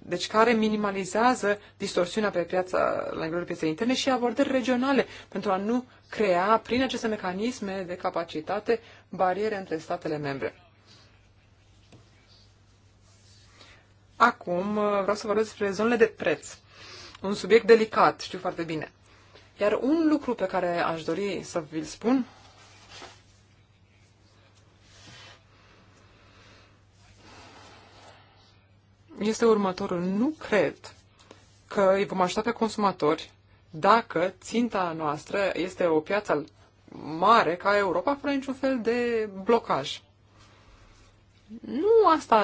S4: deci care minimalizează distorsiunea pe piața, la nivelul pieței interne și abordări regionale pentru a nu crea prin aceste mecanisme de capacitate bariere între statele membre. Acum uh, vreau să vorbesc despre zonele de preț. Un subiect delicat, știu foarte bine. Iar un lucru pe care aș dori să vi-l spun este următorul. Nu cred că îi vom ajuta pe consumatori dacă ținta noastră este o piață mare ca Europa fără niciun fel de blocaj. Nu asta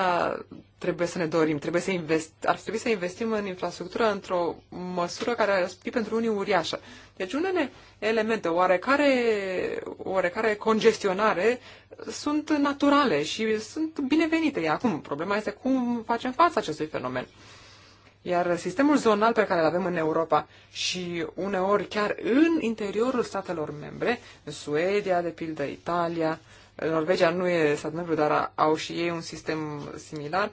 S4: trebuie să ne dorim. Trebuie să invest, ar trebui să investim în infrastructură într-o măsură care ar fi pentru unii uriașă. Deci unele elemente, oarecare, oarecare congestionare, sunt naturale și sunt binevenite. Iar acum, problema este cum facem față acestui fenomen. Iar sistemul zonal pe care îl avem în Europa și uneori chiar în interiorul statelor membre, în Suedia, de pildă, Italia, Norvegia nu e stat membru, dar au și ei un sistem similar,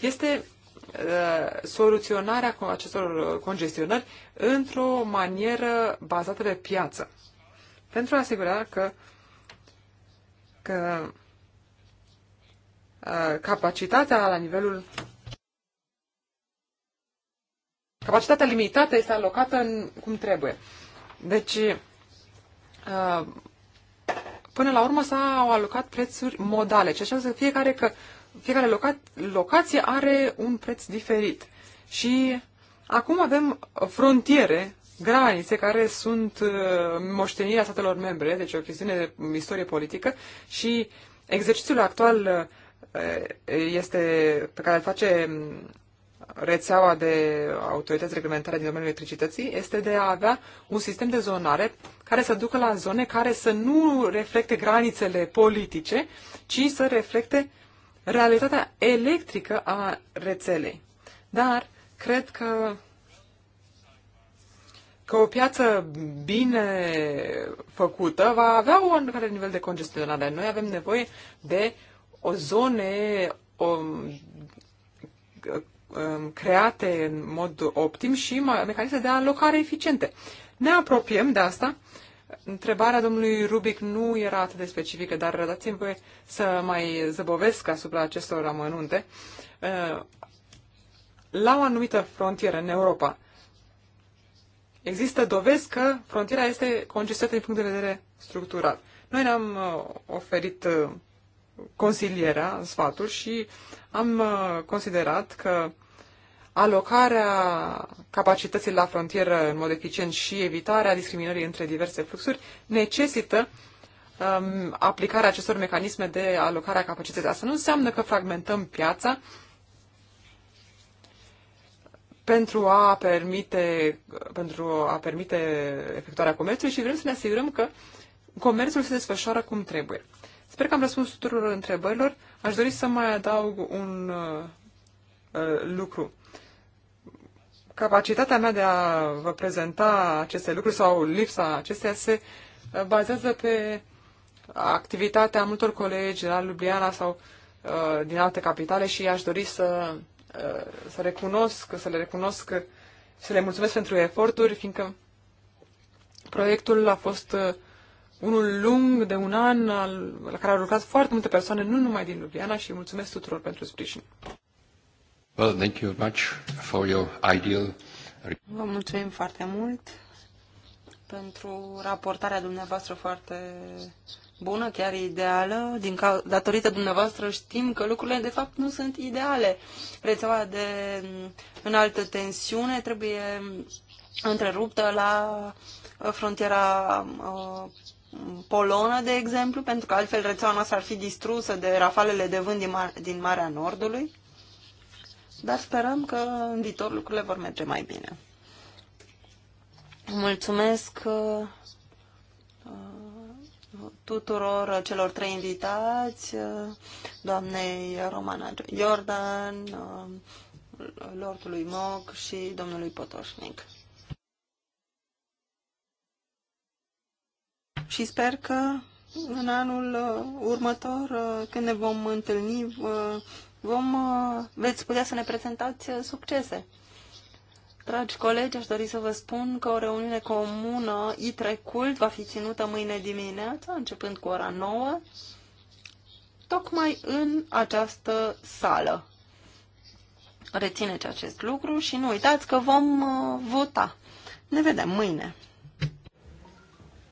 S4: este uh, soluționarea acestor congestionări într-o manieră bazată pe piață. Pentru a asigura că, că uh, capacitatea la nivelul capacitatea limitată este alocată în cum trebuie. Deci, uh, Până la urmă s-au alocat prețuri modale, ceea ce înseamnă fiecare, că, fiecare loca, locație are un preț diferit. Și acum avem frontiere, granițe care sunt uh, moștenirea statelor membre, deci o chestiune de istorie politică și exercițiul actual uh, este pe care îl face rețeaua de autorități reglementare din domeniul electricității este de a avea un sistem de zonare care să ducă la zone care să nu reflecte granițele politice, ci să reflecte realitatea electrică a rețelei. Dar cred că că o piață bine făcută va avea un care nivel de congestionare. Noi avem nevoie de o zone o, Um, create în mod optim și mecanisme de alocare eficiente. Ne apropiem de asta. Întrebarea domnului Rubic nu era atât de specifică, dar dați-mi voie să mai zăbovesc asupra acestor amănunte. Uh, la o anumită frontieră în Europa există dovezi că frontiera este congestată din punct de vedere structural. Noi ne-am uh, oferit uh, consilierea, sfatul și am uh, considerat că alocarea capacității la frontieră în mod eficient și evitarea discriminării între diverse fluxuri necesită um, aplicarea acestor mecanisme de alocare a capacității. Asta nu înseamnă că fragmentăm piața pentru a permite, pentru a permite efectuarea comerțului și vrem să ne asigurăm că comerțul se desfășoară cum trebuie. Sper că am răspuns tuturor întrebărilor. Aș dori să mai adaug un uh, uh, lucru. Capacitatea mea de a vă prezenta aceste lucruri sau lipsa acestea se uh, bazează pe activitatea multor colegi la Ljubljana sau uh, din alte capitale și aș dori să, uh, să recunosc, să le recunosc, să le mulțumesc pentru eforturi, fiindcă proiectul a fost uh, unul lung de un an al, la care au lucrat foarte multe persoane, nu numai din Ljubljana și mulțumesc tuturor pentru sprijin.
S1: Well, thank you much for your ideal...
S4: Vă mulțumim foarte mult
S2: pentru raportarea dumneavoastră foarte bună, chiar ideală. Din cau- datorită dumneavoastră știm că lucrurile de fapt nu sunt ideale. Rețeaua de mm, înaltă tensiune trebuie întreruptă la uh, frontiera uh, polonă, de exemplu, pentru că altfel rețeaua noastră ar fi distrusă de rafalele de vânt din, Mar- din Marea Nordului. Dar sperăm că în viitor lucrurile vor merge mai bine. Mulțumesc uh, uh, tuturor celor trei invitați, uh, doamnei Romana Jordan, Lordului Moc și domnului Potoșnic. și sper că în anul uh, următor, uh, când ne vom întâlni, uh, vom, veți putea să ne prezentați succese. Dragi colegi, aș dori să vă spun că o reuniune comună ITRE Cult va fi ținută mâine dimineața, începând cu ora 9, tocmai în această sală. Rețineți acest lucru și nu uitați că vom vota. Ne vedem mâine!